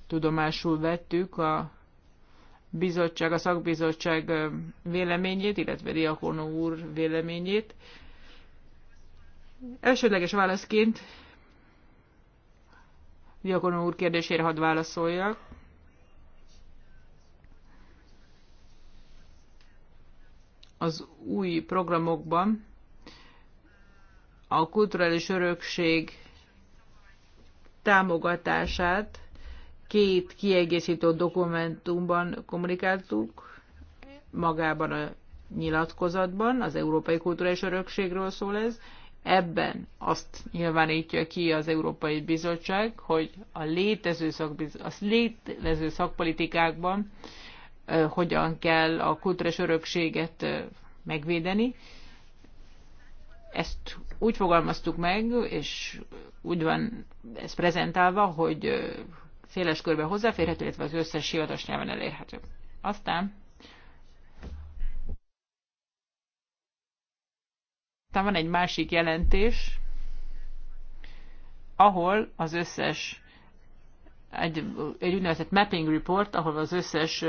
Tudomásul vettük a bizottság, a szakbizottság véleményét, illetve Diakonó úr véleményét. Elsődleges válaszként Diakonó úr kérdésére hadd válaszoljak. Az új programokban a kulturális örökség támogatását két kiegészítő dokumentumban kommunikáltuk, magában a nyilatkozatban, az Európai Kulturális Örökségről szól ez, Ebben azt nyilvánítja ki az Európai Bizottság, hogy a létező, szakbiz... a létező szakpolitikákban hogyan kell a kultúrás örökséget megvédeni. Ezt úgy fogalmaztuk meg, és úgy van ez prezentálva, hogy széles körben hozzáférhető, illetve az összes hivatalos nyelven elérhető. Aztán Aztán van egy másik jelentés, ahol az összes egy, egy úgynevezett mapping report, ahol az összes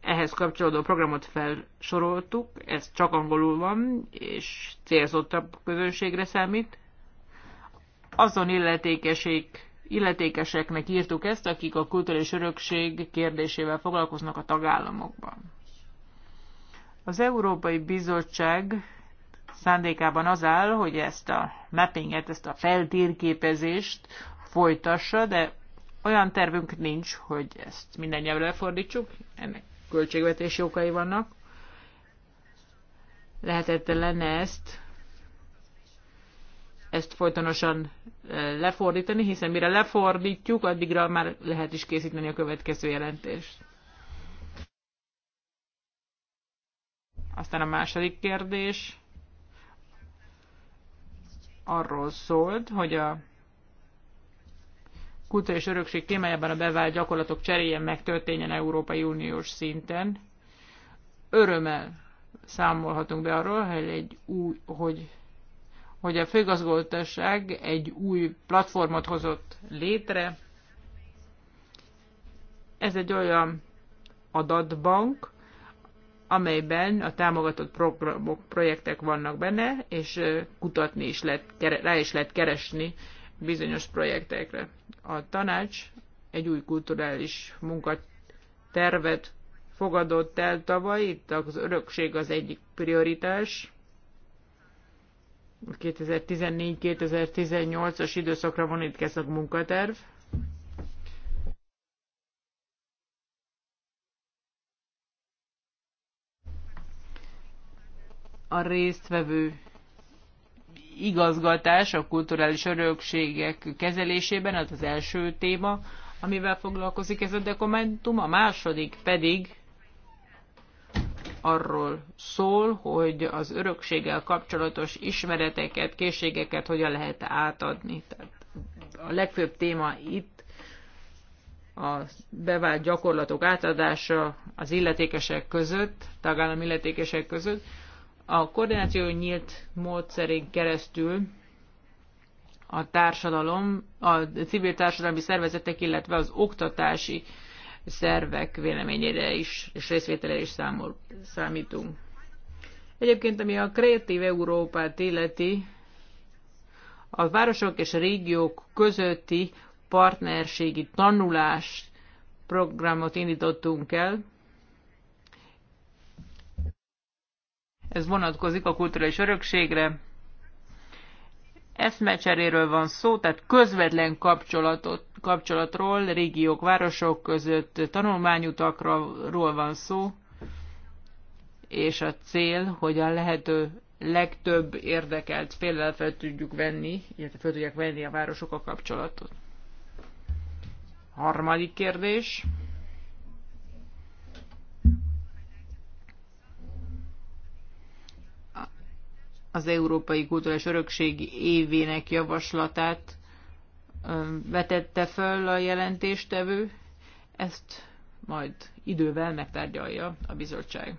ehhez kapcsolódó programot felsoroltuk, ez csak angolul van, és célzottabb közönségre számít. Azon illetékesek, illetékeseknek írtuk ezt, akik a kulturális örökség kérdésével foglalkoznak a tagállamokban. Az Európai Bizottság szándékában az áll, hogy ezt a mappinget, ezt a feltérképezést folytassa, de olyan tervünk nincs, hogy ezt minden nyelvre fordítsuk, ennek költségvetési okai vannak. Lehetetlen lenne ezt ezt folytonosan e, lefordítani, hiszen mire lefordítjuk, addigra már lehet is készíteni a következő jelentést. Aztán a második kérdés arról szólt, hogy a kultúra és örökség témájában a bevált gyakorlatok cseréje megtörténjen Európai Uniós szinten. Örömmel számolhatunk be arról, hogy, egy új, hogy, hogy a főgazgatóság egy új platformot hozott létre. Ez egy olyan adatbank, amelyben a támogatott programok, projektek vannak benne, és kutatni is lehet, rá is lehet keresni bizonyos projektekre. A tanács egy új kulturális munkatervet fogadott el tavaly, itt az örökség az egyik prioritás. 2014-2018-as időszakra van itt a munkaterv. a résztvevő igazgatás a kulturális örökségek kezelésében, az az első téma, amivel foglalkozik ez a dokumentum, a második pedig arról szól, hogy az örökséggel kapcsolatos ismereteket, készségeket hogyan lehet átadni. Tehát a legfőbb téma itt a bevált gyakorlatok átadása az illetékesek között, tagállam illetékesek között. A koordináció nyílt módszerén keresztül a társadalom, a civil társadalmi szervezetek, illetve az oktatási szervek véleményére is és részvételére is számol, számítunk. Egyébként, ami a kreatív Európát illeti, a városok és a régiók közötti partnerségi tanulás programot indítottunk el. ez vonatkozik a kulturális örökségre. Eszmecseréről van szó, tehát közvetlen kapcsolatot, kapcsolatról, régiók, városok között tanulmányutakról van szó, és a cél, hogy a lehető legtöbb érdekelt féllel fel tudjuk venni, illetve fel tudják venni a városok a kapcsolatot. Harmadik kérdés. az Európai Kultúrás Örökség évének javaslatát vetette föl a jelentéstevő, ezt majd idővel megtárgyalja a bizottság.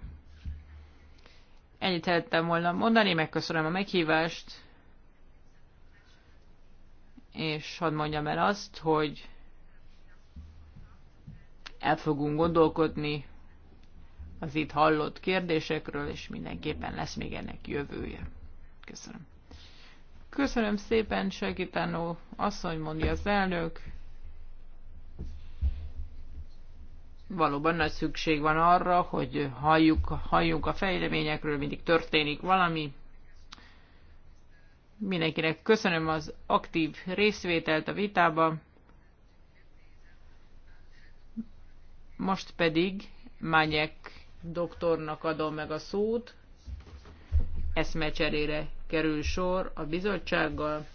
Ennyit szerettem volna mondani, megköszönöm a meghívást, és hadd mondjam el azt, hogy el fogunk gondolkodni az itt hallott kérdésekről, és mindenképpen lesz még ennek jövője. Köszönöm. Köszönöm szépen, segítenó asszony mondja az elnök. Valóban nagy szükség van arra, hogy halljuk, halljunk a fejleményekről, mindig történik valami. Mindenkinek köszönöm az aktív részvételt a vitában. Most pedig Mányek doktornak adom meg a szót, eszmecserére kerül sor a bizottsággal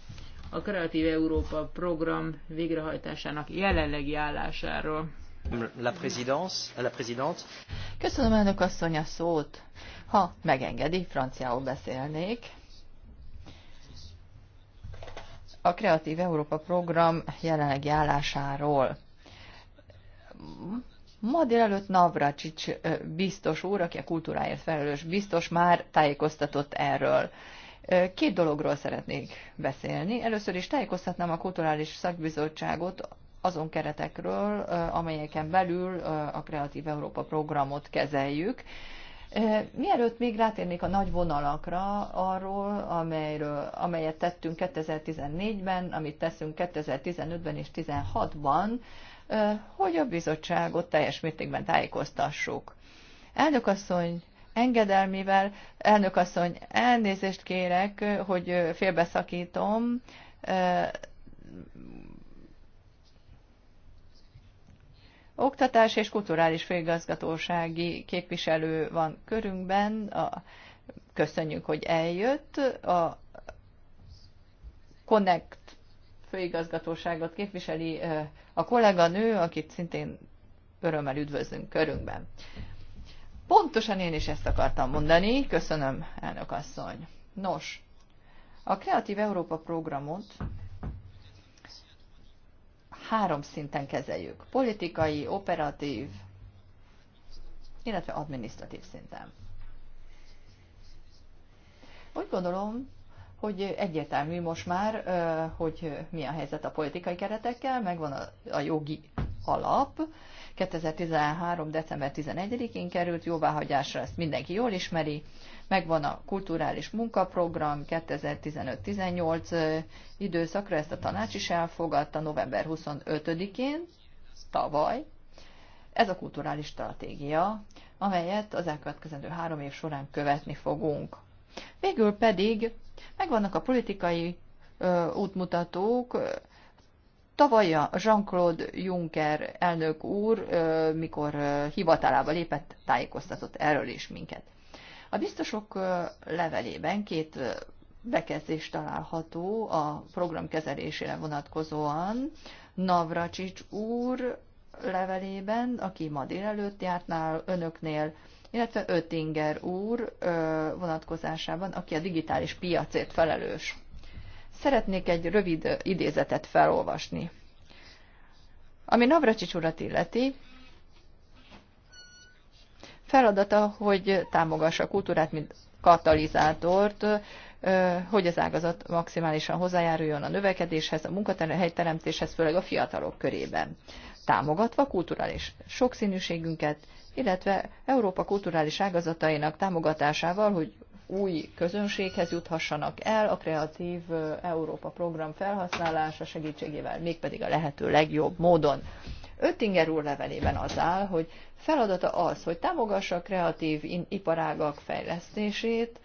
a Kreatív Európa program végrehajtásának jelenlegi állásáról. La présidence, la présidente. Köszönöm elnök asszony a szót. Ha megengedi, franciául beszélnék. A Kreatív Európa program jelenlegi állásáról Ma délelőtt Navracsics biztos úr, aki a kultúráért felelős biztos, már tájékoztatott erről. Két dologról szeretnék beszélni. Először is tájékoztatnám a kulturális szakbizottságot azon keretekről, amelyeken belül a Kreatív Európa programot kezeljük. Mielőtt még rátérnék a nagy vonalakra arról, amelyről, amelyet tettünk 2014-ben, amit teszünk 2015-ben és 2016-ban, hogy a bizottságot teljes mértékben tájékoztassuk. Elnök asszony engedelmével, elnök asszony elnézést kérek, hogy félbeszakítom, Oktatás és Kulturális Főigazgatósági képviselő van körünkben. A, köszönjük, hogy eljött. A Connect főigazgatóságot képviseli a kolléganő, akit szintén örömmel üdvözlünk körünkben. Pontosan én is ezt akartam mondani, köszönöm, elnök asszony. Nos, a Kreatív Európa programot három szinten kezeljük. Politikai, operatív, illetve adminisztratív szinten. Úgy gondolom, hogy egyértelmű most már, hogy mi a helyzet a politikai keretekkel, megvan a jogi alap. 2013. december 11-én került jóváhagyásra, ezt mindenki jól ismeri. Megvan a kulturális munkaprogram 2015-18 időszakra, ezt a tanács is elfogadta november 25-én, tavaly. Ez a kulturális stratégia, amelyet az elkövetkezendő három év során követni fogunk. Végül pedig Megvannak a politikai ö, útmutatók. Tavaly a Jean-Claude Juncker elnök úr, ö, mikor ö, hivatalába lépett, tájékoztatott erről is minket. A biztosok ö, levelében két ö, bekezdés található a program kezelésére vonatkozóan. Navracsics úr levelében, aki ma délelőtt járt nál önöknél, illetve Öttinger úr vonatkozásában, aki a digitális piacért felelős. Szeretnék egy rövid idézetet felolvasni. Ami Navracsics urat illeti, feladata, hogy támogassa a kultúrát, mint katalizátort, hogy az ágazat maximálisan hozzájáruljon a növekedéshez, a munkahelyteremtéshez, főleg a fiatalok körében támogatva kulturális sokszínűségünket, illetve Európa kulturális ágazatainak támogatásával, hogy új közönséghez juthassanak el a Kreatív Európa program felhasználása segítségével, mégpedig a lehető legjobb módon. Öttinger úr levelében az áll, hogy feladata az, hogy támogassa a kreatív iparágak fejlesztését,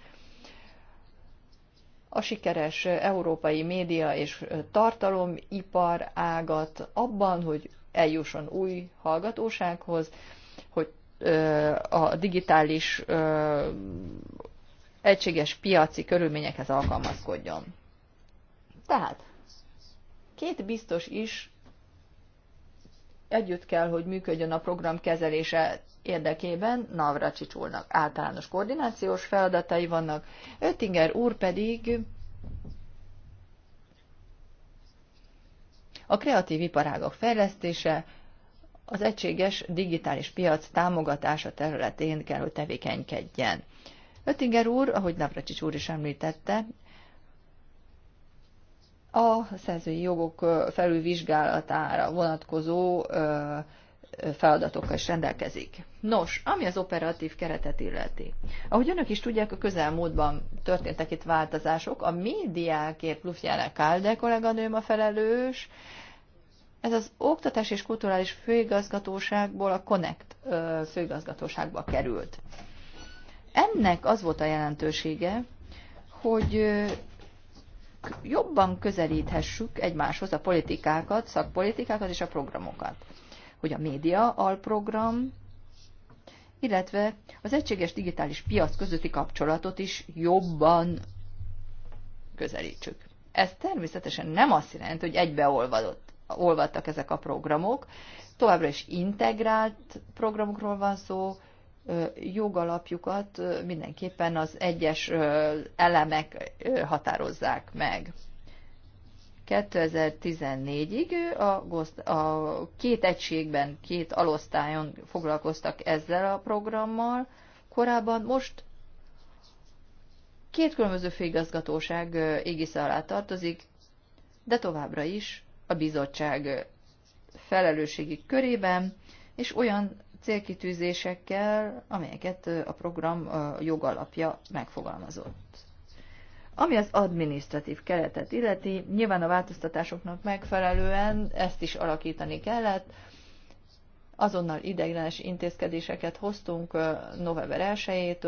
a sikeres európai média és tartalomipar ágat abban, hogy eljusson új hallgatósághoz, hogy a digitális egységes piaci körülményekhez alkalmazkodjon. Tehát két biztos is együtt kell, hogy működjön a program kezelése érdekében Navracsicsulnak. általános koordinációs feladatai vannak, Öttinger úr pedig A kreatív iparágok fejlesztése az egységes digitális piac támogatása területén kell, hogy tevékenykedjen. Öttinger úr, ahogy Navracsics úr is említette, a szerzői jogok felülvizsgálatára vonatkozó feladatokkal is rendelkezik. Nos, ami az operatív keretet illeti. Ahogy önök is tudják, a közelmúltban történtek itt változások. A médiákért Lufjana Kálde kolléganőm a felelős. Ez az Oktatás és Kulturális Főigazgatóságból a Connect főigazgatóságba került. Ennek az volt a jelentősége, hogy jobban közelíthessük egymáshoz a politikákat, szakpolitikákat és a programokat hogy a média alprogram, illetve az egységes digitális piac közötti kapcsolatot is jobban közelítsük. Ez természetesen nem azt jelenti, hogy egybeolvadott olvadtak ezek a programok. Továbbra is integrált programokról van szó, jogalapjukat mindenképpen az egyes elemek határozzák meg. 2014-ig a, a két egységben, két alosztályon foglalkoztak ezzel a programmal. Korábban most két különböző főigazgatóság égisze alá tartozik, de továbbra is a bizottság felelősségi körében, és olyan célkitűzésekkel, amelyeket a program jogalapja megfogalmazott. Ami az adminisztratív keretet illeti, nyilván a változtatásoknak megfelelően ezt is alakítani kellett. Azonnal ideiglenes intézkedéseket hoztunk november 1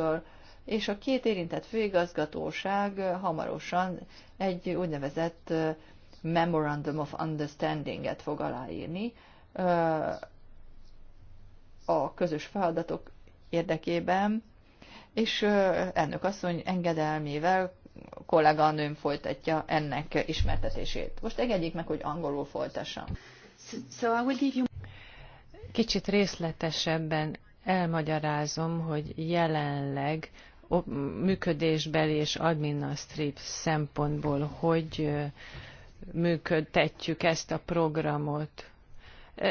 és a két érintett főigazgatóság hamarosan egy úgynevezett Memorandum of Understanding-et fog aláírni a közös feladatok érdekében, és elnök asszony engedelmével kolléganőm folytatja ennek ismertetését. Most engedjék meg, hogy angolul folytassam. Kicsit részletesebben elmagyarázom, hogy jelenleg működésbeli és adminisztrív szempontból hogy működtetjük ezt a programot.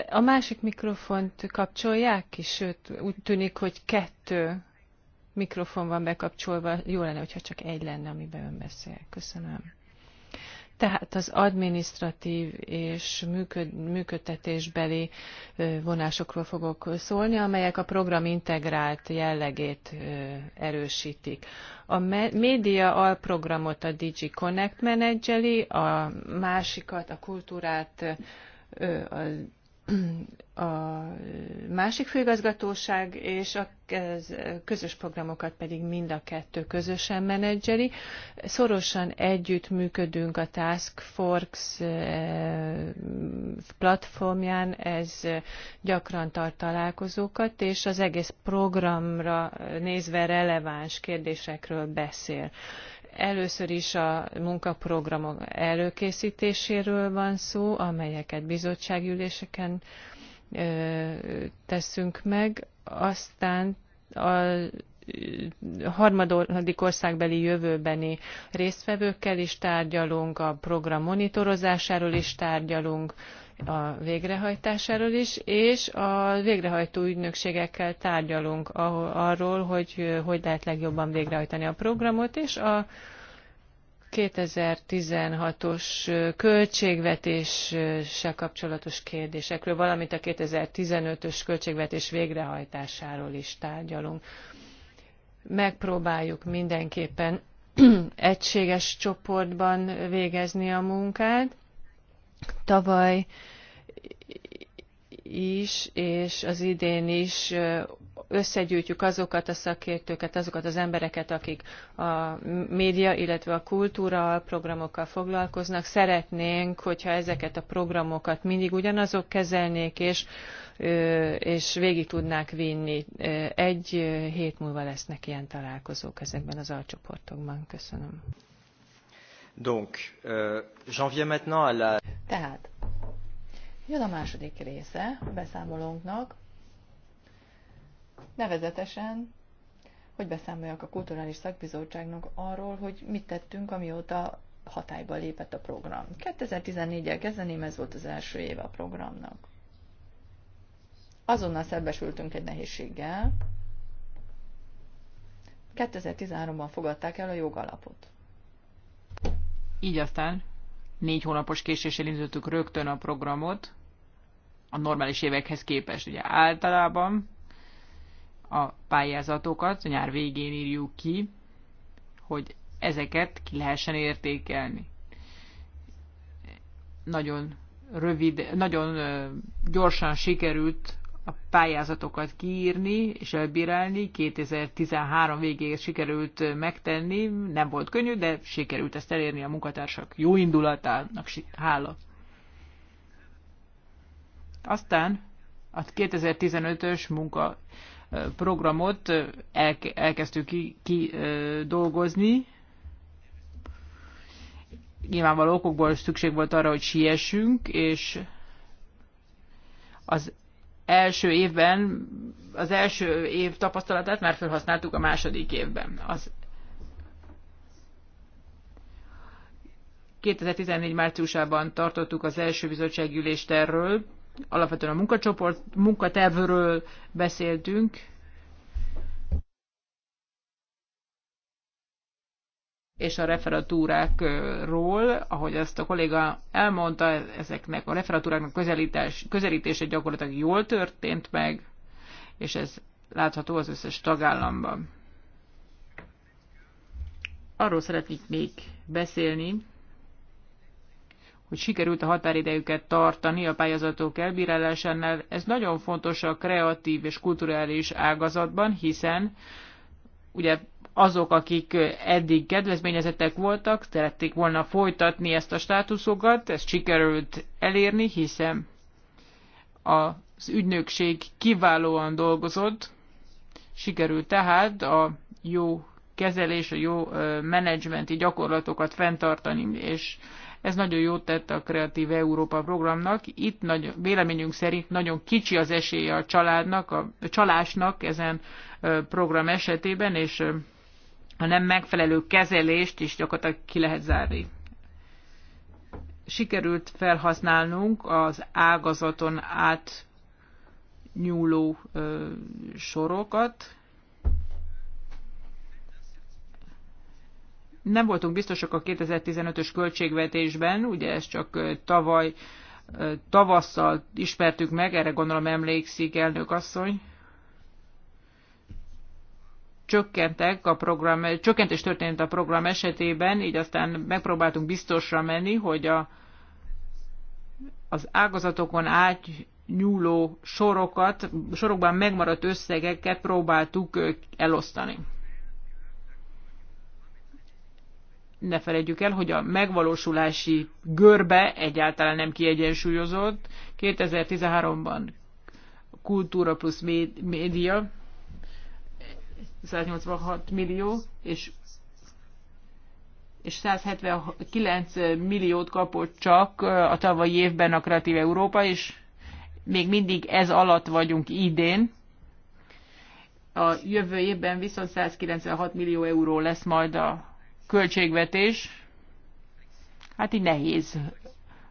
A másik mikrofont kapcsolják ki, sőt úgy tűnik, hogy kettő mikrofon van bekapcsolva, jó lenne, hogyha csak egy lenne, amiben ön beszél. Köszönöm. Tehát az administratív és működ, működtetésbeli vonásokról fogok szólni, amelyek a program integrált jellegét erősítik. A média alprogramot a Digi Connect menedzseli, a másikat, a kultúrát a a másik főigazgatóság, és a közös programokat pedig mind a kettő közösen menedzseli. Szorosan működünk a Task Force eh, platformján, ez gyakran tart találkozókat, és az egész programra nézve releváns kérdésekről beszél. Először is a munkaprogramok előkészítéséről van szó, amelyeket bizottságüléseken teszünk meg, aztán a harmadik országbeli jövőbeni résztvevőkkel is tárgyalunk, a program monitorozásáról is tárgyalunk, a végrehajtásáról is, és a végrehajtó ügynökségekkel tárgyalunk arról, hogy hogy lehet legjobban végrehajtani a programot, és a 2016-os költségvetéssel kapcsolatos kérdésekről, valamint a 2015-ös költségvetés végrehajtásáról is tárgyalunk. Megpróbáljuk mindenképpen [CLEARS THROAT] egységes csoportban végezni a munkát, Tavaly is, és az idén is összegyűjtjük azokat a szakértőket, azokat az embereket, akik a média, illetve a kultúra programokkal foglalkoznak. Szeretnénk, hogyha ezeket a programokat mindig ugyanazok kezelnék, és, és végig tudnák vinni. Egy hét múlva lesznek ilyen találkozók ezekben az alcsoportokban. Köszönöm. Donc, euh, j'en viens maintenant à la... Tehát jön a második része a beszámolónknak, nevezetesen, hogy beszámoljak a Kulturális Szakbizottságnak arról, hogy mit tettünk, amióta hatályba lépett a program. 2014-el kezdeném, ez volt az első éve a programnak. Azonnal szembesültünk egy nehézséggel. 2013-ban fogadták el a jogalapot. Így aztán négy hónapos késéssel indítottuk rögtön a programot, a normális évekhez képest. Ugye általában a pályázatokat a nyár végén írjuk ki, hogy ezeket ki lehessen értékelni. Nagyon rövid, nagyon gyorsan sikerült a pályázatokat kiírni és elbírálni. 2013 végéig sikerült megtenni, nem volt könnyű, de sikerült ezt elérni a munkatársak jó indulatának hála. Aztán a 2015-ös munka programot elkezdtük ki, ki dolgozni. Nyilvánvaló okokból szükség volt arra, hogy siessünk, és az első évben, az első év tapasztalatát már felhasználtuk a második évben. Az 2014 márciusában tartottuk az első bizottsággyűlést erről, alapvetően a munkacsoport, munkatervről beszéltünk, és a referatúrákról, ahogy ezt a kolléga elmondta, ezeknek a referatúráknak közelítés, közelítése gyakorlatilag jól történt meg, és ez látható az összes tagállamban. Arról szeretnék még beszélni, hogy sikerült a határidejüket tartani a pályázatok elbírálásánál. Ez nagyon fontos a kreatív és kulturális ágazatban, hiszen ugye azok, akik eddig kedvezményezettek voltak, szerették volna folytatni ezt a státuszokat, ezt sikerült elérni, hiszen az ügynökség kiválóan dolgozott, sikerült tehát a jó kezelés, a jó menedzsmenti gyakorlatokat fenntartani, és ez nagyon jót tett a Kreatív Európa programnak. Itt nagy, véleményünk szerint nagyon kicsi az esélye a családnak, a, a csalásnak ezen program esetében, és a nem megfelelő kezelést is gyakorlatilag ki lehet zárni. Sikerült felhasználnunk az ágazaton át nyúló ö, sorokat. Nem voltunk biztosak a 2015-ös költségvetésben, ugye ez csak tavaly tavasszal ismertük meg, erre gondolom emlékszik elnök asszony csökkentek a program, csökkentés történt a program esetében, így aztán megpróbáltunk biztosra menni, hogy a, az ágazatokon át nyúló sorokat, sorokban megmaradt összegeket próbáltuk elosztani. Ne felejtjük el, hogy a megvalósulási görbe egyáltalán nem kiegyensúlyozott. 2013-ban kultúra plusz média 186 millió, és, és 179 milliót kapott csak a tavalyi évben a Kreatív Európa, és még mindig ez alatt vagyunk idén. A jövő évben viszont 196 millió euró lesz majd a költségvetés. Hát így nehéz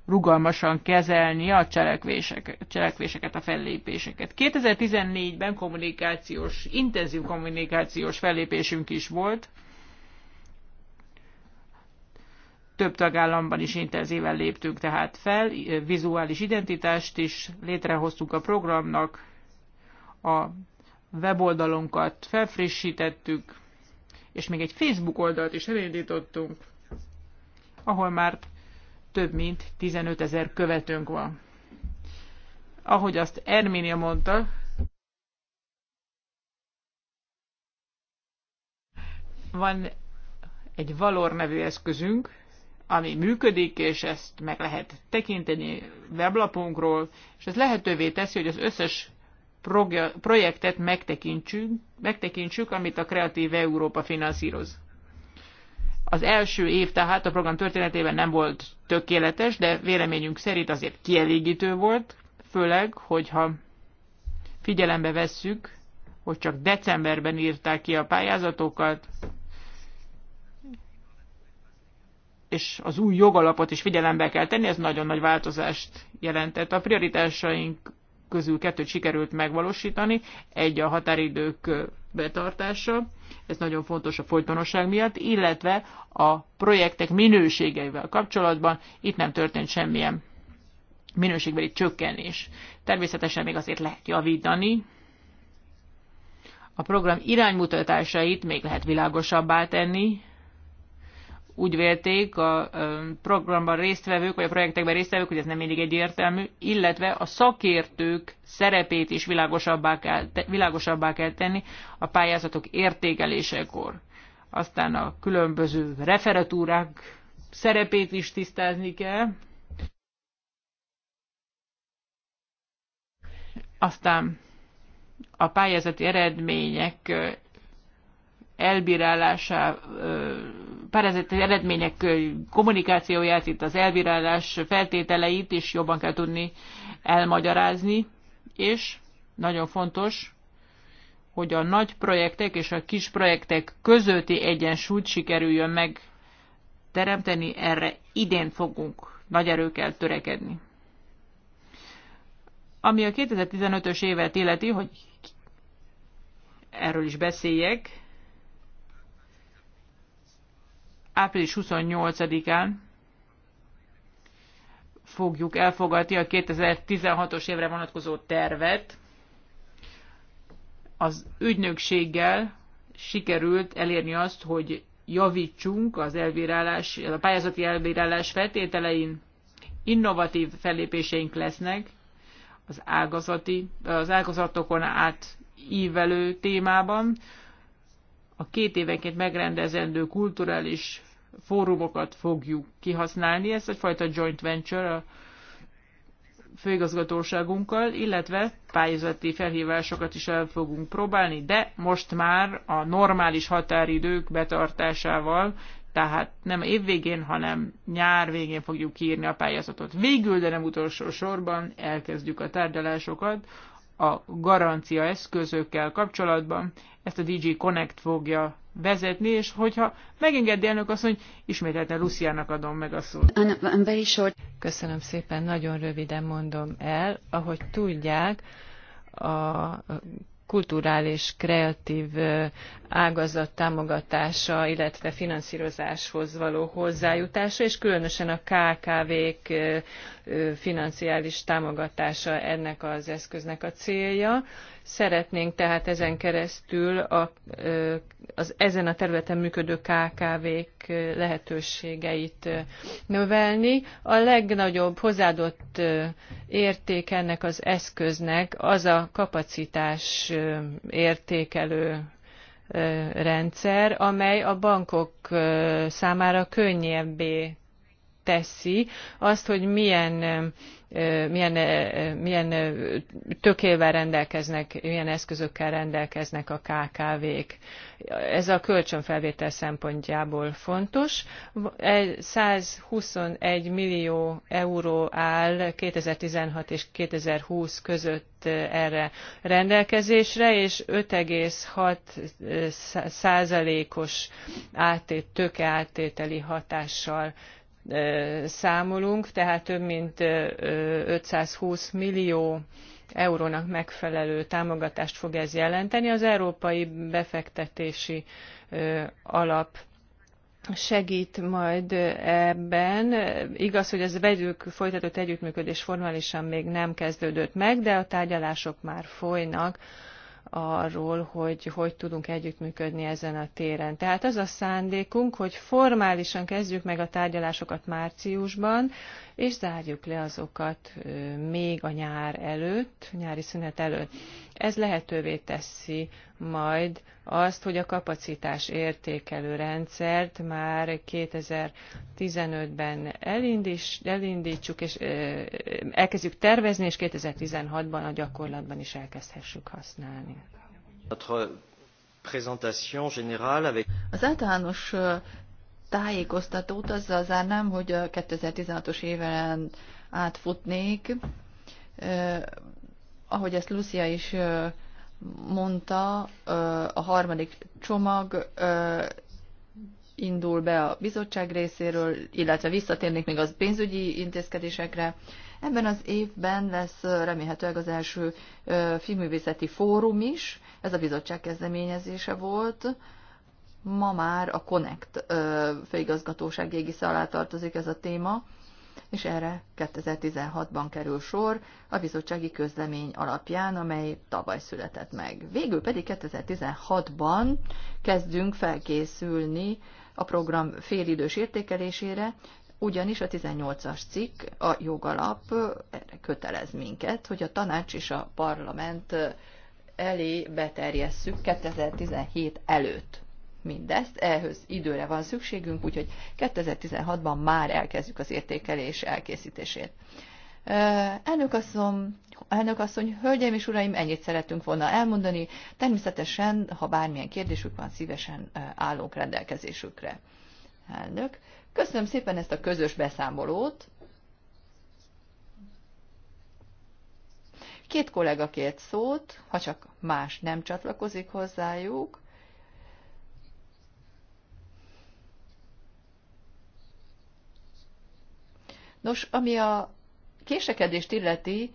rugalmasan kezelni a cselekvéseket, cselekvéseket a fellépéseket. 2014-ben kommunikációs, intenzív kommunikációs fellépésünk is volt. Több tagállamban is intenzíven léptünk tehát fel, vizuális identitást is létrehoztuk a programnak, a weboldalunkat felfrissítettük, és még egy Facebook oldalt is elindítottunk, ahol már több mint 15 ezer követőnk van. Ahogy azt Erménia mondta, van egy Valor nevű eszközünk, ami működik, és ezt meg lehet tekinteni weblapunkról, és ez lehetővé teszi, hogy az összes projektet megtekintsük, megtekintsük amit a Kreatív Európa finanszíroz. Az első év tehát a program történetében nem volt tökéletes, de véleményünk szerint azért kielégítő volt, főleg, hogyha figyelembe vesszük, hogy csak decemberben írták ki a pályázatokat, és az új jogalapot is figyelembe kell tenni, ez nagyon nagy változást jelentett. A prioritásaink közül kettőt sikerült megvalósítani, egy a határidők betartása, ez nagyon fontos a folytonosság miatt, illetve a projektek minőségeivel kapcsolatban itt nem történt semmilyen minőségbeli csökkenés. Természetesen még azért lehet javítani, a program iránymutatásait még lehet világosabbá tenni, úgy vélték a programban résztvevők, vagy a projektekben résztvevők, hogy ez nem mindig egyértelmű, illetve a szakértők szerepét is világosabbá kell, világosabbá kell tenni a pályázatok értékelésekor. Aztán a különböző referatúrák szerepét is tisztázni kell. Aztán a pályázati eredmények elbírálása perezett eredmények kommunikációját, itt az elvirálás feltételeit is jobban kell tudni elmagyarázni, és nagyon fontos, hogy a nagy projektek és a kis projektek közötti egyensúlyt sikerüljön meg teremteni, erre idén fogunk nagy erőkkel törekedni. Ami a 2015-ös évet illeti, hogy erről is beszéljek, április 28-án fogjuk elfogadni a 2016-os évre vonatkozó tervet. Az ügynökséggel sikerült elérni azt, hogy javítsunk az elbírálás, a pályázati elbírálás feltételein, innovatív fellépéseink lesznek az, ágazati, az ágazatokon át ívelő témában. A két évenként megrendezendő kulturális fórumokat fogjuk kihasználni. Ez egyfajta joint venture a főigazgatóságunkkal, illetve pályázati felhívásokat is el fogunk próbálni, de most már a normális határidők betartásával, tehát nem évvégén, hanem nyár végén fogjuk kiírni a pályázatot. Végül, de nem utolsó sorban elkezdjük a tárgyalásokat a garancia eszközökkel kapcsolatban. Ezt a DG Connect fogja vezetni, és hogyha megengedi elnök azt, hogy ismételten Luciának adom meg a szót. Köszönöm szépen, nagyon röviden mondom el. Ahogy tudják, a kulturális, kreatív ágazat támogatása, illetve finanszírozáshoz való hozzájutása, és különösen a KKV-k financiális támogatása ennek az eszköznek a célja. Szeretnénk tehát ezen keresztül a, az ezen a területen működő KKV-k lehetőségeit növelni. A legnagyobb hozzáadott érték ennek az eszköznek az a kapacitás értékelő rendszer, amely a bankok számára könnyebbé teszi azt, hogy milyen, milyen, milyen tökével rendelkeznek, milyen eszközökkel rendelkeznek a KKV-k. Ez a kölcsönfelvétel szempontjából fontos. 121 e, millió euró áll 2016 és 2020 között erre rendelkezésre, és 5,6 százalékos áttét, tőke áttételi hatással számolunk, tehát több mint 520 millió eurónak megfelelő támogatást fog ez jelenteni. Az Európai Befektetési Alap segít majd ebben. Igaz, hogy ez velük folytatott együttműködés formálisan még nem kezdődött meg, de a tárgyalások már folynak arról, hogy hogy tudunk együttműködni ezen a téren. Tehát az a szándékunk, hogy formálisan kezdjük meg a tárgyalásokat márciusban, és zárjuk le azokat még a nyár előtt, nyári szünet előtt. Ez lehetővé teszi majd azt, hogy a kapacitás értékelő rendszert már 2015-ben elindítsuk, és elkezdjük tervezni, és 2016-ban a gyakorlatban is elkezdhessük használni. Az általános tájékoztatót azzal zárnám, hogy a 2016-os éven átfutnék. Ahogy ezt Lucia is mondta, a harmadik csomag indul be a bizottság részéről, illetve visszatérnék még az pénzügyi intézkedésekre. Ebben az évben lesz remélhetőleg az első filmművészeti fórum is, ez a bizottság kezdeményezése volt, ma már a Connect főigazgatóság égisze alá tartozik ez a téma, és erre 2016-ban kerül sor a bizottsági közlemény alapján, amely tavaly született meg. Végül pedig 2016-ban kezdünk felkészülni a program félidős értékelésére, ugyanis a 18-as cikk, a jogalap erre kötelez minket, hogy a tanács és a parlament elé beterjesszük 2017 előtt mindezt, ehhez időre van szükségünk, úgyhogy 2016-ban már elkezdjük az értékelés elkészítését. Elnök asszony, elnök asszony, hölgyeim és uraim, ennyit szeretünk volna elmondani. Természetesen, ha bármilyen kérdésük van, szívesen állunk rendelkezésükre. Elnök, köszönöm szépen ezt a közös beszámolót. Két kollega két szót, ha csak más nem csatlakozik hozzájuk, Nos, ami a késekedést illeti,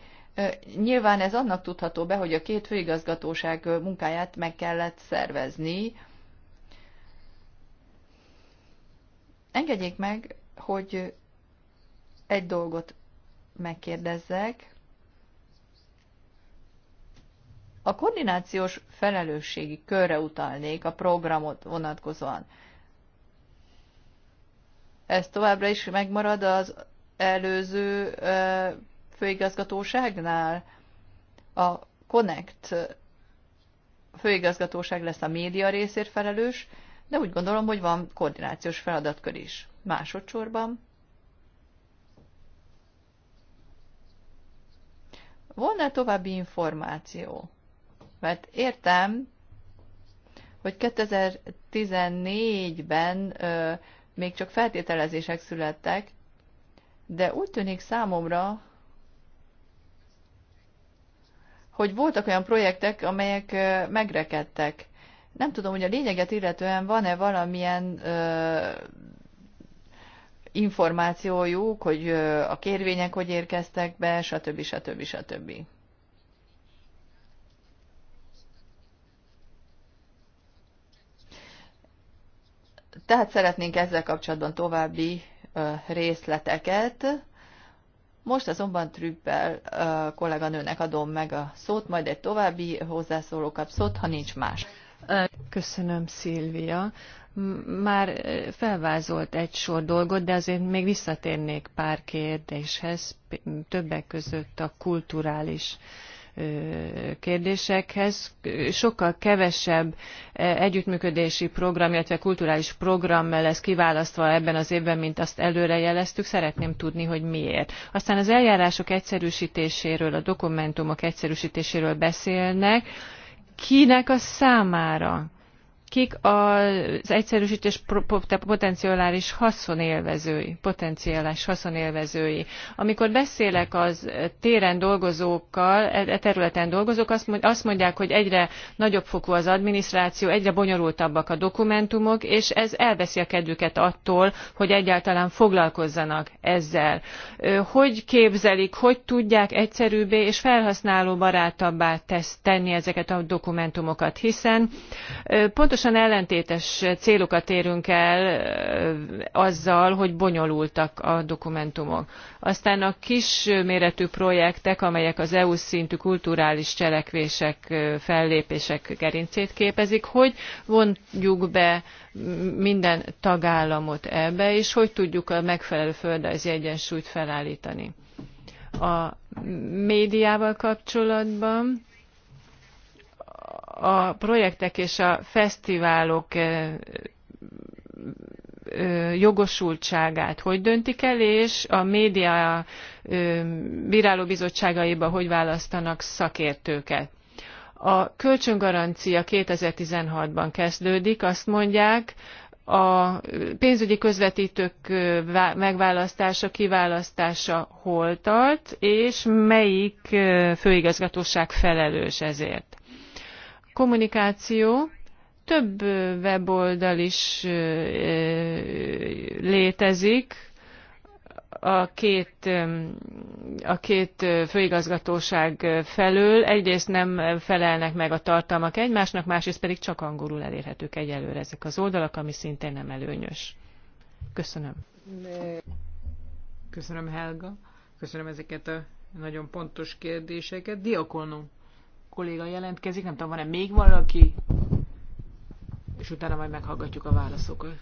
nyilván ez annak tudható be, hogy a két főigazgatóság munkáját meg kellett szervezni. Engedjék meg, hogy egy dolgot megkérdezzek. A koordinációs felelősségi körre utalnék a programot vonatkozóan. Ez továbbra is megmarad az előző főigazgatóságnál. A Connect főigazgatóság lesz a média részért felelős, de úgy gondolom, hogy van koordinációs feladatkör is. Másodszorban volna további információ? Mert értem, hogy 2014-ben még csak feltételezések születtek, de úgy tűnik számomra, hogy voltak olyan projektek, amelyek megrekedtek. Nem tudom, hogy a lényeget illetően van-e valamilyen ö, információjuk, hogy ö, a kérvények hogy érkeztek be, stb. stb. stb. Tehát szeretnénk ezzel kapcsolatban további részleteket. Most azonban Trüppel kolléganőnek adom meg a szót, majd egy további hozzászóló kap szót, ha nincs más. Köszönöm, Szilvia. Már felvázolt egy sor dolgot, de azért még visszatérnék pár kérdéshez, többek között a kulturális uh, kérdésekhez. Sokkal kevesebb együttműködési program, illetve kulturális program lesz kiválasztva ebben az évben, mint azt előre jeleztük Szeretném tudni, hogy miért. Aztán az eljárások egyszerűsítéséről, a dokumentumok egyszerűsítéséről beszélnek. Kinek a számára? kik az egyszerűsítés potenciális haszonélvezői, potenciális haszonélvezői. Amikor beszélek az téren dolgozókkal, e, e területen dolgozók, azt mondják, hogy egyre nagyobb fokú az adminisztráció, egyre bonyolultabbak a dokumentumok, és ez elveszi a kedvüket attól, hogy egyáltalán foglalkozzanak ezzel. Hogy képzelik, hogy tudják egyszerűbbé és felhasználóbarátabbá tesz, tenni ezeket a dokumentumokat, hiszen pontosan teljesen ellentétes célokat érünk el azzal, hogy bonyolultak a dokumentumok. Aztán a kis méretű projektek, amelyek az EU szintű kulturális cselekvések, fellépések gerincét képezik, hogy vonjuk be minden tagállamot ebbe, és hogy tudjuk a megfelelő földrajzi egyensúlyt felállítani. A médiával kapcsolatban a projektek és a fesztiválok eh, eh, jogosultságát hogy döntik el, és a média eh, bírálóbizottságaiba hogy választanak szakértőket. A kölcsöngarancia 2016-ban kezdődik, azt mondják, a pénzügyi közvetítők megválasztása, kiválasztása hol tart, és melyik főigazgatóság felelős ezért kommunikáció, több weboldal is létezik, a két, a két főigazgatóság felől. Egyrészt nem felelnek meg a tartalmak egymásnak, másrészt pedig csak angolul elérhetők egyelőre ezek az oldalak, ami szintén nem előnyös. Köszönöm. Köszönöm Helga, köszönöm ezeket a nagyon pontos kérdéseket. Diakonum kolléga jelentkezik, nem tudom, van-e még valaki, és utána majd meghallgatjuk a válaszokat.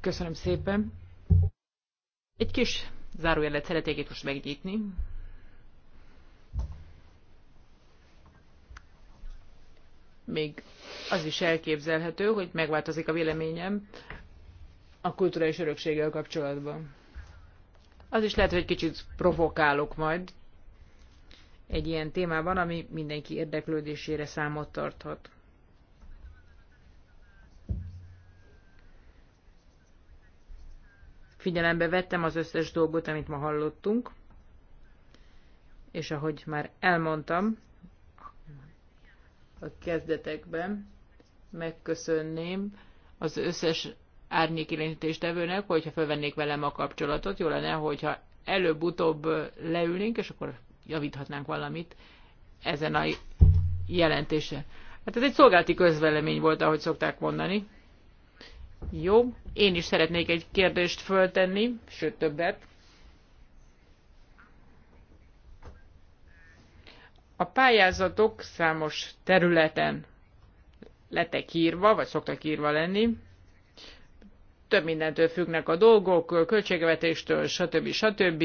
Köszönöm szépen. Egy kis zárójelet szeretnék itt most megnyitni. Még az is elképzelhető, hogy megváltozik a véleményem a kulturális örökséggel kapcsolatban. Az is lehet, hogy kicsit provokálok majd, egy ilyen témában, ami mindenki érdeklődésére számot tarthat. Figyelembe vettem az összes dolgot, amit ma hallottunk, és ahogy már elmondtam a kezdetekben, megköszönném az összes árnyékirányítéstevőnek, hogyha felvennék velem a kapcsolatot. Jó lenne, hogyha előbb-utóbb leülnénk, és akkor javíthatnánk valamit ezen a jelentése. Hát ez egy szolgálti közvelemény volt, ahogy szokták mondani. Jó, én is szeretnék egy kérdést föltenni, sőt többet. A pályázatok számos területen letek írva, vagy szoktak írva lenni. Több mindentől függnek a dolgok, költségvetéstől, stb. stb.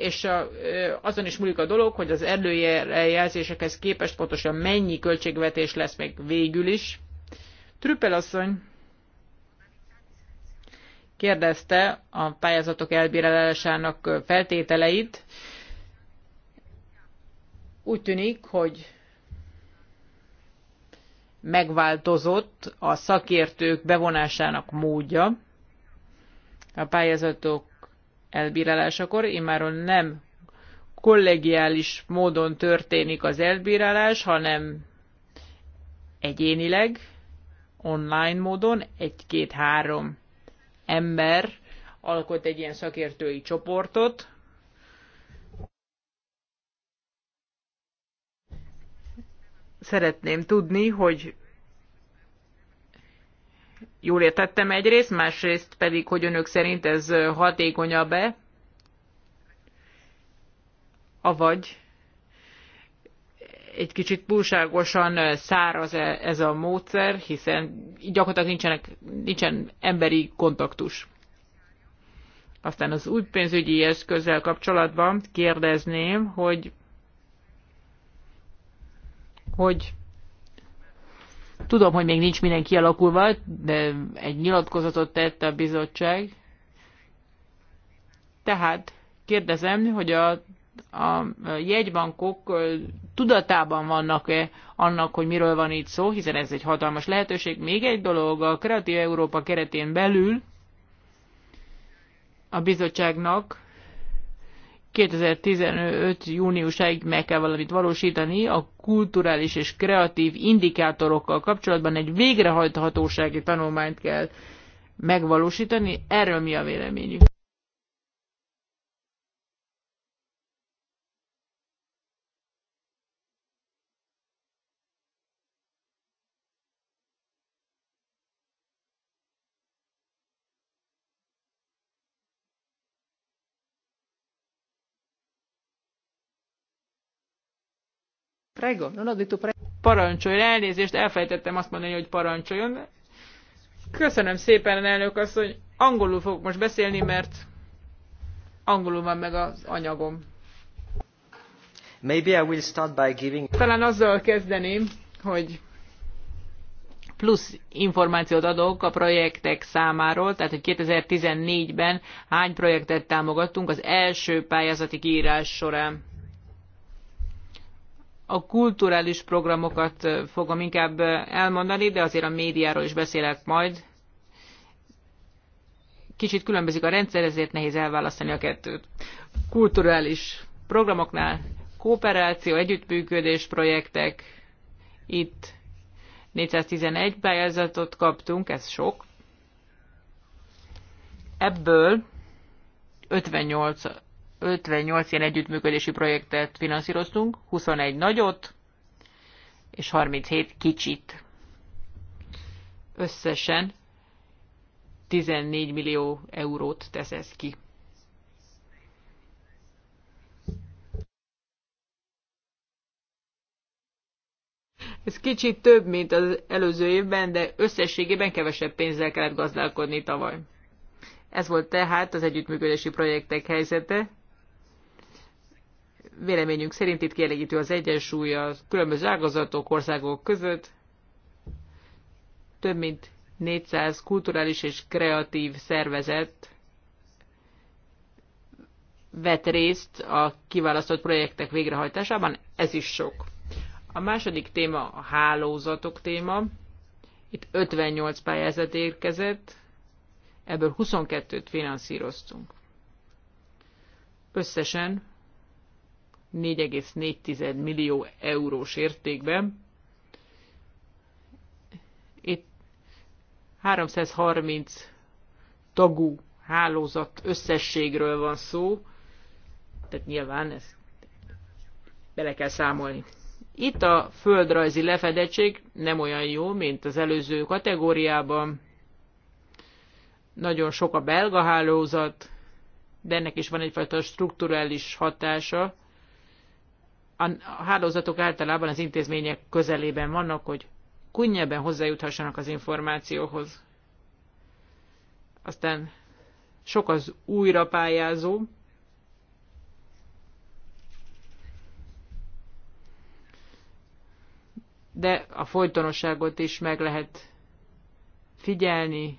és a, azon is múlik a dolog, hogy az előjelzésekhez képest pontosan mennyi költségvetés lesz még végül is. Trüppel asszony kérdezte a pályázatok elbírálásának feltételeit. Úgy tűnik, hogy megváltozott a szakértők bevonásának módja. A pályázatok elbírálásakor, immáron nem kollegiális módon történik az elbírálás, hanem egyénileg, online módon, egy-két-három ember alkot egy ilyen szakértői csoportot, szeretném tudni, hogy Jól értettem egyrészt, másrészt pedig, hogy önök szerint ez hatékonyabb-e, avagy egy kicsit túlságosan száraz e, ez a módszer, hiszen gyakorlatilag nincsenek, nincsen emberi kontaktus. Aztán az új pénzügyi eszközzel kapcsolatban kérdezném, hogy, hogy Tudom, hogy még nincs minden kialakulva, de egy nyilatkozatot tett a bizottság. Tehát kérdezem, hogy a, a jegybankok tudatában vannak-e annak, hogy miről van itt szó, hiszen ez egy hatalmas lehetőség. Még egy dolog, a Kreatív Európa keretén belül a bizottságnak 2015. júniusáig meg kell valamit valósítani a kulturális és kreatív indikátorokkal kapcsolatban egy végrehajthatósági tanulmányt kell megvalósítani. Erről mi a véleményük? Prego, non ho detto prego. Parancsolj, elnézést, elfejtettem azt mondani, hogy parancsoljon. Köszönöm szépen, elnök asszony. Angolul fogok most beszélni, mert angolul van meg az anyagom. Maybe I will start by giving... Talán azzal kezdeném, hogy plusz információt adok a projektek számáról, tehát hogy 2014-ben hány projektet támogattunk az első pályázati kiírás során a kulturális programokat fogom inkább elmondani, de azért a médiáról is beszélek majd. Kicsit különbözik a rendszer, ezért nehéz elválasztani a kettőt. Kulturális programoknál kooperáció, együttműködés, projektek. Itt 411 pályázatot kaptunk, ez sok. Ebből 58 58 ilyen együttműködési projektet finanszíroztunk, 21 nagyot és 37 kicsit. Összesen 14 millió eurót tesz ez ki. Ez kicsit több, mint az előző évben, de összességében kevesebb pénzzel kellett gazdálkodni tavaly. Ez volt tehát az együttműködési projektek helyzete. Véleményünk szerint itt kielégítő az egyensúly a különböző ágazatok, országok között. Több mint 400 kulturális és kreatív szervezet vett részt a kiválasztott projektek végrehajtásában, ez is sok. A második téma a hálózatok téma. Itt 58 pályázat érkezett, ebből 22-t finanszíroztunk. Összesen 4,4 millió eurós értékben. Itt 330 tagú hálózat összességről van szó, tehát nyilván ezt bele kell számolni. Itt a földrajzi lefedettség nem olyan jó, mint az előző kategóriában. Nagyon sok a belga hálózat, de ennek is van egyfajta strukturális hatása a hálózatok általában az intézmények közelében vannak, hogy könnyebben hozzájuthassanak az információhoz. Aztán sok az újra pályázó, de a folytonosságot is meg lehet figyelni,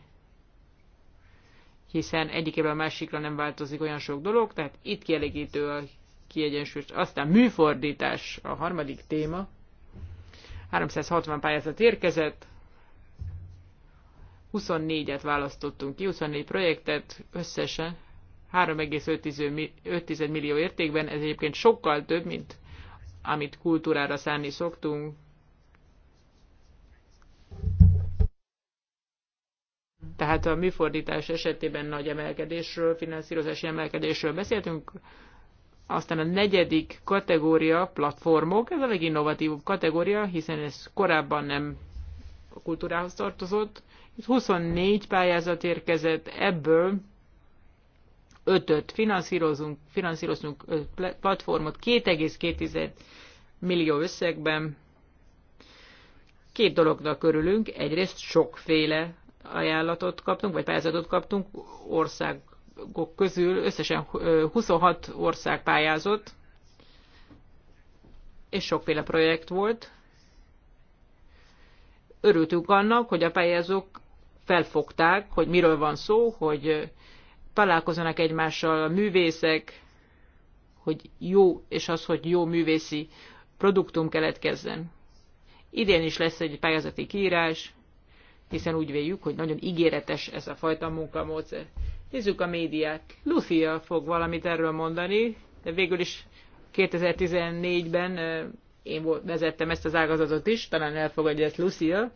hiszen egyikében a másikra nem változik olyan sok dolog, tehát itt kielégítő a kiegyensúlyos. Aztán műfordítás a harmadik téma. 360 pályázat érkezett, 24-et választottunk ki, 24 projektet összesen 3,5 millió értékben, ez egyébként sokkal több, mint amit kultúrára szánni szoktunk. Tehát a műfordítás esetében nagy emelkedésről, finanszírozási emelkedésről beszéltünk, aztán a negyedik kategória platformok, ez a leginnovatívabb kategória, hiszen ez korábban nem a kultúrához tartozott. 24 pályázat érkezett, ebből 5-öt finanszírozunk, finanszírozunk platformot 2,2 millió összegben. Két dolognak körülünk egyrészt sokféle ajánlatot kaptunk, vagy pályázatot kaptunk ország országok közül összesen 26 ország pályázott, és sokféle projekt volt. Örültünk annak, hogy a pályázók felfogták, hogy miről van szó, hogy találkozanak egymással a művészek, hogy jó, és az, hogy jó művészi produktum keletkezzen. Idén is lesz egy pályázati kiírás, hiszen úgy véljük, hogy nagyon ígéretes ez a fajta munkamódszer. Nézzük a médiát. Lucia fog valamit erről mondani, de végül is 2014-ben én vezettem ezt az ágazatot is, talán elfogadja ezt Lucia.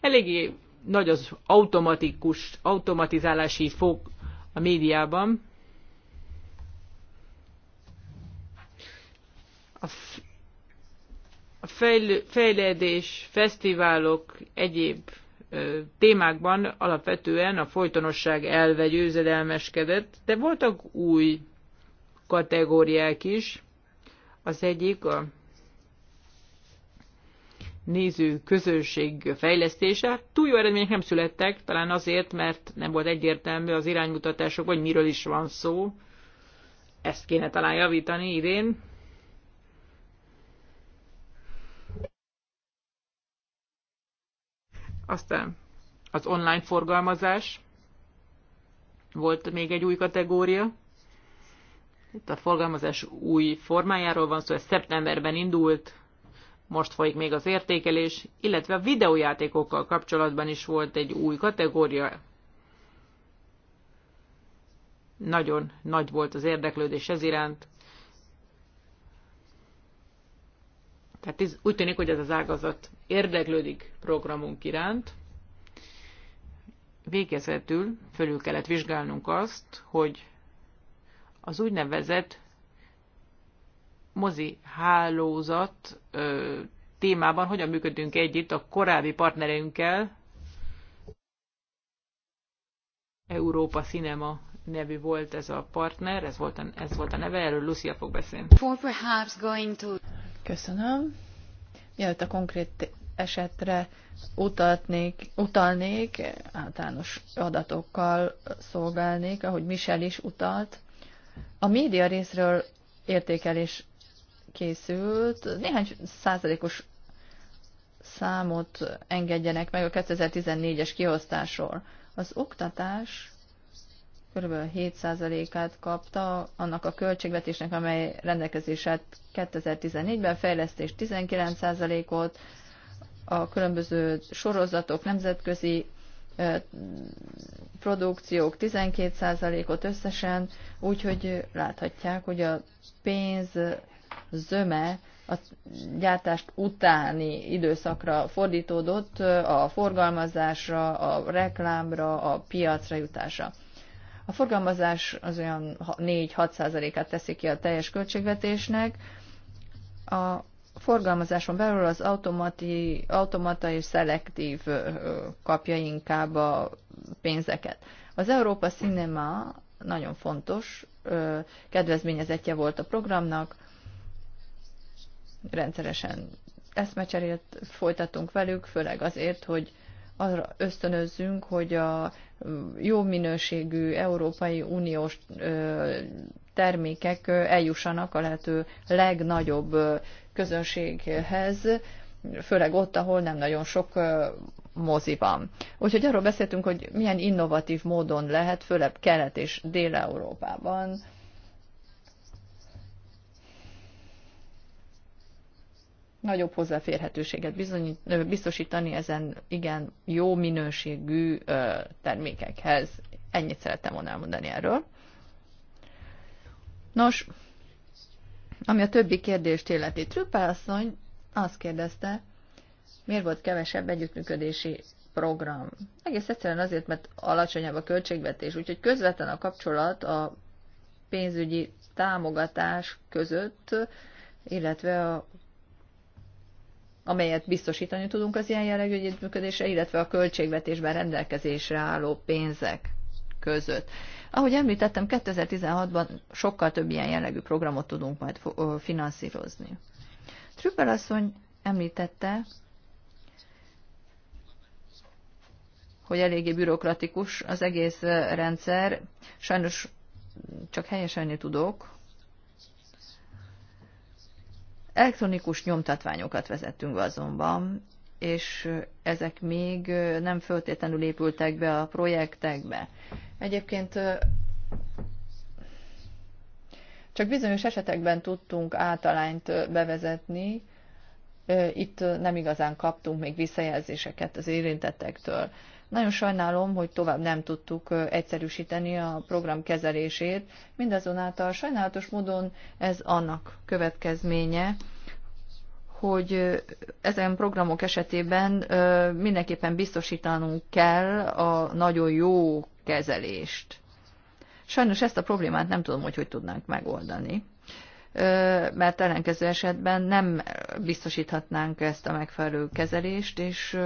Eléggé nagy az automatikus, automatizálási fok a médiában. A, a fejlődés, fesztiválok, egyéb témákban alapvetően a folytonosság elve győzedelmeskedett, de voltak új kategóriák is. Az egyik a néző közönség fejlesztése. Hát túl jó eredmények nem születtek, talán azért, mert nem volt egyértelmű az iránymutatások, hogy miről is van szó. Ezt kéne talán javítani idén. Aztán az online forgalmazás volt még egy új kategória. Itt a forgalmazás új formájáról van szó, ez szeptemberben indult, most folyik még az értékelés, illetve a videójátékokkal kapcsolatban is volt egy új kategória. Nagyon nagy volt az érdeklődés ez iránt, Tehát ez, úgy tűnik, hogy ez az ágazat érdeklődik programunk iránt. Végezetül fölül kellett vizsgálnunk azt, hogy az úgynevezett mozi hálózat ö, témában hogyan működünk együtt a korábbi partnereinkkel, Európa Cinema nevű volt ez a partner, ez volt a, ez volt a neve, erről Lucia fog beszélni. Köszönöm. Mielőtt a konkrét esetre utatnék, utalnék, általános adatokkal szolgálnék, ahogy Michel is utalt. A média részről értékelés készült, néhány százalékos számot engedjenek meg a 2014-es kiosztásról. Az oktatás kb. 7%-át kapta annak a költségvetésnek, amely rendelkezését 2014-ben, fejlesztés 19%-ot, a különböző sorozatok, nemzetközi produkciók 12%-ot összesen, úgyhogy láthatják, hogy a pénz zöme a gyártást utáni időszakra fordítódott a forgalmazásra, a reklámra, a piacra jutásra. A forgalmazás az olyan 4-6 százalékát teszi ki a teljes költségvetésnek. A forgalmazáson belül az automati, automata és szelektív kapja inkább a pénzeket. Az Európa Cinema nagyon fontos kedvezményezetje volt a programnak, rendszeresen eszmecserét folytatunk velük, főleg azért, hogy arra ösztönözzünk, hogy a jó minőségű Európai Uniós termékek eljussanak a lehető legnagyobb közönséghez, főleg ott, ahol nem nagyon sok mozi van. Úgyhogy arról beszéltünk, hogy milyen innovatív módon lehet, főleg Kelet- és Dél-Európában nagyobb hozzáférhetőséget biztosítani ezen igen jó minőségű termékekhez. Ennyit szerettem volna elmondani erről. Nos, ami a többi kérdést illeti, Trüppelasszony azt kérdezte, miért volt kevesebb együttműködési program. Egész egyszerűen azért, mert alacsonyabb a költségvetés, úgyhogy közvetlen a kapcsolat a pénzügyi támogatás között, illetve a amelyet biztosítani tudunk az ilyen jellegű együttműködésre, illetve a költségvetésben rendelkezésre álló pénzek között. Ahogy említettem, 2016-ban sokkal több ilyen jellegű programot tudunk majd finanszírozni. Trüppel asszony említette, hogy eléggé bürokratikus az egész rendszer. Sajnos csak helyesen tudok, Elektronikus nyomtatványokat vezettünk be azonban, és ezek még nem föltétlenül épültek be a projektekbe. Egyébként csak bizonyos esetekben tudtunk általányt bevezetni, itt nem igazán kaptunk még visszajelzéseket az érintettektől. Nagyon sajnálom, hogy tovább nem tudtuk egyszerűsíteni a program kezelését, mindazonáltal sajnálatos módon ez annak következménye, hogy ezen programok esetében mindenképpen biztosítanunk kell a nagyon jó kezelést. Sajnos ezt a problémát nem tudom, hogy hogy tudnánk megoldani, mert ellenkező esetben nem biztosíthatnánk ezt a megfelelő kezelést, és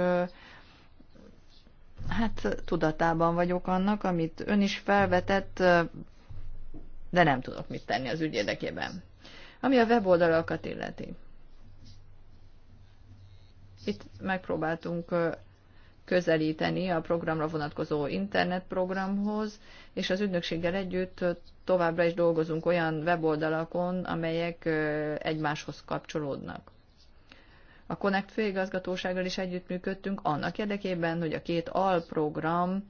Hát tudatában vagyok annak, amit ön is felvetett, de nem tudok mit tenni az ügy érdekében. Ami a weboldalakat illeti. Itt megpróbáltunk közelíteni a programra vonatkozó internetprogramhoz, és az ügynökséggel együtt továbbra is dolgozunk olyan weboldalakon, amelyek egymáshoz kapcsolódnak. A Connect főigazgatósággal is együttműködtünk annak érdekében, hogy a két alprogram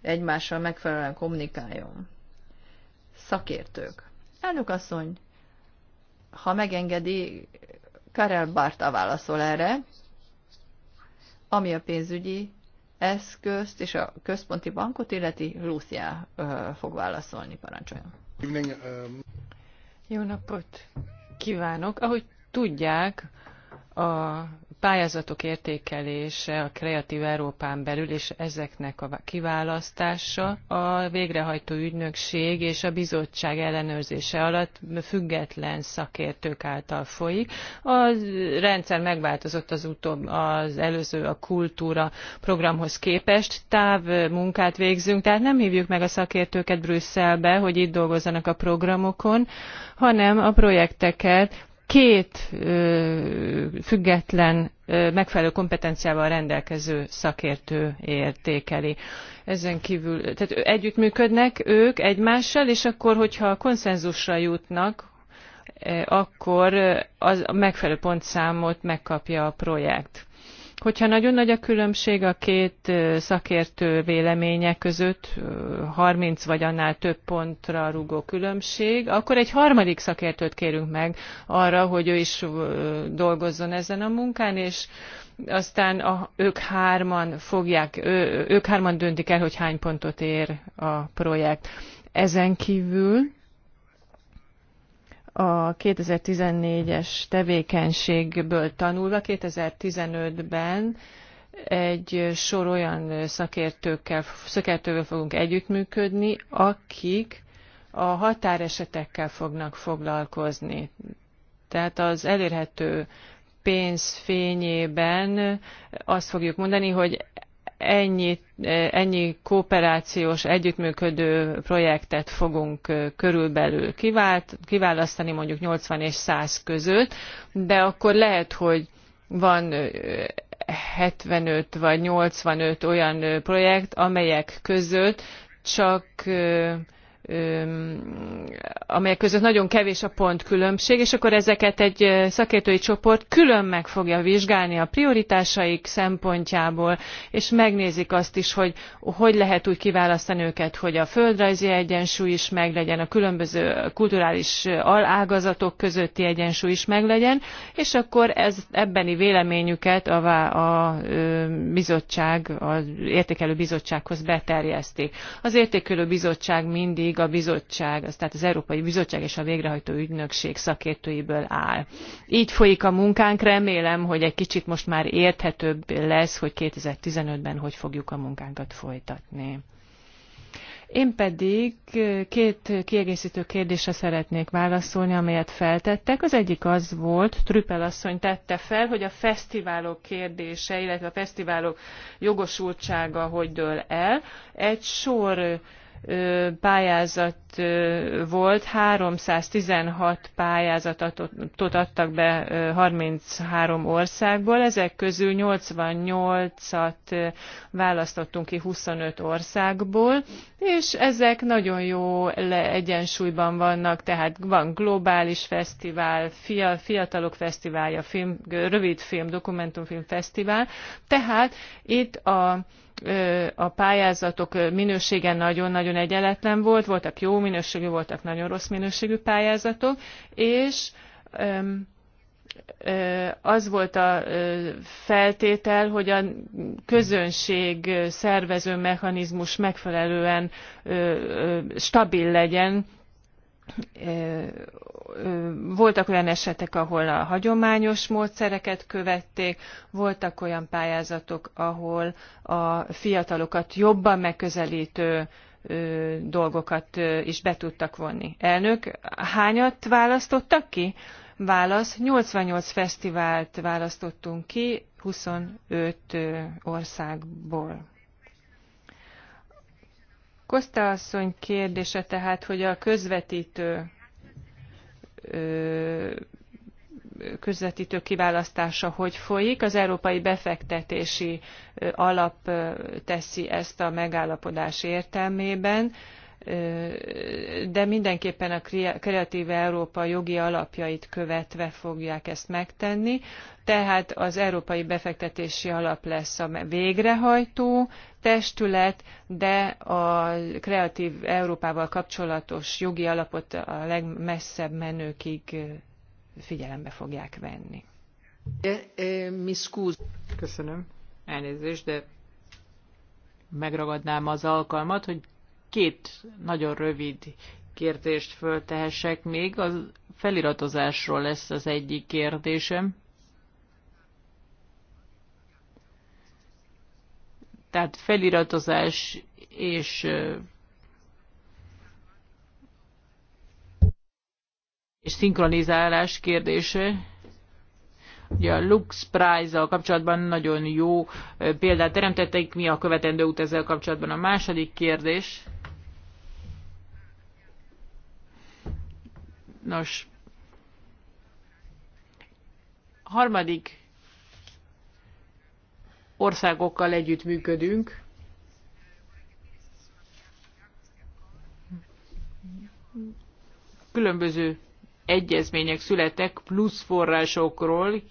egymással megfelelően kommunikáljon. Szakértők. Elnök asszony, ha megengedi, Karel Barta válaszol erre, ami a pénzügyi eszközt és a központi bankot illeti, Lucia fog válaszolni, parancsoljon. Um, jó napot kívánok! Ahogy tudják, a pályázatok értékelése a Kreatív Európán belül, és ezeknek a kiválasztása a végrehajtó ügynökség és a bizottság ellenőrzése alatt független szakértők által folyik. A rendszer megváltozott az utóbb, az előző a kultúra programhoz képest. Táv munkát végzünk, tehát nem hívjuk meg a szakértőket Brüsszelbe, hogy itt dolgozzanak a programokon, hanem a projekteket két független, megfelelő kompetenciával rendelkező szakértő értékeli. Ezen kívül, tehát együttműködnek ők egymással, és akkor, hogyha konszenzusra jutnak, akkor az a megfelelő pontszámot megkapja a projekt. Hogyha nagyon nagy a különbség a két szakértő véleménye között, 30 vagy annál több pontra rúgó különbség, akkor egy harmadik szakértőt kérünk meg arra, hogy ő is dolgozzon ezen a munkán, és aztán a, ők hárman fogják, ő, ők hárman döntik el, hogy hány pontot ér a projekt. Ezen kívül a 2014-es tevékenységből tanulva 2015-ben egy sor olyan szakértőkkel, szakértővel fogunk együttműködni, akik a határesetekkel fognak foglalkozni. Tehát az elérhető pénz fényében azt fogjuk mondani, hogy ennyi, eh, ennyi kooperációs, együttműködő projektet fogunk eh, körülbelül kivált, kiválasztani mondjuk 80 és 100 között, de akkor lehet, hogy van 75 eh, vagy 85 olyan projekt, amelyek között csak amelyek között nagyon kevés a pontkülönbség, és akkor ezeket egy szakértői csoport külön meg fogja vizsgálni a prioritásaik szempontjából, és megnézik azt is, hogy hogy lehet úgy kiválasztani őket, hogy a földrajzi egyensúly is meglegyen, a különböző kulturális alágazatok közötti egyensúly is meglegyen, és akkor ez, ebbeni véleményüket a, a, a bizottság, az értékelő bizottsághoz beterjesztik. Az értékelő bizottság mindig pedig a bizottság, az, tehát az Európai Bizottság és a végrehajtó ügynökség szakértőiből áll. Így folyik a munkánk, remélem, hogy egy kicsit most már érthetőbb lesz, hogy 2015-ben hogy fogjuk a munkánkat folytatni. Én pedig két kiegészítő kérdésre szeretnék válaszolni, amelyet feltettek. Az egyik az volt, Trüppel asszony tette fel, hogy a fesztiválok kérdése, illetve a fesztiválok jogosultsága hogy dől el. Egy sor pályázat volt, 316 pályázatot adtak be 33 országból, ezek közül 88-at választottunk ki 25 országból, és ezek nagyon jó egyensúlyban vannak, tehát van globális fesztivál, fiatalok fesztiválja, film, rövid film dokumentumfilm fesztivál, tehát itt a a pályázatok minősége nagyon-nagyon egyenletlen volt, voltak jó minőségű, voltak nagyon rossz minőségű pályázatok, és az volt a feltétel, hogy a közönség szervező mechanizmus megfelelően stabil legyen, voltak olyan esetek, ahol a hagyományos módszereket követték, voltak olyan pályázatok, ahol a fiatalokat jobban megközelítő dolgokat is be tudtak vonni. Elnök, hányat választottak ki? Válasz, 88 fesztivált választottunk ki 25 országból. Kosta asszony kérdése tehát, hogy a közvetítő közvetítő kiválasztása hogy folyik. Az Európai Befektetési Alap teszi ezt a megállapodás értelmében de mindenképpen a Kreatív Európa jogi alapjait követve fogják ezt megtenni. Tehát az Európai Befektetési Alap lesz a végrehajtó testület, de a Kreatív Európával kapcsolatos jogi alapot a legmesszebb menőkig figyelembe fogják venni. Köszönöm. Elnézést, de megragadnám az alkalmat, hogy két nagyon rövid kérdést föltehessek még. A feliratozásról lesz az egyik kérdésem. Tehát feliratozás és és szinkronizálás kérdése. Ugye a Lux Prize-zal kapcsolatban nagyon jó példát teremtettek, mi a követendő út ezzel kapcsolatban. A második kérdés. Nos, harmadik országokkal együtt működünk. Különböző egyezmények születtek plusz forrásokról.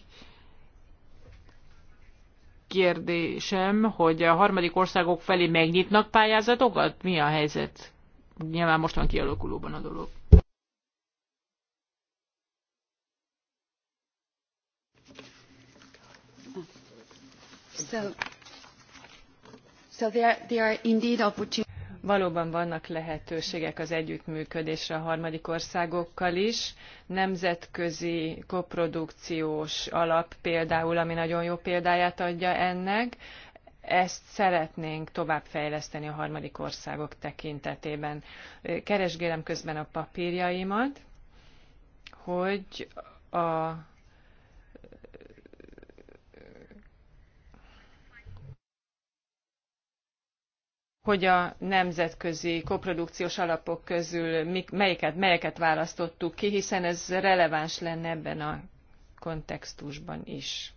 Kérdésem, hogy a harmadik országok felé megnyitnak pályázatokat? Mi a helyzet? Nyilván most van kialakulóban a dolog. valóban vannak lehetőségek az együttműködésre a harmadik országokkal is. Nemzetközi koprodukciós alap például, ami nagyon jó példáját adja ennek, ezt szeretnénk továbbfejleszteni a harmadik országok tekintetében. Keresgélem közben a papírjaimat, hogy a hogy a nemzetközi koprodukciós alapok közül mik, melyiket, melyeket választottuk ki, hiszen ez releváns lenne ebben a kontextusban is.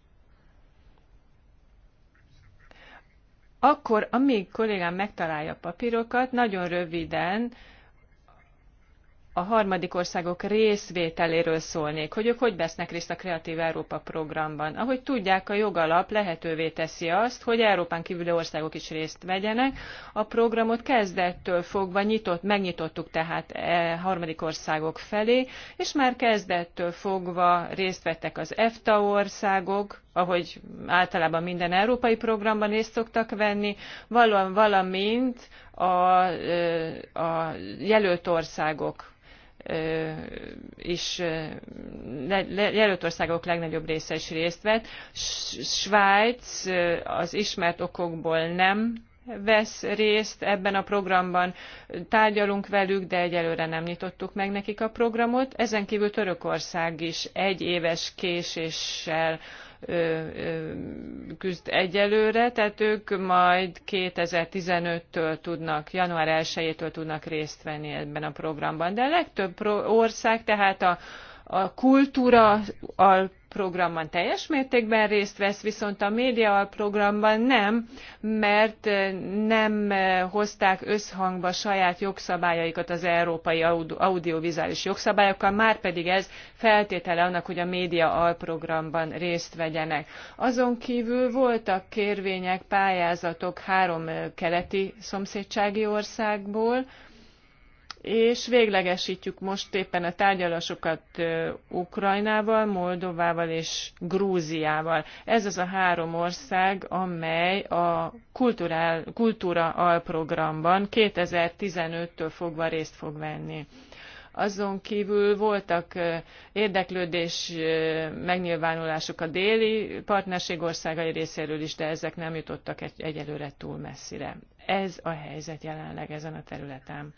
Akkor, amíg kollégám megtalálja a papírokat, nagyon röviden a harmadik országok részvételéről szólnék, hogy ők hogy vesznek részt a Kreatív Európa programban. Ahogy tudják, a jogalap lehetővé teszi azt, hogy Európán kívüli országok is részt vegyenek. A programot kezdettől fogva nyitott, megnyitottuk tehát e harmadik országok felé, és már kezdettől fogva részt vettek az EFTA országok, ahogy általában minden európai programban részt szoktak venni, valamint a, a jelölt országok és jelölt országok legnagyobb része is részt vett. Svájc az ismert okokból nem vesz részt ebben a programban, tárgyalunk velük, de egyelőre nem nyitottuk meg nekik a programot. Ezen kívül Törökország is egy éves késéssel küzd egyelőre, tehát ők majd 2015-től tudnak, január 1-től tudnak részt venni ebben a programban. De a legtöbb ország, tehát a, a kultúra, a programban teljes mértékben részt vesz, viszont a média programban nem, mert nem hozták összhangba saját jogszabályaikat az európai audiovizuális jogszabályokkal, már pedig ez feltétele annak, hogy a média alprogramban részt vegyenek. Azon kívül voltak kérvények, pályázatok három keleti szomszédsági országból, és véglegesítjük most éppen a tárgyalásokat Ukrajnával, Moldovával és Grúziával. Ez az a három ország, amely a kulturál, Kultúra Alprogramban 2015-től fogva részt fog venni. Azon kívül voltak érdeklődés megnyilvánulások a déli partnerség országai részéről is, de ezek nem jutottak egy, egyelőre túl messzire. Ez a helyzet jelenleg ezen a területen.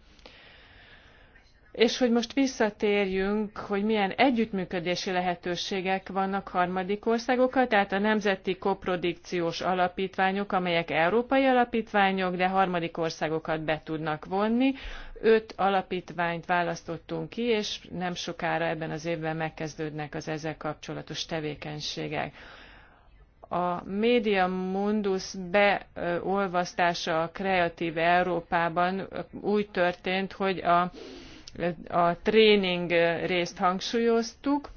És hogy most visszatérjünk, hogy milyen együttműködési lehetőségek vannak harmadik országokkal, tehát a nemzeti koprodikciós alapítványok, amelyek európai alapítványok, de harmadik országokat be tudnak vonni. Öt alapítványt választottunk ki, és nem sokára ebben az évben megkezdődnek az ezzel kapcsolatos tevékenységek a Media Mundus beolvasztása a Kreatív Európában úgy történt, hogy a a tréning részt hangsúlyoztuk,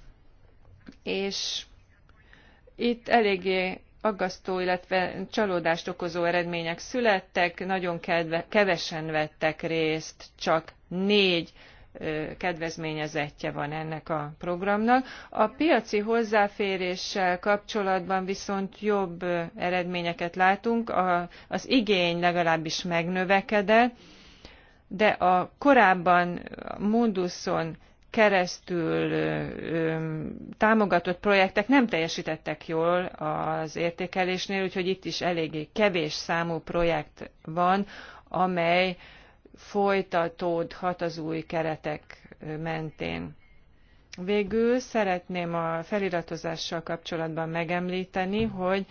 és itt eléggé aggasztó, illetve csalódást okozó eredmények születtek, nagyon kedve, kevesen vettek részt, csak négy kedvezményezettje van ennek a programnak. A piaci hozzáféréssel kapcsolatban viszont jobb eredményeket látunk, a, az igény legalábbis megnövekedett, de a korábban munduszon keresztül támogatott projektek nem teljesítettek jól az értékelésnél, úgyhogy itt is eléggé kevés számú projekt van, amely folytatódhat az új keretek mentén. Végül szeretném a feliratozással kapcsolatban megemlíteni, hogy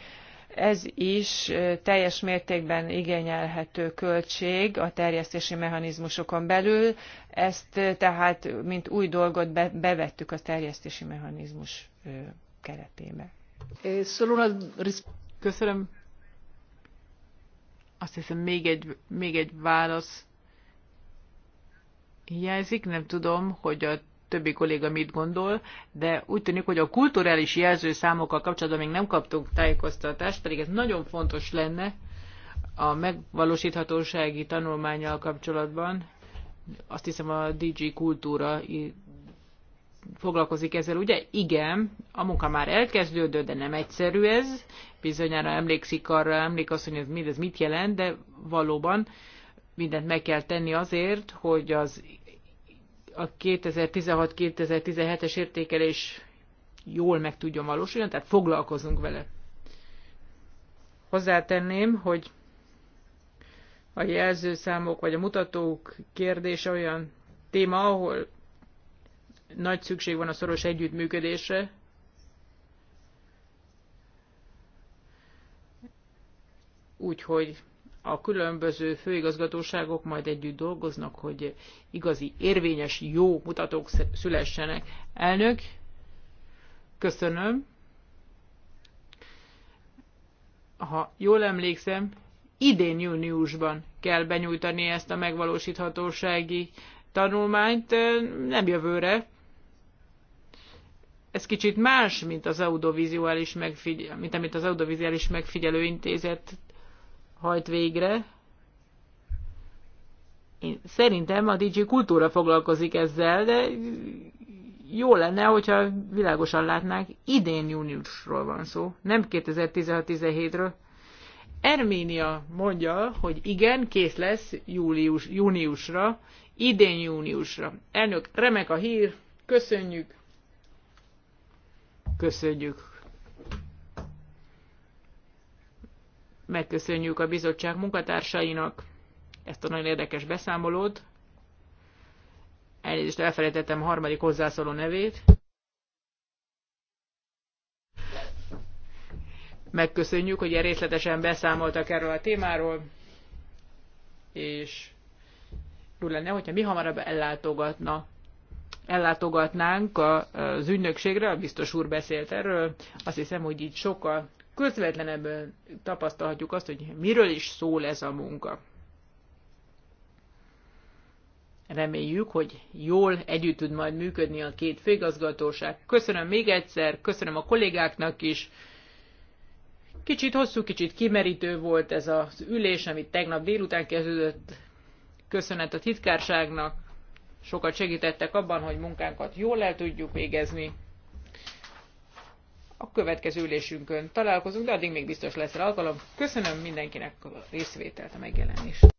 ez is teljes mértékben igényelhető költség a terjesztési mechanizmusokon belül, ezt tehát mint új dolgot be, bevettük a terjesztési mechanizmus keretébe. Köszönöm. Azt hiszem még egy, még egy válasz hiányzik, nem tudom, hogy a többi kolléga mit gondol, de úgy tűnik, hogy a kulturális jelzőszámokkal kapcsolatban még nem kaptunk tájékoztatást, pedig ez nagyon fontos lenne a megvalósíthatósági tanulmányjal kapcsolatban. Azt hiszem a DG Kultúra foglalkozik ezzel, ugye? Igen, a munka már elkezdődött, de nem egyszerű ez. Bizonyára emlékszik arra, emlék azt, hogy ez mindez mit jelent, de valóban mindent meg kell tenni azért, hogy az a 2016-2017-es értékelés jól meg tudjon valósulni, tehát foglalkozunk vele. Hozzátenném, hogy a jelzőszámok vagy a mutatók kérdése olyan téma, ahol nagy szükség van a szoros együttműködésre. Úgyhogy a különböző főigazgatóságok majd együtt dolgoznak, hogy igazi, érvényes, jó mutatók szülessenek. Elnök, köszönöm. Ha jól emlékszem, idén júniusban kell benyújtani ezt a megvalósíthatósági tanulmányt, nem jövőre. Ez kicsit más, mint az audiovizuális megfigyel, mint amit az audiovizuális megfigyelő intézet hajt végre. Én szerintem a DJ Kultúra foglalkozik ezzel, de jó lenne, hogyha világosan látnák, idén júniusról van szó, nem 2016-17-ről. Erménia mondja, hogy igen, kész lesz július, júniusra, idén júniusra. Elnök, remek a hír, köszönjük. Köszönjük Megköszönjük a bizottság munkatársainak ezt a nagyon érdekes beszámolót. Elnézést elfelejtettem a harmadik hozzászóló nevét. Megköszönjük, hogy ilyen részletesen beszámoltak erről a témáról, és jó lenne, hogyha mi hamarabb ellátogatna ellátogatnánk az ügynökségre, a biztos úr beszélt erről, azt hiszem, hogy így sokkal közvetlenebben tapasztalhatjuk azt, hogy miről is szól ez a munka. Reméljük, hogy jól együtt tud majd működni a két főigazgatóság. Köszönöm még egyszer, köszönöm a kollégáknak is. Kicsit hosszú, kicsit kimerítő volt ez az ülés, amit tegnap délután kezdődött. Köszönet a titkárságnak. Sokat segítettek abban, hogy munkánkat jól el tudjuk végezni a következő ülésünkön találkozunk, de addig még biztos lesz rá alkalom. Köszönöm mindenkinek a részvételt, a megjelenést.